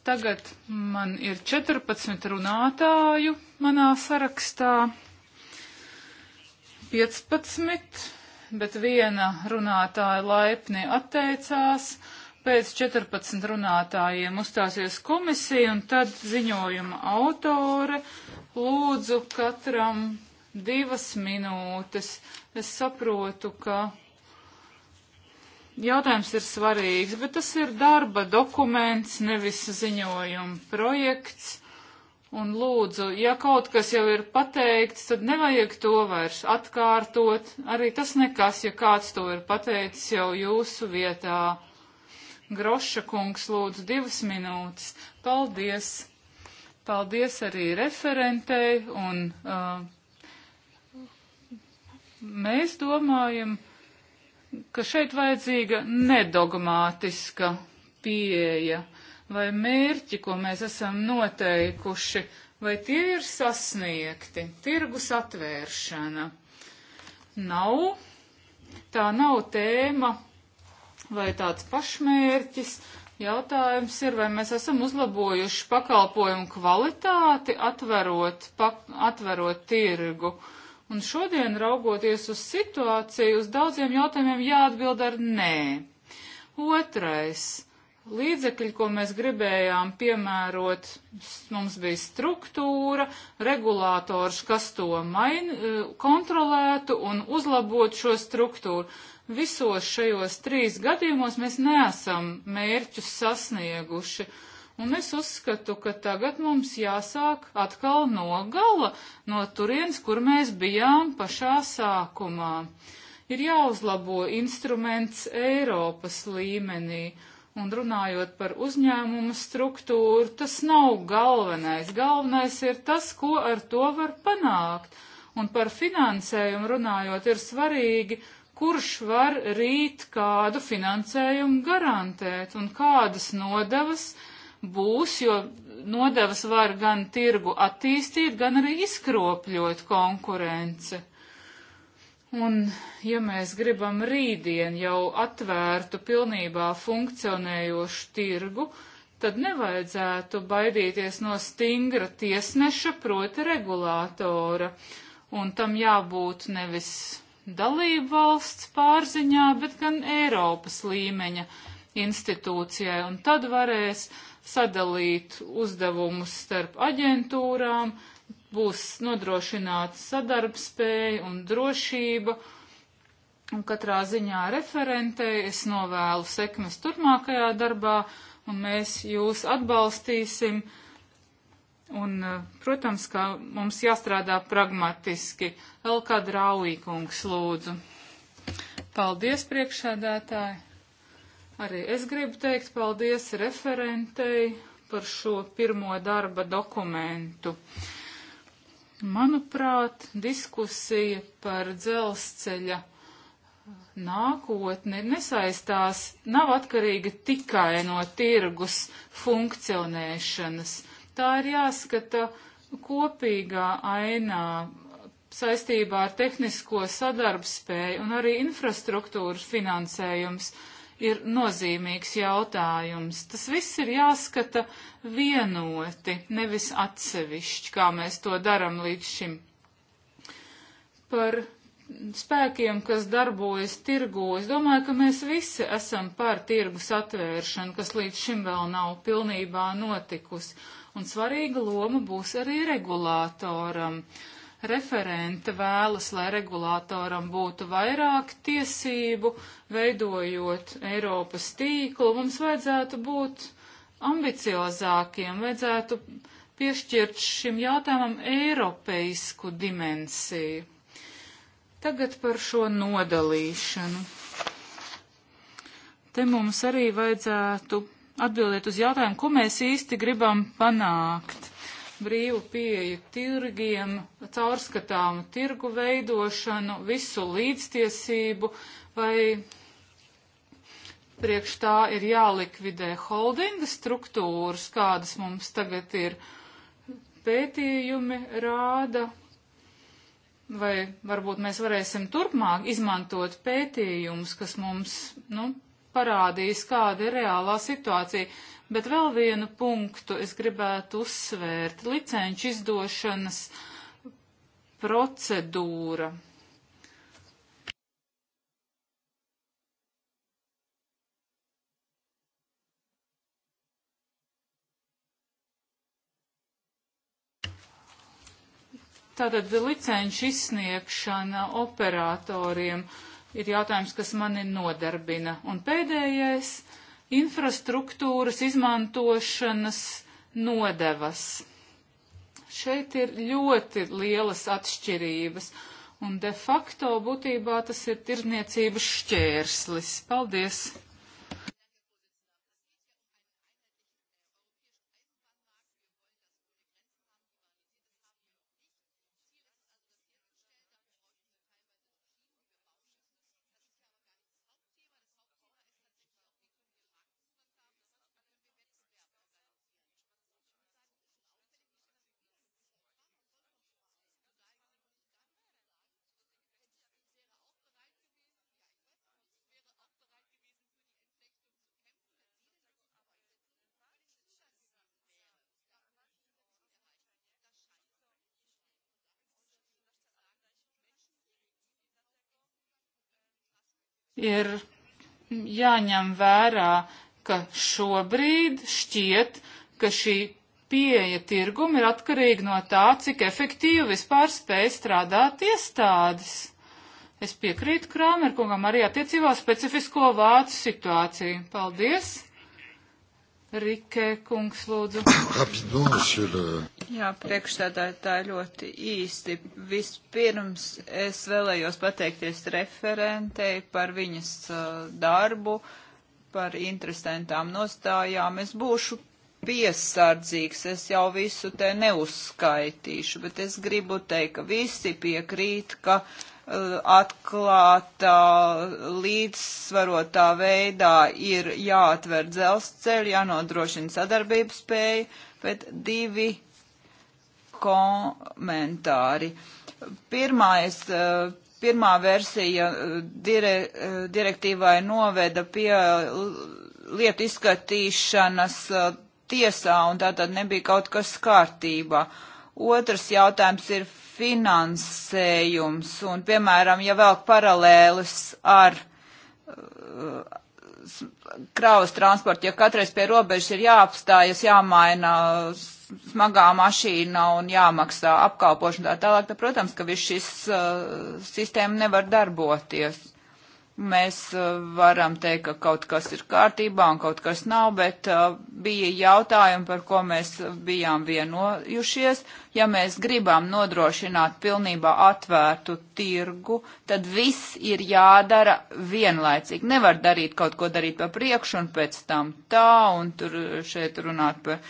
Speaker 4: Tagad man ir 14 runātāju manā sarakstā, 15, bet viena runātāja laipni atteicās. Pēc 14 runātājiem uzstāsies komisija un tad ziņojuma autore. Lūdzu katram divas minūtes. Es saprotu, ka jautājums ir svarīgs, bet tas ir darba dokuments, nevis ziņojuma projekts. Un lūdzu, ja kaut kas jau ir pateikts, tad nevajag to vairs atkārtot. Arī tas nekas, ja kāds to ir pateicis jau jūsu vietā. Groša kungs lūdzu divas minūtes. Paldies! Paldies arī referentei un uh, mēs domājam, ka šeit vajadzīga nedogmātiska pieeja vai mērķi, ko mēs esam noteikuši, vai tie ir sasniegti. Tirgus atvēršana nav, tā nav tēma, vai tāds pašmērķis. Jautājums ir, vai mēs esam uzlabojuši pakalpojumu kvalitāti, atverot, pa, atverot tirgu. Un šodien, raugoties uz situāciju, uz daudziem jautājumiem jāatbild ar nē. Otrais līdzekļi, ko mēs gribējām piemērot, mums bija struktūra, regulātors, kas to main, eh, kontrolētu un uzlabotu šo struktūru. Visos šajos trīs gadījumos mēs neesam mērķus sasnieguši. Un es uzskatu, ka tagad mums jāsāk atkal no gala, no turienes, kur mēs bijām pašā sākumā. Ir jāuzlabo instruments Eiropas līmenī. Un runājot par uzņēmumu struktūru, tas nav galvenais. Galvenais ir tas, ko ar to var panākt. Un par finansējumu runājot, ir svarīgi kurš var rīt kādu finansējumu garantēt un kādas nodevas būs, jo nodevas var gan tirgu attīstīt, gan arī izkropļot konkurence. Un, ja mēs gribam rītdien jau atvērtu pilnībā funkcionējošu tirgu, tad nevajadzētu baidīties no stingra tiesneša, proti regulātora. Un tam jābūt nevis dalību valsts pārziņā, bet gan Eiropas līmeņa institūcijai, un tad varēs sadalīt uzdevumus starp aģentūrām, būs nodrošināta sadarbspēja un drošība. Un katrā ziņā referentei es novēlu sekmes turpmākajā darbā, un mēs jūs atbalstīsim Un, eh, protams, ka mums jāstrādā pragmatiski. Elkā Draulīkungs lūdzu. Paldies, priekšsēdētāji. Arī es gribu teikt paldies referentei par šo pirmo darba dokumentu. Manuprāt, diskusija par dzelzceļa nākotni nesaistās, nav atkarīga tikai no tirgus funkcionēšanas Tā ir jāskata kopīgā ainā saistībā ar tehnisko sadarbspēju un arī infrastruktūras finansējums ir nozīmīgs jautājums. Tas viss ir jāskata vienoti, nevis atsevišķi, kā mēs to daram līdz šim. Par spēkiem, kas darbojas tirgu, es domāju, ka mēs visi esam par tirgus atvēršanu, kas līdz šim vēl nav pilnībā notikusi un svarīga loma būs arī regulātoram. Referente vēlas, lai regulātoram būtu vairāk tiesību, veidojot Eiropas tīklu, mums vajadzētu būt ambiciozākiem, vajadzētu piešķirt šim jautājumam eiropeisku dimensiju. Tagad par šo nodalīšanu. Te mums arī vajadzētu atbildēt uz jautājumu, ko mēs īsti gribam panākt. Brīvu pieeju tirgiem, caurskatāmu tirgu veidošanu, visu līdztiesību vai priekš tā ir jālikvidē holdinga struktūras, kādas mums tagad ir pētījumi rāda, vai varbūt mēs varēsim turpmāk izmantot pētījumus, kas mums, nu, parādījis, kāda ir reālā situācija. Bet vēl vienu punktu es gribētu uzsvērt. Licenču izdošanas procedūra. Tātad licenču izsniegšana operatoriem. Uh, ir jautājums, kas mani nodarbina. Un pēdējais - infrastruktūras izmantošanas nodevas. Šeit ir ļoti lielas atšķirības, un de facto būtībā tas ir tirzniecības šķērslis. Paldies! ir jāņem vērā, ka šobrīd šķiet, ka šī pieeja tirgum ir atkarīga no tā, cik efektīvi vispār spēj strādāt iestādes. Es piekrītu Krāmerkungam arī attiecībā specifisko vācu situāciju. Paldies! Rikē kungs, lūdzu. Jā, priekšstādātāji ļoti īsti.
Speaker 1: Vispirms es vēlējos pateikties referentei par viņas uh, darbu, par interesantām nostājām. Es būšu piesardzīgs, es jau visu te neuzskaitīšu, bet es gribu teikt, ka visi piekrīt, ka uh, atklātā, līdzsvarotā veidā ir jāatver dzelzceļi, jānodrošina sadarbības spēja, bet divi komentāri. Pirmais, eh, pirmā versija eh, dire, eh, direktīvai noveda pie lietu izskatīšanas tiesā, un tātad nebija kaut kas kārtībā. Otrs jautājums ir finansējums un, piemēram, ja vēl paralēlis ar uh, kravas transportu, ja katreiz pie robežas ir jāapstājas, jāmaina smagā mašīna un jāmaksā apkalpošana tā tālāk, tad, protams, ka viss šis uh, sistēma nevar darboties mēs uh, varam teikt, ka kaut kas ir kārtībā un kaut kas nav, bet uh, bija jautājumi, par ko mēs bijām vienojušies. Ja mēs gribam nodrošināt pilnībā atvērtu tirgu, tad viss ir jādara vienlaicīgi. Nevar darīt kaut ko darīt pa priekšu un pēc tam tā, un tur uh, šeit runāt par.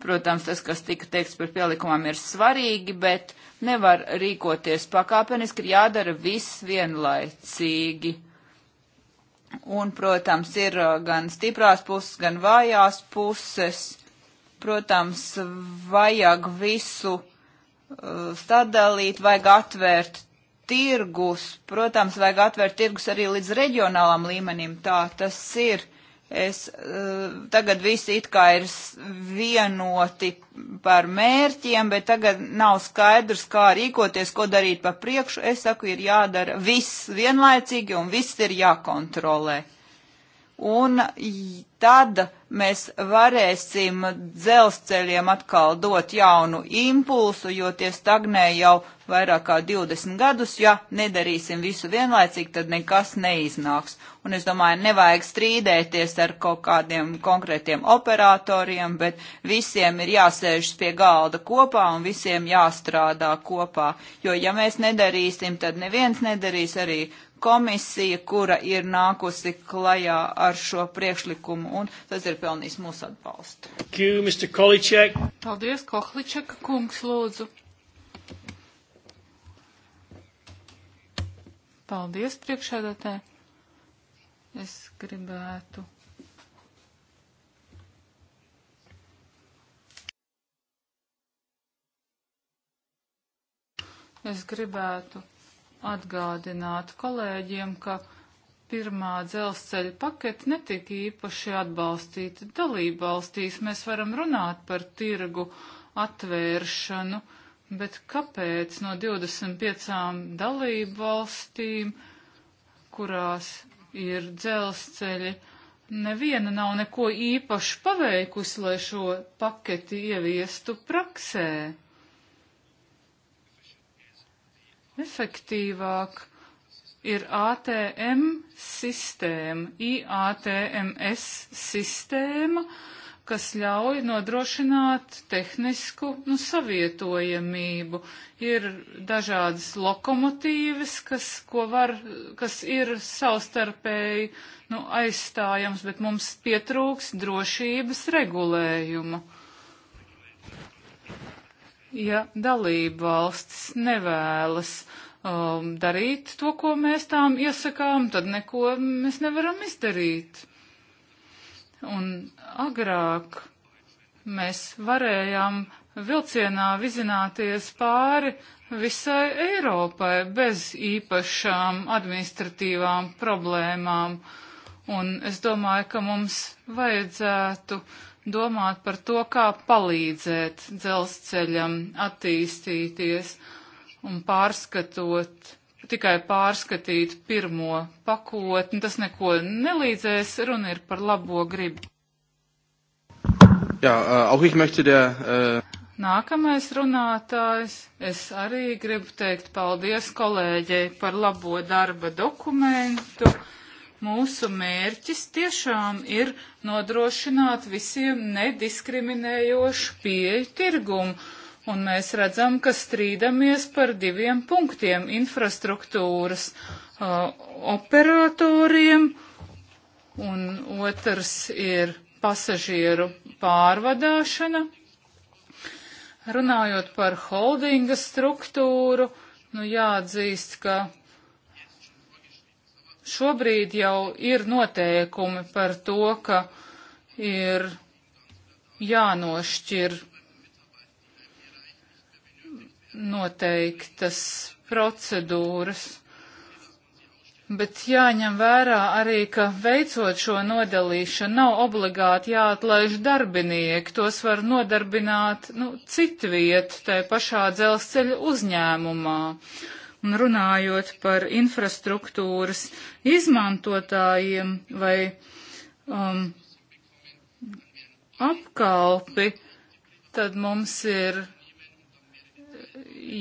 Speaker 1: Protams, tas, kas tika teikts par pielikumām, ir svarīgi, bet nevar rīkoties pakāpeniski, ir jādara viss vienlaicīgi. Un, protams, ir uh, gan stiprās puses, gan vājās puses. Protams, vajag visu uh, sadalīt, vajag atvērt tirgus. Protams, vajag atvērt tirgus arī līdz reģionālam līmenim. Tā tas ir. Uh, Es, eh, tagad visi it kā ir vienoti par mērķiem, bet tagad nav skaidrs, kā rīkoties, ko darīt pa priekšu. Es saku, ir jādara viss vienlaicīgi un viss ir jākontrolē un tad mēs varēsim dzelzceļiem atkal dot jaunu impulsu, jo tie stagnē jau vairāk kā 20 gadus. Ja nedarīsim visu vienlaicīgi, tad nekas neiznāks. Un es domāju, nevajag strīdēties ar kaut kādiem konkrētiem operatoriem, bet visiem ir jāsēžas pie galda kopā un visiem jāstrādā kopā. Jo ja mēs nedarīsim, tad neviens nedarīs arī komisija, kura ir nākusi klajā ar šo priekšlikumu, un tas ir pelnījis mūsu atbalstu.
Speaker 4: Paldies, Kohličeka kungs, lūdzu. Paldies, priekšēdētē. Es gribētu. Es gribētu atgādināt kolēģiem, ka pirmā dzelzceļa paketa netika īpaši atbalstīta dalībvalstīs. Mēs varam runāt par tirgu atvēršanu, bet kāpēc no 25 dalībvalstīm, kurās ir dzelzceļi, neviena nav neko īpaši paveikusi, lai šo paketi ieviestu praksē? efektīvāk ir ATM sistēma, IATMS sistēma, kas ļauj nodrošināt tehnisku nu, savietojamību. Ir dažādas lokomotīvas, kas, var, kas ir savstarpēji nu, aizstājams, bet mums pietrūks drošības regulējuma ja dalība valstis nevēlas um, darīt to, ko mēs tām iesakām, tad neko mēs nevaram izdarīt. Un agrāk mēs varējām vilcienā vizināties pāri visai Eiropai bez īpašām administratīvām problēmām. Un es domāju, ka mums vajadzētu uh, domāt par to, kā palīdzēt dzelzceļam attīstīties un pārskatot, tikai pārskatīt pirmo pakotni. Tas neko nelīdzēs, runa ir par labo gribu.
Speaker 3: Jā, auch ich möchte der. Uh...
Speaker 4: Nākamais runātājs. Es arī gribu teikt paldies kolēģei par labo darba dokumentu mūsu mērķis tiešām ir nodrošināt visiem nediskriminējošu pieeju tirgumu. Un mēs redzam, ka strīdamies par diviem punktiem - infrastruktūras uh, operatoriem, un otrs ir pasažieru pārvadāšana. Runājot par holdinga struktūru, nu jāatzīst, ka Šobrīd jau ir noteikumi par to, ka ir jānošķir noteiktas procedūras, bet jāņem vērā arī, ka veicot šo nodalīšanu nav obligāti jāatlaiž darbinieki, tos var nodarbināt nu, citviet, tai pašā dzelzceļa uzņēmumā. Uh, Un runājot par infrastruktūras izmantotājiem vai um, apkalpi, tad mums ir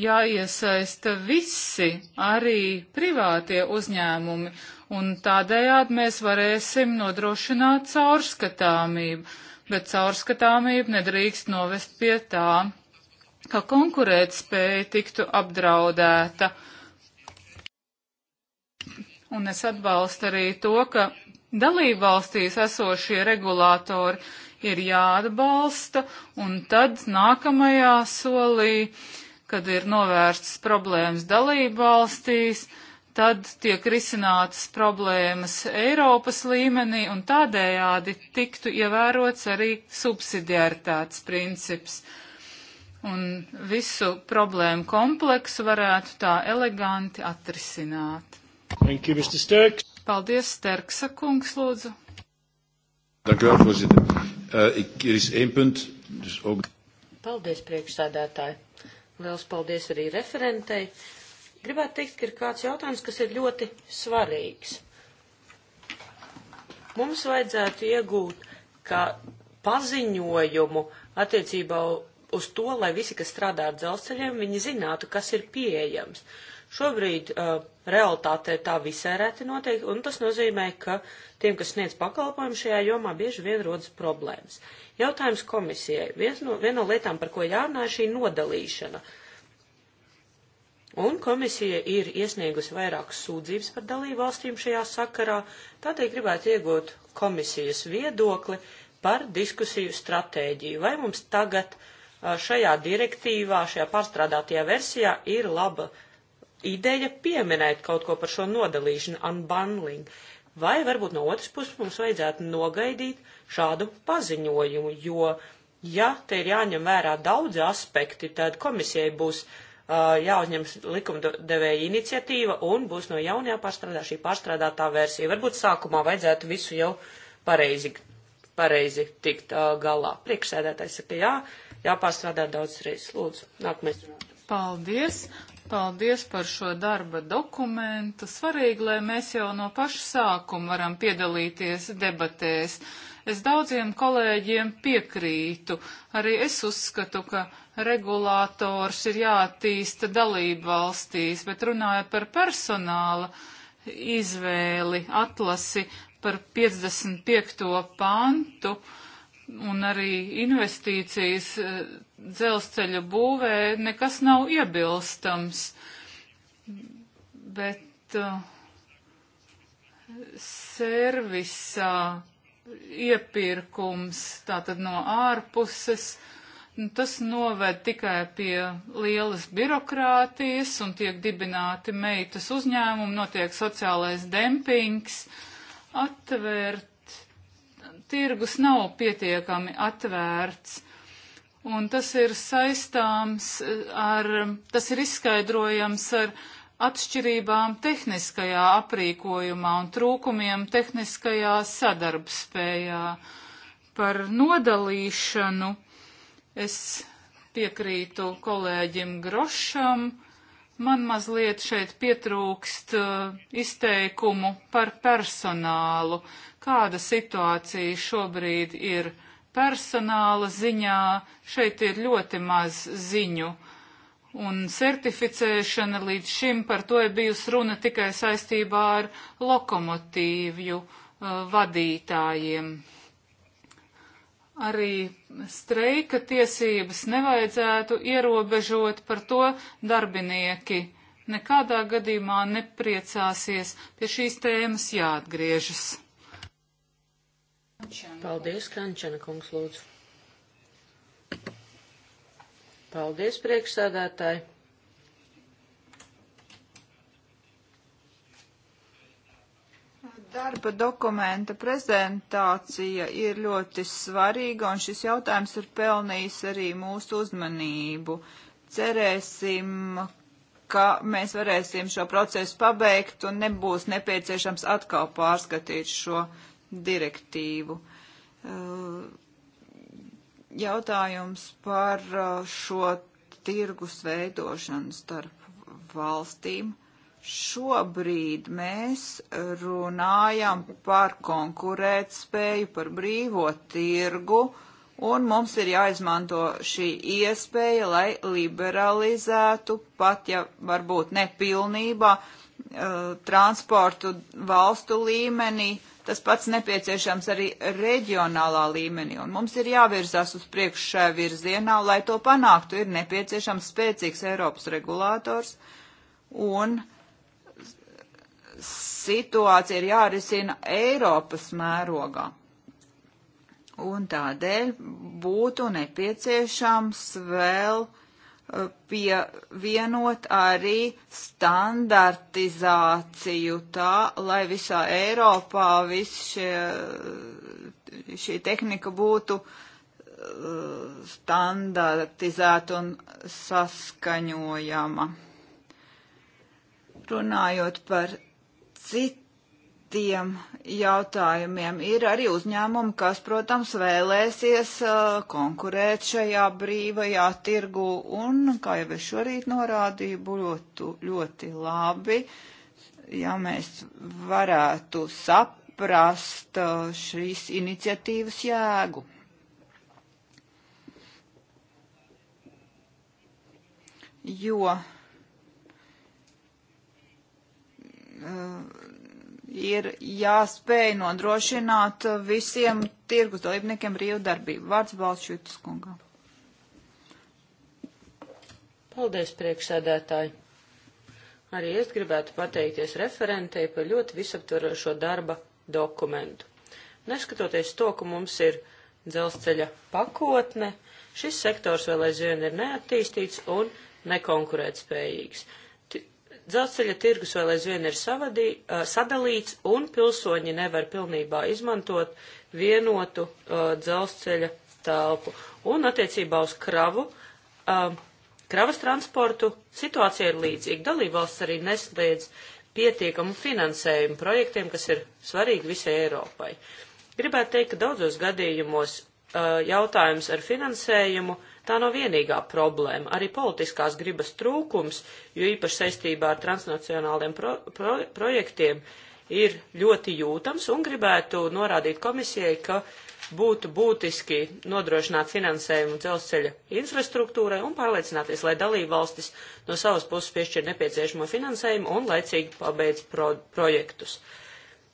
Speaker 4: jāiesaista visi, arī privātie uzņēmumi, un tādējādi mēs varēsim nodrošināt caurskatāmību, bet caurskatāmība nedrīkst novest pie tā, ka konkurētspēja tiktu apdraudēta. Un es atbalstu arī to, ka dalībvalstīs esošie regulātori ir jāatbalsta, un tad nākamajā solī, kad ir novērstas problēmas dalībvalstīs, tad tiek risinātas problēmas Eiropas līmenī, un tādējādi tiktu ievērots arī subsidiaritātes princips un visu problēmu kompleksu varētu tā eleganti atrisināt. Thank you, Mr. Sterks. Paldies, Sterksa kungs, lūdzu.
Speaker 1: Dank u wel, voorzitter. Uh, ik, er is één punt,
Speaker 2: dus ook...
Speaker 5: Paldies, priekšsādātāji. Liels paldies arī referentei. Gribētu teikt, ka ir kāds jautājums, kas ir ļoti svarīgs. Mums vajadzētu iegūt, ka paziņojumu attiecībā uz to, lai visi, kas strādā ar dzelzceļiem, viņi zinātu, kas ir pieejams. Šobrīd uh, realitātē tā visai reti notiek, un tas nozīmē, ka tiem, kas sniedz pakalpojumu šajā jomā, bieži vien rodas problēmas. Jautājums komisijai. Viens no, viena no lietām, par ko jārunā, ir šī nodalīšana. Un komisija ir iesniegusi vairākas sūdzības par dalību valstīm šajā sakarā, tādēļ gribētu iegūt komisijas viedokli par diskusiju stratēģiju. Vai mums tagad uh, Eh, šajā direktīvā, šajā pārstrādātajā versijā ir laba ideja pieminēt kaut ko par šo nodalīšanu, unbundling. Vai varbūt no otras puses mums vajadzētu nogaidīt šādu paziņojumu, jo, ja te ir jāņem vērā daudzi aspekti, tad komisijai būs uh, jāuzņems likumdevēja iniciatīva un būs no jaunajā pārstrādā šī pārstrādātā versija. Varbūt sākumā vajadzētu visu jau pareizi, pareizi tikt uh, galā. Priekšsēdētājs saka,
Speaker 4: jā. Uh, jāpārstrādā daudz reizes. Lūdzu, nākamais. Paldies! Paldies par šo darba dokumentu. Svarīgi, lai mēs jau no paša sākuma varam piedalīties debatēs. Es daudziem kolēģiem piekrītu. Arī es uzskatu, ka regulators ir jātīsta dalību valstīs, bet runājot par personāla izvēli, atlasi par 55. pantu, uh, un arī investīcijas eh, dzelzceļa būvē nekas nav iebilstams. Bet uh, servisā iepirkums tātad no ārpuses, nu, tas noved tikai pie lielas birokrātijas un tiek dibināti meitas uzņēmumi, notiek sociālais dempings, atvērt tirgus nav pietiekami atvērts. Un tas ir saistāms eh, ar, tas ir izskaidrojams ar atšķirībām tehniskajā aprīkojumā un trūkumiem tehniskajā sadarbspējā. Par nodalīšanu es piekrītu kolēģim Grošam. Uh, Man mazliet šeit pietrūkst uh, izteikumu par personālu. Kāda situācija šobrīd ir personāla ziņā? Šeit ir ļoti maz ziņu. Un certificēšana līdz šim par to ir bijusi runa tikai saistībā ar lokomotīvju uh, vadītājiem arī streika tiesības nevajadzētu ierobežot par to darbinieki. Nekādā gadījumā nepriecāsies, pie šīs tēmas jāatgriežas. Paldies,
Speaker 5: Kančana kungs, lūdzu.
Speaker 1: Paldies, priekšsēdētāji. Darba dokumenta prezentācija ir ļoti svarīga, un šis jautājums ir pelnījis arī mūsu uzmanību. Cerēsim, ka mēs varēsim šo procesu pabeigt un nebūs nepieciešams atkal pārskatīt šo direktīvu. Uh, jautājums par uh, šo tirgus veidošanu starp valstīm. Uh, Šobrīd mēs runājam par konkurētspēju, par brīvo tirgu, un mums ir jāizmanto šī iespēja, lai liberalizētu, pat ja varbūt nepilnībā, eh, transportu valstu līmenī, tas pats nepieciešams arī reģionālā līmenī, un mums ir jāvirzās uz priekšu šajā virzienā, lai to panāktu, ir nepieciešams spēcīgs Eiropas regulators, un uh, situācija ir jārisina Eiropas mērogā. Un tādēļ būtu nepieciešams vēl eh, pievienot arī standartizāciju tā, lai visā Eiropā viss šie, šī tehnika būtu eh, standartizēta un saskaņojama. Runājot par citiem jautājumiem. Ir arī uzņēmumi, kas, protams, vēlēsies uh, konkurēt šajā brīvajā tirgu un, kā jau es šorīt norādīju, būtu ļoti labi, ja mēs varētu saprast uh, šīs iniciatīvas jēgu. Jo Eh, ir jāspēj nodrošināt visiem tirgus dalībniekiem brīvu darbību. Vārds Balčūtas kungam. Paldies, priekšsēdētāji!
Speaker 5: Arī es gribētu pateikties referentei par ļoti visaptvarošo darba dokumentu. Neskatoties to, ka mums ir dzelzceļa pakotne, šis sektors vēl aizvien ir neattīstīts un nekonkurētspējīgs. Dzelzceļa tirgus vēl aizvien ir savadī, sadalīts, un pilsoņi nevar pilnībā izmantot vienotu uh, dzelzceļa telpu. Un attiecībā uz kravu, uh, kravas transportu situācija ir līdzīga. Dalībvalsts arī nesliedz pietiekamu finansējumu projektiem, kas ir svarīgi visai Eiropai. Gribētu teikt, ka daudzos gadījumos uh, jautājums ar finansējumu uh, Tā nav vienīgā problēma, arī politiskās gribas trūkums, jo īpaši saistībā ar transnacionāliem pro, pro, projektiem ir ļoti jūtams un gribētu norādīt komisijai, ka būtu būtiski nodrošināt finansējumu dzelzceļa infrastruktūrai un pārliecināties, lai dalībvalstis no savas puses piešķir nepieciešamo finansējumu un laicīgi pabeidz pro projektus. Uh,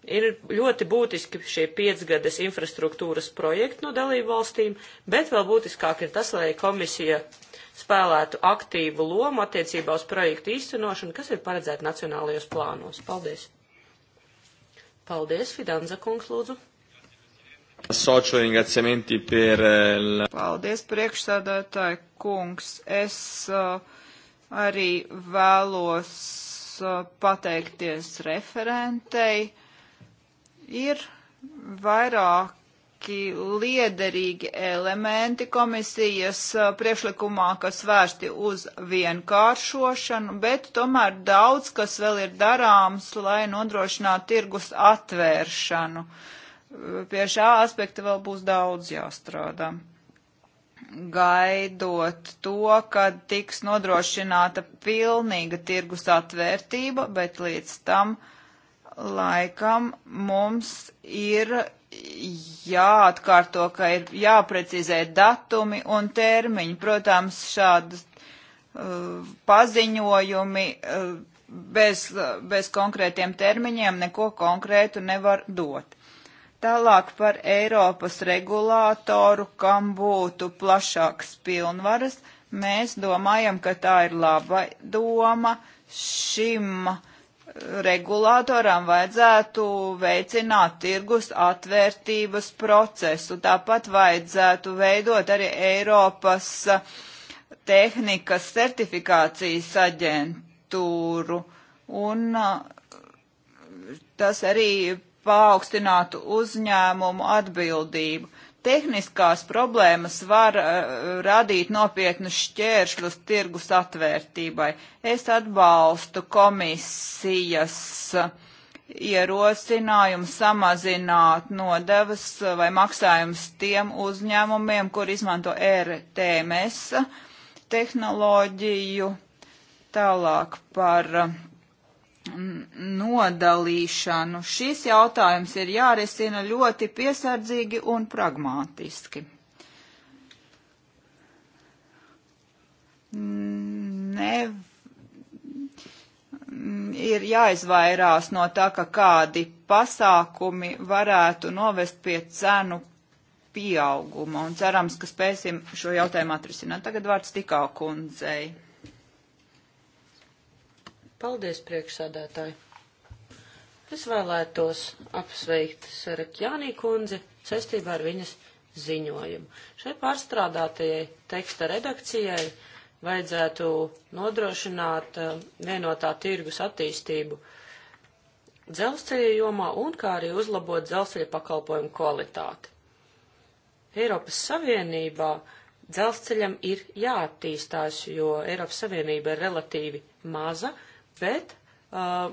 Speaker 5: ir ļoti būtiski šie piecgades infrastruktūras projekti no dalību valstīm, bet vēl būtiskāk ir tas, lai komisija spēlētu aktīvu lomu attiecībā uz projektu īstenošanu, kas ir paredzēta nacionālajos plānos. Paldies! Paldies, Fidanza kungs,
Speaker 1: lūdzu! Associo ringraziamenti per eh, la... Paldies, priekšsādātāji kungs. Es uh, arī vēlos uh, pateikties referentei Ir vairāki liederīgi elementi komisijas uh, priekšlikumā, kas vērsti uz vienkāršošanu, bet tomēr daudz, kas vēl ir darāms, lai nodrošinātu tirgus atvēršanu. Uh, pie šā aspekta vēl būs daudz jāstrādā gaidot to, kad tiks nodrošināta pilnīga tirgus atvērtība, bet līdz tam uh, laikam mums ir jāatkārto, ka ir jāprecizē datumi un termiņi. Protams, šādas uh, paziņojumi uh, bez, uh, bez konkrētiem termiņiem neko konkrētu nevar dot. Tālāk par Eiropas regulātoru, kam būtu plašāks pilnvaras, mēs domājam, ka tā ir laba doma šim uh, regulātoram vajadzētu veicināt tirgus atvērtības procesu. Tāpat vajadzētu veidot arī Eiropas uh, tehnikas certifikācijas aģentūru. Un uh, tas arī paaugstinātu uzņēmumu atbildību tehniskās problēmas var uh, radīt nopietnus šķēršļus tirgus atvērtībai. Es atbalstu komisijas eh, ierosinājumu samazināt nodevas eh, vai maksājumus tiem uzņēmumiem, kur izmanto RTMS tehnoloģiju. Tālāk par uh, nodalīšanu. Šis jautājums ir jārisina ļoti piesardzīgi un pragmātiski. Ne, ir jāizvairās no tā, ka kādi pasākumi varētu novest pie cenu pieauguma, un cerams, ka spēsim šo jautājumu atrisināt. Tagad vārds tikā kundzei.
Speaker 5: Paldies, priekšsādātāji! Es vēlētos
Speaker 1: apsveikt
Speaker 5: Sarakjānī kundzi saistībā ar viņas ziņojumu. Šai pārstrādātajai teksta redakcijai vajadzētu nodrošināt uh, vienotā tirgus attīstību dzelzceļa jomā un kā arī uzlabot dzelzceļa pakalpojumu kvalitāti. Eiropas Savienībā dzelzceļam ir jāattīstās, jo Eiropas Savienība ir relatīvi maza, bet uh,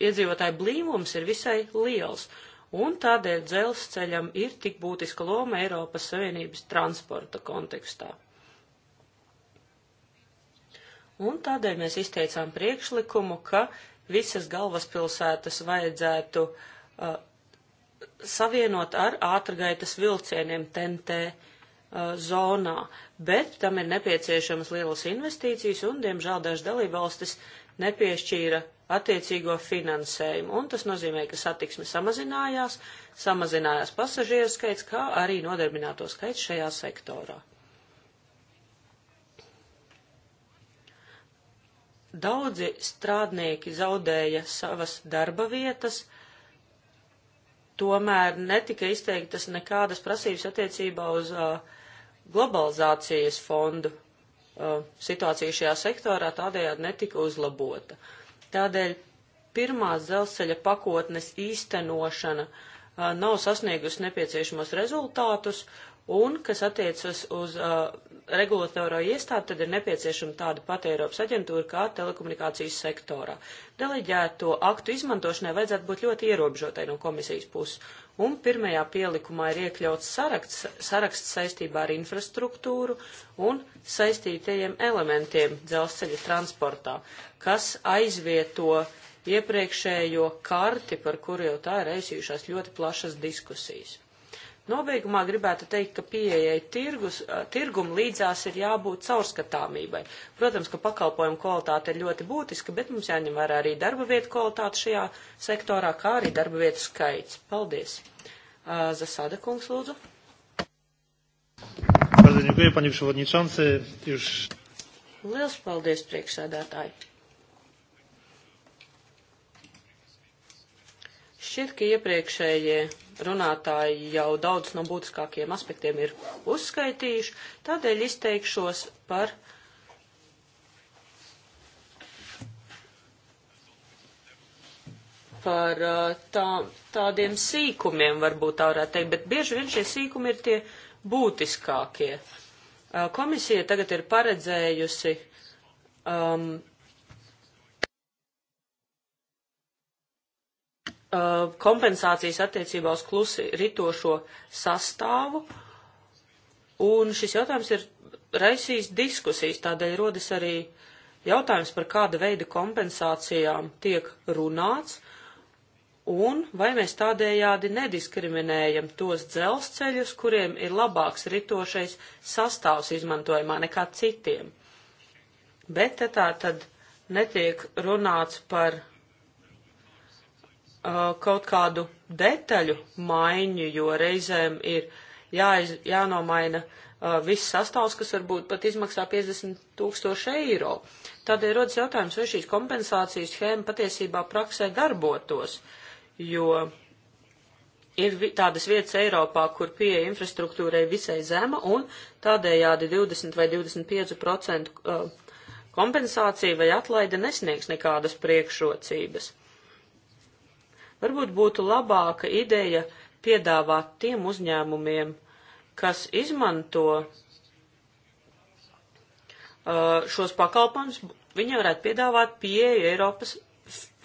Speaker 5: iedzīvotāju blīvums ir visai liels, un tādēļ dzelzceļam ir tik būtiska loma Eiropas Savienības transporta kontekstā. Un tādēļ mēs izteicām priekšlikumu, ka visas galvaspilsētas vajadzētu uh, savienot ar ātrgaitas vilcieniem TNT uh, zonā bet tam ir nepieciešamas lielas investīcijas, un, diemžēl, dažas dalībvalstis nepiešķīra attiecīgo finansējumu, un tas nozīmē, ka satiksme samazinājās, samazinājās pasažieru skaits, kā arī nodarbināto skaits šajā sektorā. Daudzi strādnieki zaudēja savas darba vietas, tomēr netika izteiktas nekādas prasības attiecībā uz uh, globalizācijas fondu uh, situācija šajā sektorā tādējādi netika uzlabota. Tādēļ pirmās dzelzceļa pakotnes īstenošana uh, nav sasniegusi nepieciešamos rezultātus, un, kas attiecas uz uh, regulatoro iestādi, tad ir nepieciešama tāda pati Eiropas aģentūra kā telekomunikācijas sektorā. Deleģēto aktu izmantošanai vajadzētu būt ļoti ierobežotai no komisijas puses, un pirmajā pielikumā ir iekļauts saraksts, saraksts saistībā ar infrastruktūru un saistītajiem elementiem dzelzceļa transportā, kas aizvieto iepriekšējo karti, par kuru jau tā ir aizsījušās ļoti plašas diskusijas. Nobeigumā gribētu teikt, ka pieejai tirgus, tirgum līdzās ir jābūt caurskatāmībai. Protams, ka pakalpojumu kvalitāte ir ļoti būtiska, bet mums jāņem vērā arī darba vietu kvalitāte šajā sektorā, kā arī darba vietu skaits. Paldies! Uh, Zasada kungs, lūdzu.
Speaker 3: Bardzo dziękuję, panie przewodniczący. Już...
Speaker 5: Liels paldies, priekšsēdētāji. Šķiet, ka iepriekšējie runātāji jau daudz no būtiskākiem aspektiem ir uzskaitījuši, tādēļ izteikšos par uh, par uh, tā, tādiem sīkumiem, varbūt tā varētu teikt, bet bieži vien šie sīkumi ir tie būtiskākie. Uh, komisija tagad ir paredzējusi um, uh, kompensācijas attiecībā uz klusi ritošo sastāvu, un šis jautājums ir raisījis diskusijas, tādēļ rodas arī jautājums par kāda veida kompensācijām tiek runāts, un vai mēs tādējādi nediskriminējam tos dzelzceļus, kuriem ir labāks ritošais sastāvs izmantojumā nekā citiem. Bet tā tad netiek runāts par uh, kaut kādu detaļu maiņu, jo reizēm ir jāiz, jānomaina uh, viss sastāvs, kas varbūt pat izmaksā 50 tūkstoši eiro. Tādēļ rodas jautājums, vai šīs kompensācijas schēma patiesībā praksē darbotos. Uh, jo ir tādas vietas Eiropā, kur pieeja infrastruktūrai visai zema un tādējādi 20 vai 25% uh, kompensācija vai atlaide nesniegs nekādas priekšrocības. Varbūt būtu labāka ideja piedāvāt tiem uzņēmumiem, kas izmanto uh, šos pakalpojumus, viņi varētu piedāvāt pieeju Eiropas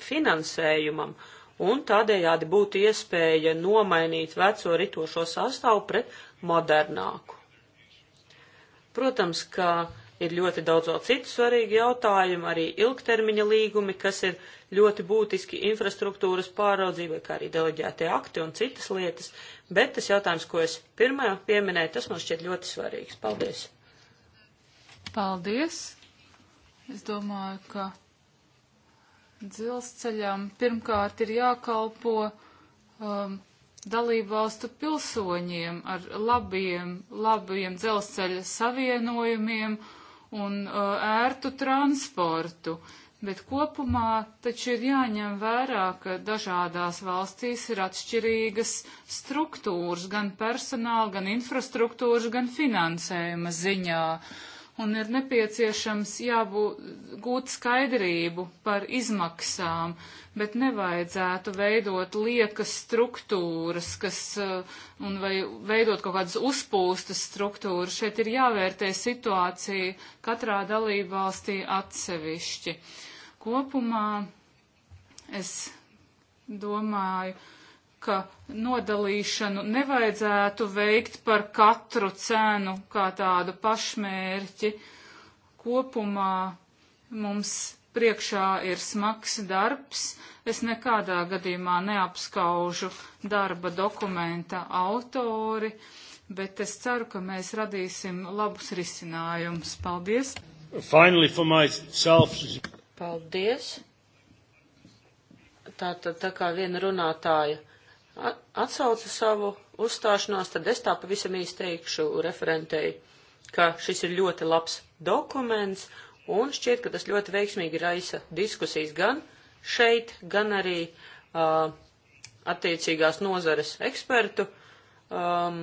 Speaker 5: finansējumam. Uh, un tādējādi būtu iespēja nomainīt veco ritošo sastāvu pret modernāku. Protams, ka ir ļoti daudz vēl citu svarīgu jautājumu, arī ilgtermiņa līgumi, kas ir ļoti būtiski infrastruktūras pāraudzībai, kā arī deleģētie akti un citas lietas, bet tas jautājums, ko es pirmajā pieminēju, tas man šķiet ļoti svarīgs. Paldies!
Speaker 4: Paldies! Es domāju, ka dzelzceļam pirmkārt ir jākalpo um, dalībvalstu pilsoņiem ar labiem, labiem dzelzceļa savienojumiem un uh, ērtu transportu. Bet kopumā taču ir jāņem vērā, ka dažādās valstīs ir atšķirīgas struktūras, gan personāla, gan infrastruktūras, gan finansējuma ziņā. Uh, un ir nepieciešams jābūt gūt skaidrību par izmaksām, bet nevajadzētu veidot liekas struktūras, kas, uh, un vai veidot kaut kādas uzpūstas struktūras. Šeit ir jāvērtē situācija katrā dalībvalstī atsevišķi. Kopumā es domāju, ka nodalīšanu nevajadzētu veikt par katru cenu kā tādu pašmērķi. Kopumā mums priekšā ir smags darbs. Es nekādā gadījumā neapskaužu darba dokumenta autori, bet es ceru, ka mēs radīsim labus risinājumus. Paldies!
Speaker 2: Finally, myself...
Speaker 4: Paldies! Tātad tā, tā kā viena runātāja
Speaker 5: atsauca savu uzstāšanos, tad es tā pavisam īsti teikšu referentei, ka šis ir ļoti labs dokuments, un šķiet, ka tas ļoti veiksmīgi raisa diskusijas gan šeit, gan arī uh, attiecīgās nozares ekspertu um,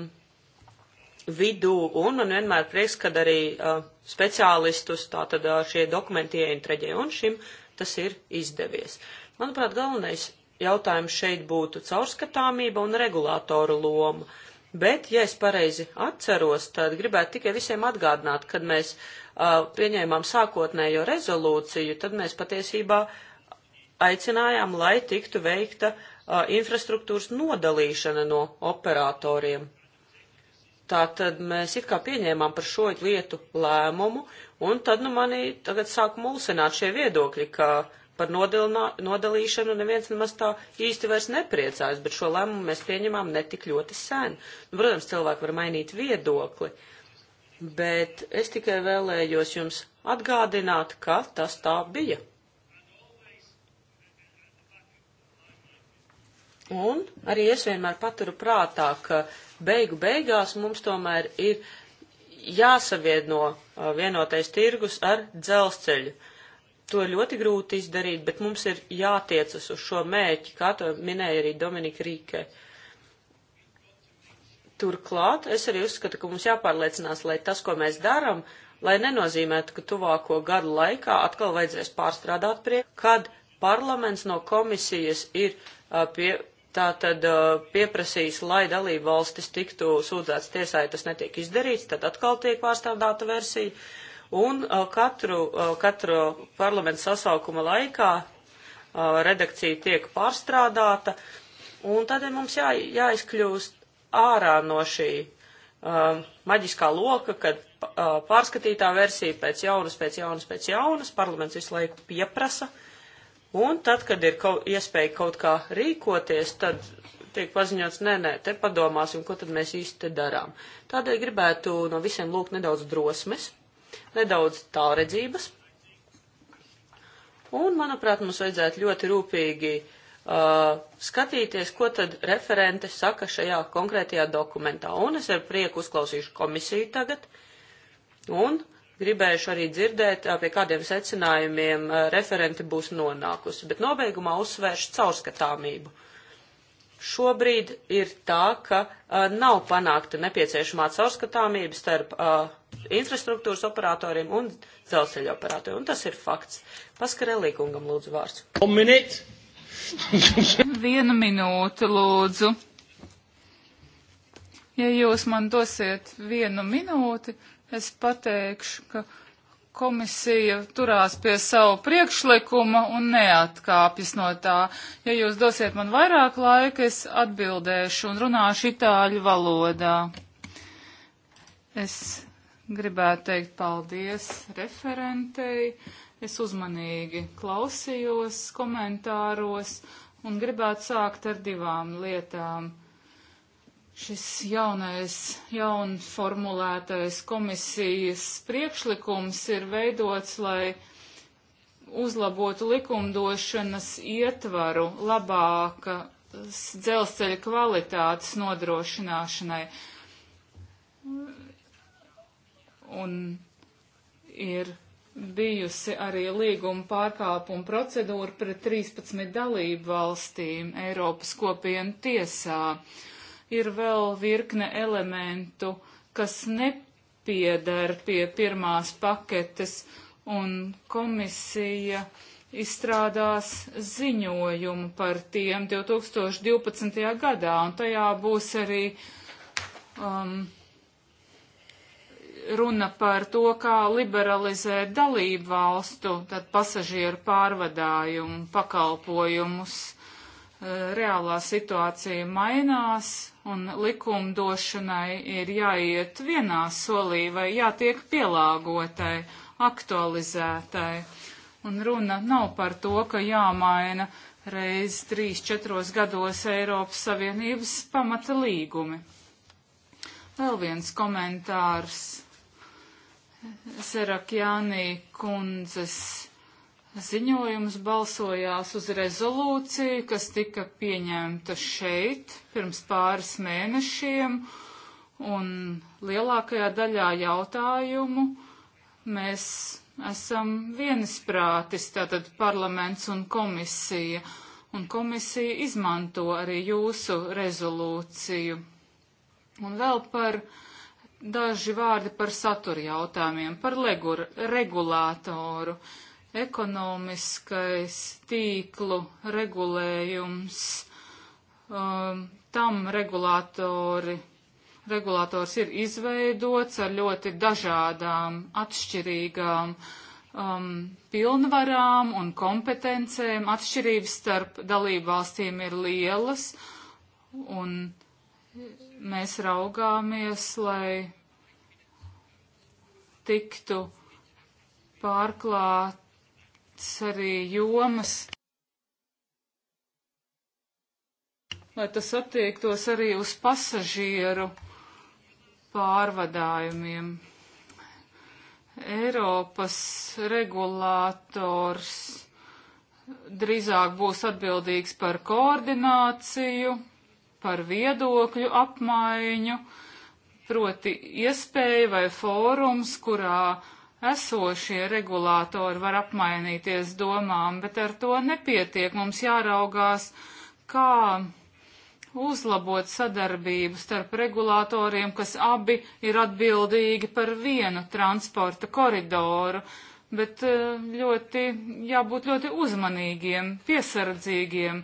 Speaker 5: vidū, un man vienmēr prieks, kad arī uh, speciālistus tātad uh, šie dokumenti ieintraģē, un šim tas ir izdevies. Manuprāt, galvenais jautājums šeit būtu caurskatāmība un regulātoru loma. Bet, ja es pareizi atceros, tad gribētu tikai visiem atgādināt, kad mēs uh, pieņēmām sākotnējo rezolūciju, tad mēs patiesībā aicinājām, lai tiktu veikta uh, infrastruktūras nodalīšana no operatoriem. Tātad mēs it kā pieņēmām par šo lietu lēmumu, un tad nu manī tagad sāk mulsināt šie viedokļi, ka uh, par nodalīšanu neviens nemaz tā īsti vairs nepriecājas, bet šo lēmumu mēs pieņemām netik ļoti sen. Nu, protams, cilvēki var mainīt viedokli, bet es tikai vēlējos jums atgādināt, ka tas tā bija. Un arī es vienmēr paturu prātā, ka beigu beigās mums tomēr ir jāsavieno uh, vienotais tirgus ar dzelzceļu. To ir ļoti grūti izdarīt, bet mums ir jātiecas uz šo mērķi, kā to minēja arī Dominika Rīke. Turklāt es arī uzskatu, ka mums jāpārliecinās, lai tas, ko mēs darām, lai nenozīmētu, ka tuvāko gadu laikā atkal vajadzēs pārstrādāt priekš, kad parlaments no komisijas ir pie, tā tad pieprasījis, lai dalību valstis tiktu sūdzēts tiesā, ja tas netiek izdarīts, tad atkal tiek pārstrādāta versija. Un uh, katru, uh, katru parlamentu sasaukuma laikā uh, redakcija tiek pārstrādāta, un tādēļ mums jā, jāizkļūst ārā no šī um, maģiskā loka, kad uh, pārskatītā versija pēc jaunas, pēc jaunas, pēc jaunas, parlaments visu laiku pieprasa, un tad, kad ir kaut, iespēja kaut kā rīkoties, tad tiek paziņots, nē, nē, te padomāsim, ko tad mēs īsti te darām. Tādēļ gribētu no visiem lūgt nedaudz drosmes nedaudz tālredzības. Un, manuprāt, mums vajadzētu ļoti rūpīgi uh, skatīties, ko tad referente saka šajā konkrētajā dokumentā. Un es ar prieku uzklausīšu komisiju tagad. Un gribējuši arī dzirdēt, uh, pie kādiem secinājumiem uh, referenti būs nonākusi, bet nobeigumā uzsvēršu caurskatāmību šobrīd ir tā, ka uh, nav panākta nepieciešamā caurskatāmība starp uh, infrastruktūras operatoriem un dzelzceļa operatoriem, un tas ir fakts. Paskarelī kungam
Speaker 4: lūdzu vārds. (laughs) Vienu minūti lūdzu. Ja jūs man dosiet vienu minūti, es pateikšu, ka komisija turās pie savu priekšlikuma un neatkāpjas no tā. Ja jūs dosiet man vairāk laika, es atbildēšu un runāšu itāļu valodā. Es gribētu teikt paldies referentei. Es uzmanīgi klausījos komentāros un gribētu sākt ar divām lietām šis jaunais, jaunformulētais komisijas priekšlikums ir veidots, lai uzlabotu likumdošanas ietvaru labāka dzelzceļa kvalitātes nodrošināšanai. Un ir bijusi arī līguma pārkāpuma procedūra pret 13 dalību valstīm Eiropas kopienu tiesā. Uh, ir vēl virkne elementu, kas nepiedar pie pirmās paketes, un komisija izstrādās ziņojumu par tiem 2012. gadā, un tajā būs arī um, runa par to, kā liberalizēt dalību valstu, tad pasažieru pārvadājumu, pakalpojumus. Uh, reālā situācija mainās, un likumdošanai ir jāiet vienā solī vai jātiek pielāgotai, aktualizētai. Un runa nav par to, ka jāmaina reiz trīs, četros gados Eiropas Savienības pamata līgumi. Vēl viens komentārs Serakjānī kundzes ziņojums balsojās uz rezolūciju, kas tika pieņemta šeit pirms pāris mēnešiem, un lielākajā daļā jautājumu mēs esam vienisprātis, tātad parlaments un komisija, un komisija izmanto arī jūsu rezolūciju. Un vēl par daži vārdi par satura jautājumiem, par legur, regulātoru. Uh, ekonomiskais tīklu regulējums, um, tam regulātori, regulātors ir izveidots ar ļoti dažādām, atšķirīgām um, pilnvarām un kompetencēm. Atšķirības starp dalību valstīm ir lielas un mēs raugāmies, lai tiktu pārklāt arī jomas, lai tas attiektos arī uz pasažieru pārvadājumiem. Eiropas regulators drīzāk būs atbildīgs par koordināciju, par viedokļu apmaiņu, proti iespēja vai fórums, kurā esošie regulātori var apmainīties domām, bet ar to nepietiek. Mums jāraugās, kā uzlabot sadarbību starp regulātoriem, kas abi ir atbildīgi par vienu transporta koridoru, bet eh, ļoti, jābūt ļoti uzmanīgiem, piesardzīgiem.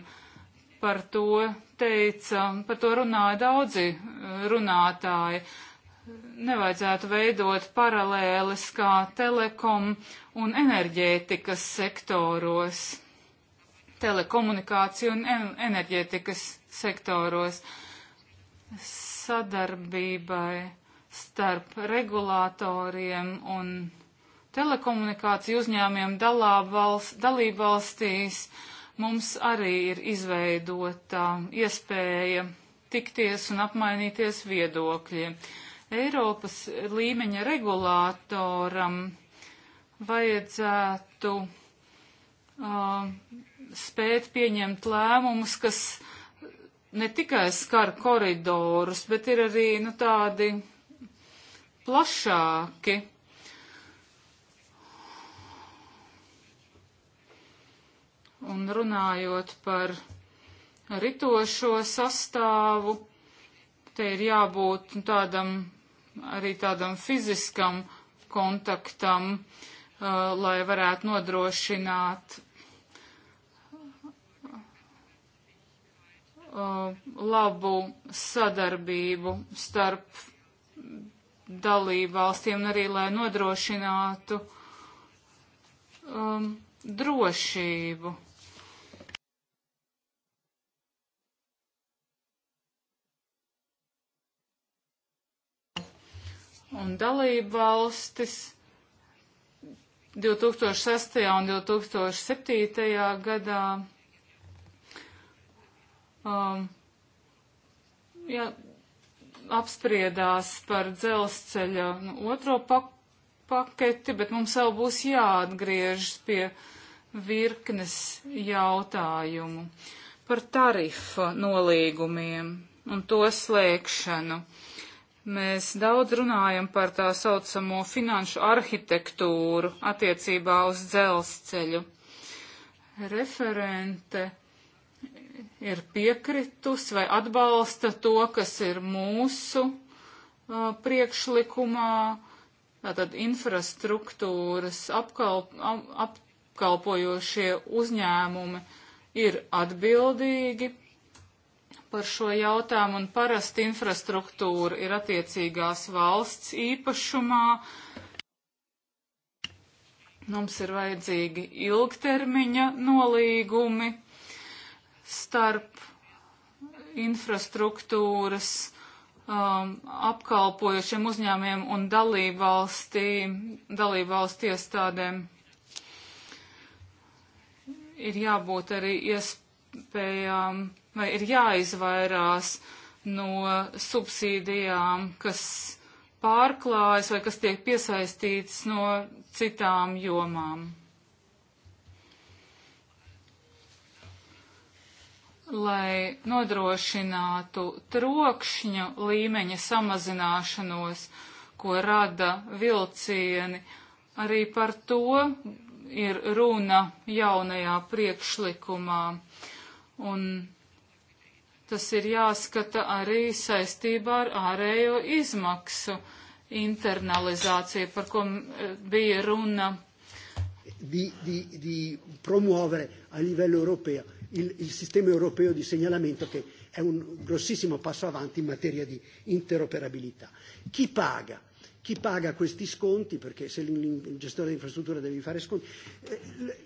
Speaker 4: Par to teica, par to runāja daudzi eh, runātāji nevajadzētu veidot paralēles kā telekom un enerģētikas sektoros, telekomunikāciju un enerģētikas sektoros sadarbībai starp regulātoriem un telekomunikāciju uzņēmiem valst, dalībvalstīs mums arī ir izveidota iespēja tikties un apmainīties viedokļiem. Uh, Eiropas līmeņa regulātoram vajadzētu uh, spēt pieņemt lēmumus, kas ne tikai skar koridorus, bet ir arī nu, tādi plašāki. Un runājot par ritošo sastāvu, te ir jābūt nu, tādam arī tādam fiziskam kontaktam, uh, lai varētu nodrošināt uh, labu sadarbību starp dalību valstīm un arī, lai nodrošinātu um, drošību. un dalību valstis 2006. un 2007. gadā. Um, jā, apspriedās par dzelzceļa nu, otro pak paketi, bet mums vēl būs jāatgriežas pie virknes jautājumu par tarifa nolīgumiem un to slēgšanu. Uh, Mēs daudz runājam par tā saucamo finanšu arhitektūru attiecībā uz dzelzceļu. Referente ir piekritus vai atbalsta to, kas ir mūsu uh, priekšlikumā, tātad infrastruktūras apkalp, apkalpojošie uzņēmumi ir atbildīgi par šo jautājumu, un parasti infrastruktūra ir attiecīgās valsts īpašumā. Mums ir vajadzīgi ilgtermiņa nolīgumi starp infrastruktūras um, apkalpojušiem uzņēmiem un dalībvalstī, dalībvalstu iestādēm. Ir jābūt arī iespējām vai ir jāizvairās no subsīdijām, kas pārklājas vai kas tiek piesaistītas no citām jomām. Lai nodrošinātu trokšņu līmeņa samazināšanos, ko rada vilcieni, arī par to ir runa jaunajā priekšlikumā. Un Tas ir jāskata arī saistībā ar ārējo izmaksu internalizāciju, par ko e, bija runa.
Speaker 3: Di, di, di promuovere a livello europeo il, il sistema europeo di segnalamento che è un grossissimo passo avanti in materia di interoperabilità. Chi paga? Chi paga questi sconti? Perché se il gestore di infrastruttura deve fare sconti. Eh,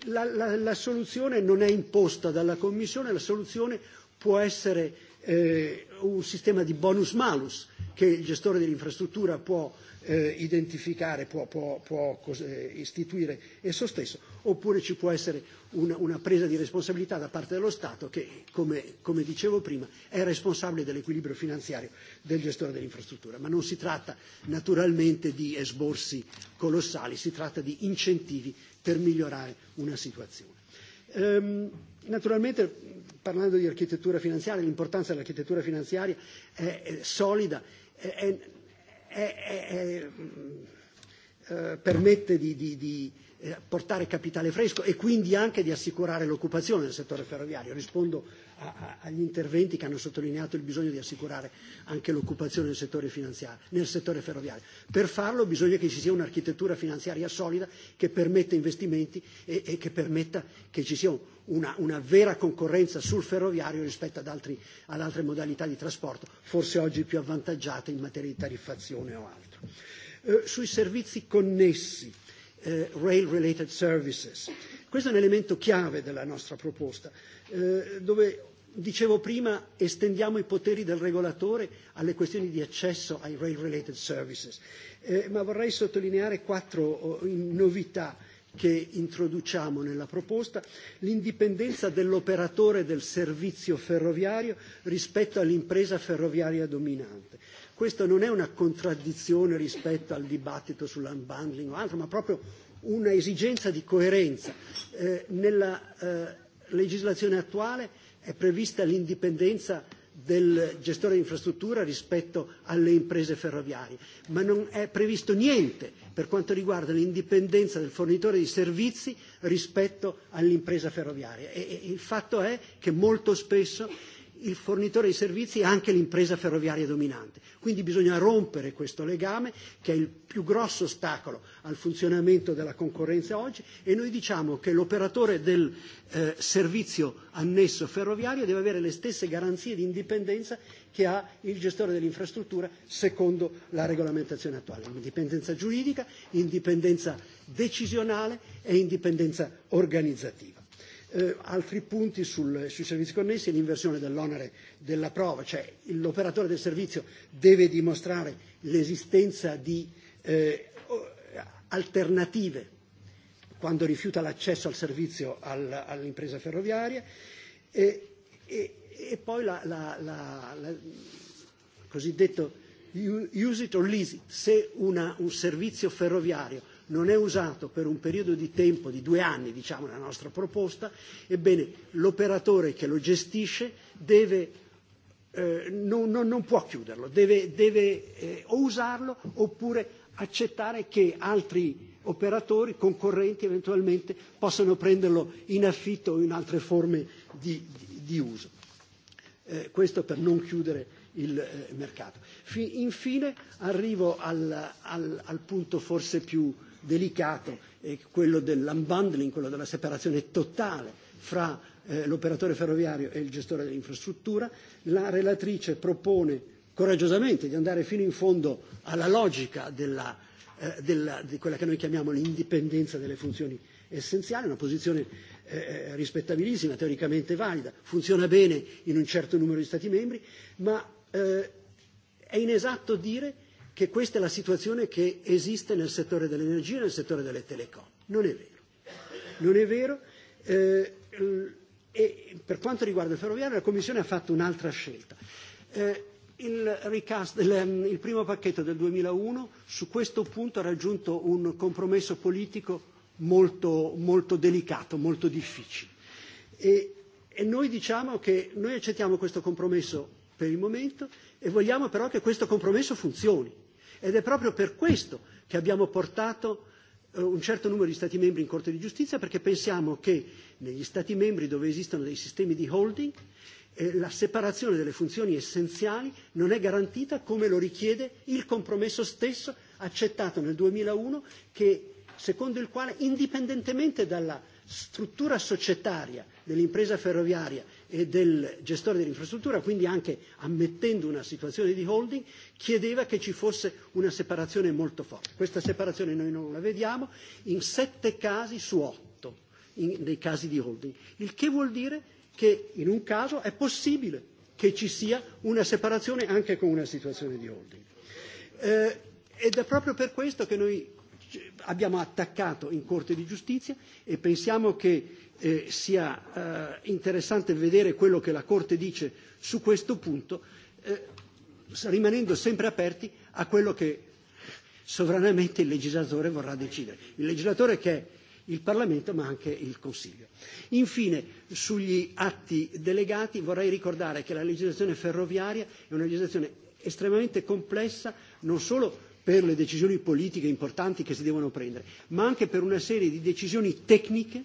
Speaker 3: la, la, la soluzione non è imposta dalla Commissione, la soluzione può essere eh, un sistema di bonus malus che il gestore dell'infrastruttura può eh, identificare, può, può, può cose, eh, istituire esso stesso, oppure ci può essere una, una presa di responsabilità da parte dello Stato che, come, come dicevo prima, è responsabile dell'equilibrio finanziario del gestore dell'infrastruttura. Ma non si tratta naturalmente di esborsi colossali, si tratta di incentivi per migliorare una situazione. Ehm, Naturalmente parlando di architettura finanziaria, l'importanza dell'architettura finanziaria è, è solida, è, è, è, è, eh, permette di, di, di eh, portare capitale fresco e quindi anche di assicurare l'occupazione nel settore ferroviario. Rispondo a, agli interventi che hanno sottolineato il bisogno di assicurare anche l'occupazione nel settore, finanziario, nel settore ferroviario. Per farlo bisogna che ci sia un'architettura finanziaria solida che permetta investimenti e, e che permetta che ci sia un, una, una vera concorrenza sul ferroviario rispetto ad, altri, ad altre modalità di trasporto, forse oggi più avvantaggiate in materia di tariffazione o altro. Eh, sui servizi connessi, eh, rail related services, eh, Questo è un elemento chiave della nostra proposta, eh, dove dicevo prima estendiamo i poteri del regolatore alle questioni di accesso ai rail related services, eh, ma vorrei sottolineare quattro oh, novità che introduciamo nella proposta, l'indipendenza dell'operatore del servizio ferroviario rispetto all'impresa ferroviaria dominante. Questa non è una contraddizione rispetto al dibattito sull'unbundling o altro, ma proprio una esigenza di coerenza. Eh, nella eh, legislazione attuale è prevista l'indipendenza del gestore di infrastruttura rispetto alle imprese ferroviarie, ma non è previsto niente per quanto riguarda l'indipendenza del fornitore di servizi rispetto all'impresa ferroviaria. E, e il fatto è che molto spesso il fornitore di servizi è anche l'impresa ferroviaria dominante. Quindi bisogna rompere questo legame che è il più grosso ostacolo al funzionamento della concorrenza oggi e noi diciamo che l'operatore del eh, servizio annesso ferroviario deve avere le stesse garanzie di indipendenza che ha il gestore dell'infrastruttura secondo la regolamentazione attuale. Indipendenza giuridica, indipendenza decisionale e indipendenza organizzativa eh, altri punti sul, sui servizi connessi e l'inversione dell'onere della prova, cioè l'operatore del servizio deve dimostrare l'esistenza di eh, alternative quando rifiuta l'accesso al servizio al, all'impresa ferroviaria e, e, e poi la, la, la, la cosiddetto use it or lease it, se una, un servizio ferroviario non è usato per un periodo di tempo di due anni, diciamo nella nostra proposta, ebbene l'operatore che lo gestisce deve, eh, non, non, non può chiuderlo, deve, deve eh, o usarlo oppure accettare che altri operatori concorrenti eventualmente possano prenderlo in affitto o in altre forme di, di, di uso. Eh, questo per non chiudere il eh, mercato. Fi- infine arrivo al, al, al punto forse più delicato, eh, quello dell'unbundling, quello della separazione totale fra eh, l'operatore ferroviario e il gestore dell'infrastruttura. La relatrice propone coraggiosamente di andare fino in fondo alla logica della, eh, della, di quella che noi chiamiamo l'indipendenza delle funzioni essenziale, una posizione eh, eh, rispettabilissima, teoricamente valida, funziona bene in un certo numero di Stati membri, ma eh, è inesatto dire che questa è la situazione che esiste nel settore dell'energia e nel settore delle telecom. Non è vero. Non è vero. Eh, e per quanto riguarda il ferroviario, la Commissione ha fatto un'altra scelta. Eh, il, recast, il, ehm, il primo pacchetto del 2001 su questo punto ha raggiunto un compromesso politico molto, molto delicato, molto difficile. E, e noi diciamo che noi accettiamo questo compromesso per il momento e vogliamo però che questo compromesso funzioni Ed è proprio per questo che abbiamo portato eh, un certo numero di Stati membri in Corte di giustizia, perché pensiamo che negli Stati membri dove esistono dei sistemi di holding eh, la separazione delle funzioni essenziali non è garantita come lo richiede il compromesso stesso accettato nel 2001 che, secondo il quale indipendentemente dalla struttura societaria dell'impresa ferroviaria e del gestore dell'infrastruttura, quindi anche ammettendo una situazione di holding, chiedeva che ci fosse una separazione molto forte. Questa separazione noi non la vediamo in sette casi su otto in, nei casi di holding, il che vuol dire che in un caso è possibile che ci sia una separazione anche con una situazione di holding. Eh, ed è proprio per questo che noi abbiamo attaccato in Corte di giustizia e pensiamo che eh, sia eh, interessante vedere quello che la Corte dice su questo punto, eh, rimanendo sempre aperti a quello che sovranamente il legislatore vorrà decidere. Il legislatore che è il Parlamento ma anche il Consiglio. Infine, sugli atti delegati vorrei ricordare che la legislazione ferroviaria è una legislazione estremamente complessa non solo per le decisioni politiche importanti che si devono prendere, ma anche per una serie di decisioni tecniche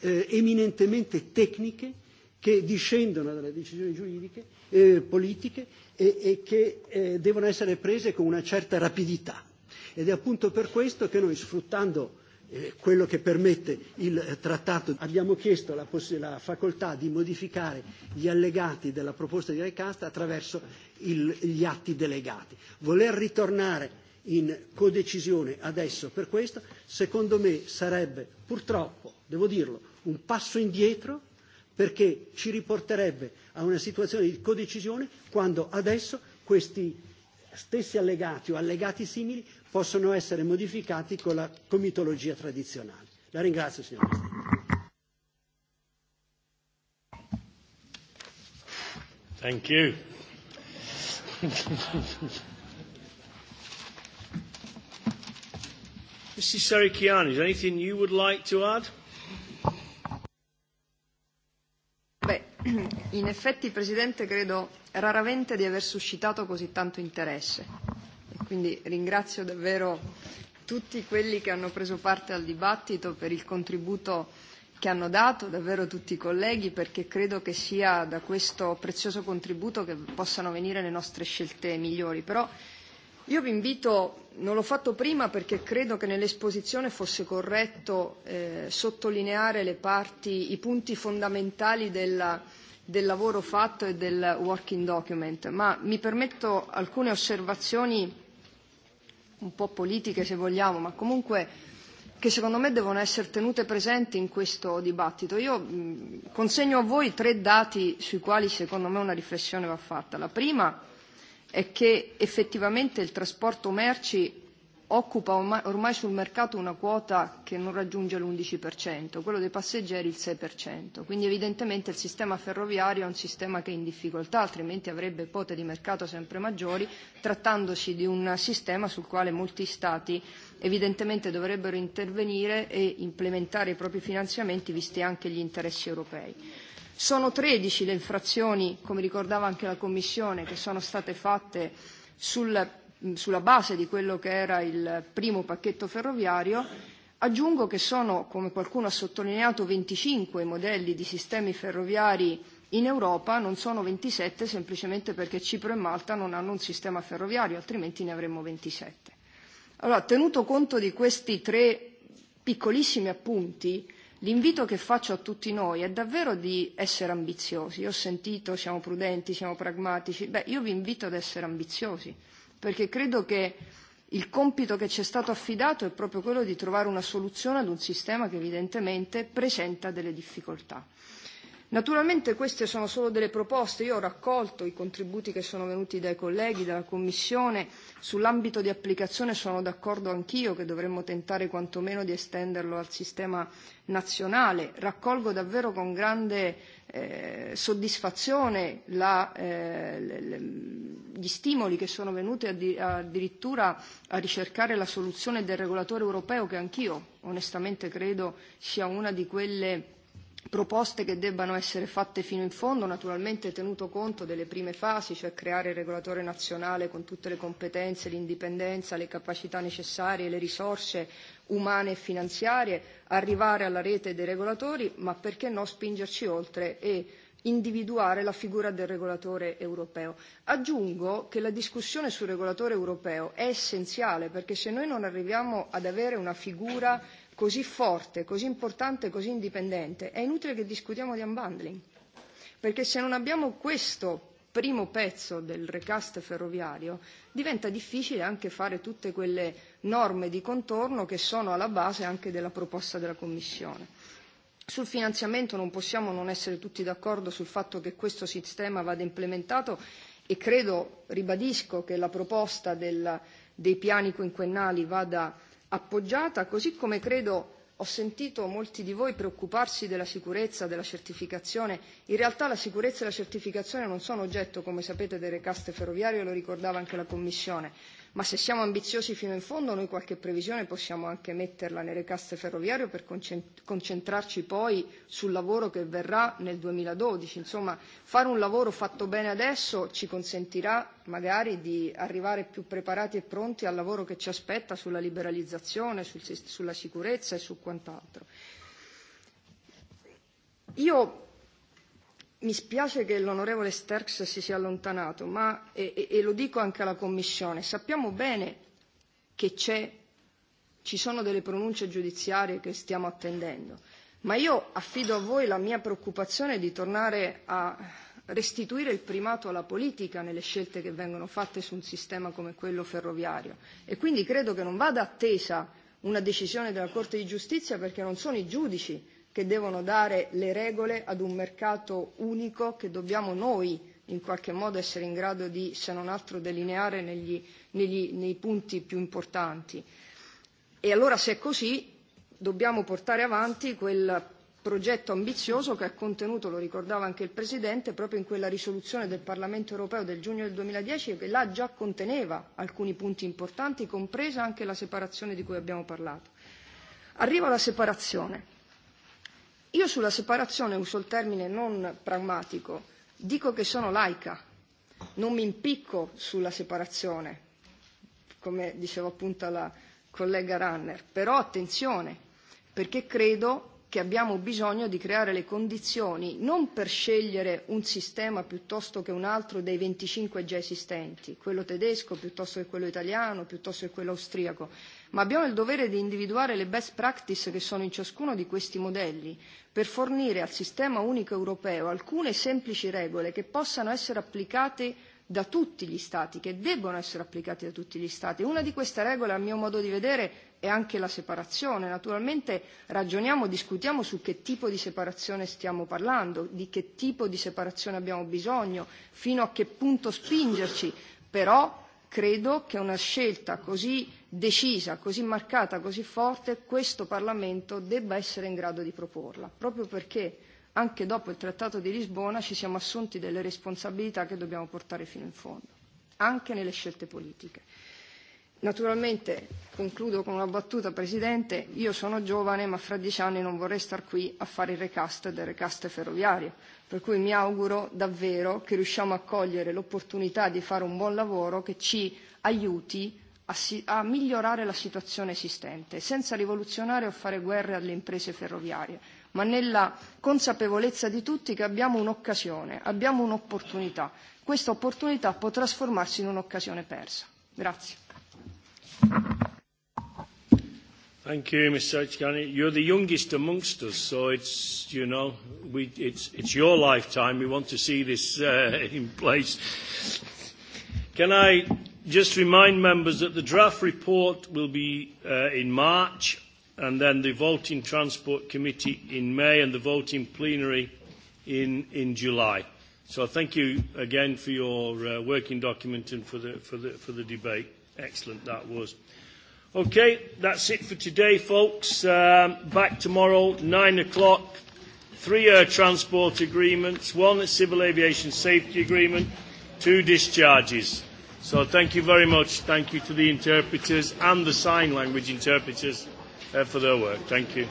Speaker 3: eh, eminentemente tecniche che discendono dalle decisioni giuridiche, eh, politiche e, e che eh, devono essere prese con una certa rapidità. Ed è appunto per questo che noi, sfruttando eh, quello che permette il trattato, abbiamo chiesto la, poss- la facoltà di modificare gli allegati della proposta di Recast attraverso il, gli atti delegati. Voler ritornare in codecisione adesso per questo, secondo me sarebbe purtroppo, devo dirlo, un passo indietro perché ci riporterebbe a una situazione di codecisione quando adesso questi stessi allegati o allegati simili possono essere modificati con la comitologia tradizionale. La ringrazio signor Presidente.
Speaker 2: Thank you. (laughs) Mrs. Serikiani, is there anything you would like to add?
Speaker 6: (clears throat) In effetti, Presidente, credo raramente di aver suscitato così tanto interesse. E quindi ringrazio davvero tutti quelli che hanno preso parte al dibattito per il contributo che hanno dato, davvero tutti i colleghi, perché credo che sia da questo prezioso contributo che possano venire le nostre scelte migliori. Però io vi invito non l'ho fatto prima perché credo che nell'esposizione fosse corretto eh, sottolineare le parti, i punti fondamentali della, del lavoro fatto e del working document, ma mi permetto alcune osservazioni un po' politiche se vogliamo, ma comunque che secondo me devono essere tenute presenti in questo dibattito. Io mh, mm, consegno a voi tre dati sui quali secondo me una riflessione va fatta. La prima è che effettivamente il trasporto merci occupa ormai sul mercato una quota che non raggiunge l'11%, quello dei passeggeri il 6%, quindi evidentemente il sistema ferroviario è un sistema che è in difficoltà, altrimenti avrebbe quote di mercato sempre maggiori, trattandosi di un sistema sul quale molti Stati evidentemente dovrebbero intervenire e implementare i propri finanziamenti, visti anche gli interessi europei. Sono 13 le infrazioni, come ricordava anche la Commissione, che sono state fatte sul, sulla base di quello che era il primo pacchetto ferroviario. Aggiungo che sono, come qualcuno ha sottolineato, 25 i modelli di sistemi ferroviari in Europa, non sono 27 semplicemente perché Cipro e Malta non hanno un sistema ferroviario, altrimenti ne avremmo 27. Allora, tenuto conto di questi tre piccolissimi appunti, L'invito che faccio a tutti noi è davvero di essere ambiziosi. Io ho sentito siamo prudenti, siamo pragmatici. Beh, io vi invito ad essere ambiziosi, perché credo che il compito che ci è stato affidato è proprio quello di trovare una soluzione ad un sistema che evidentemente presenta delle difficoltà. Naturalmente queste sono solo delle proposte, io ho raccolto i contributi che sono venuti dai colleghi, dalla Commissione, sull'ambito di applicazione sono d'accordo anch'io che dovremmo tentare quantomeno di estenderlo al sistema nazionale, raccolgo davvero con grande eh, soddisfazione la, eh, le, le, gli stimoli che sono venuti addi- addirittura a ricercare la soluzione del regolatore europeo che anch'io onestamente credo sia una di quelle proposte che debbano essere fatte fino in fondo, naturalmente tenuto conto delle prime fasi, cioè creare il regolatore nazionale con tutte le competenze, l'indipendenza, le capacità necessarie, le risorse umane e finanziarie, arrivare alla rete dei regolatori, ma perché no spingerci oltre e individuare la figura del regolatore europeo. Aggiungo che la discussione sul regolatore europeo è essenziale perché se noi non arriviamo ad avere una figura così forte, così importante, così indipendente, è inutile che discutiamo di unbundling. Perché se non abbiamo questo primo pezzo del recast ferroviario, diventa difficile anche fare tutte quelle norme di contorno che sono alla base anche della proposta della Commissione. Sul finanziamento non possiamo non essere tutti d'accordo sul fatto che questo sistema vada implementato e credo, ribadisco, che la proposta del, dei piani quinquennali vada appoggiata, così come credo ho sentito molti di voi preoccuparsi della sicurezza della certificazione. In realtà la sicurezza e la certificazione non sono oggetto, come sapete, delle caste ferroviarie, lo ricordava anche la Commissione ma se siamo ambiziosi fino in fondo noi qualche previsione possiamo anche metterla nelle casse ferroviarie per concentrarci poi sul lavoro che verrà nel 2012. Insomma, fare un lavoro fatto bene adesso ci consentirà magari di arrivare più preparati e pronti al lavoro che ci aspetta sulla liberalizzazione, sul, sulla sicurezza e su quant'altro. Io Mi spiace che l'onorevole Sterks si sia allontanato, ma, e, e, e lo dico anche alla Commissione, sappiamo bene che c'è, ci sono delle pronunce giudiziarie che stiamo attendendo, ma io affido a voi la mia preoccupazione di tornare a restituire il primato alla politica nelle scelte che vengono fatte su un sistema come quello ferroviario e quindi credo che non vada attesa una decisione della Corte di giustizia perché non sono i giudici che devono dare le regole ad un mercato unico che dobbiamo noi in qualche modo essere in grado di, se non altro, delineare negli, negli, nei punti più importanti. E allora, se è così, dobbiamo portare avanti quel progetto ambizioso che è contenuto, lo ricordava anche il Presidente, proprio in quella risoluzione del Parlamento europeo del giugno del 2010 che là già conteneva alcuni punti importanti, compresa anche la separazione di cui abbiamo parlato. Arriva la separazione. Io sulla separazione uso il termine non pragmatico, dico che sono laica, non mi impicco sulla separazione, come diceva appunto la collega Runner, però attenzione, perché credo che abbiamo bisogno di creare le condizioni non per scegliere un sistema piuttosto che un altro dei 25 già esistenti, quello tedesco piuttosto che quello italiano, piuttosto che quello austriaco, ma abbiamo il dovere di individuare le best practice che sono in ciascuno di questi modelli per fornire al sistema unico europeo alcune semplici regole che possano essere applicate da tutti gli Stati, che debbono essere applicate da tutti gli Stati. Una di queste regole, a mio modo di vedere, è anche la separazione. Naturalmente ragioniamo, discutiamo su che tipo di separazione stiamo parlando, di che tipo di separazione abbiamo bisogno, fino a che punto spingerci, però credo che una scelta così decisa, così marcata, così forte, questo Parlamento debba essere in grado di proporla, proprio perché anche dopo il Trattato di Lisbona ci siamo assunti delle responsabilità che dobbiamo portare fino in fondo, anche nelle scelte politiche. Naturalmente, concludo con una battuta, Presidente, io sono giovane ma fra dieci anni non vorrei star qui a fare il recast del recast ferroviario, Per cui mi auguro davvero che riusciamo a cogliere l'opportunità di fare un buon lavoro che ci aiuti a, si- a migliorare la situazione esistente, senza rivoluzionare o fare guerre alle imprese ferroviarie, ma nella consapevolezza di tutti che abbiamo un'occasione, abbiamo un'opportunità. Questa opportunità può trasformarsi in un'occasione persa. Grazie.
Speaker 2: Thank you, Mr. Sachgani. You're the youngest amongst us, so it's, you know, we, it's, it's your lifetime. We want to see this uh, (laughs) in place. Can I just remind members that the draft report will be uh, in March, and then the vote in Transport Committee in May, and the vote in plenary in, in July. So thank you again for your uh, working document and for the, for, the, for the debate. Excellent that was. Uh, Okay, that's it for today, folks. Um, back tomorrow, 9 o'clock. Three-year transport agreements, one civil aviation safety agreement, two discharges. So thank you very much. Thank you to the interpreters and the sign language interpreters uh, for their work. Thank you.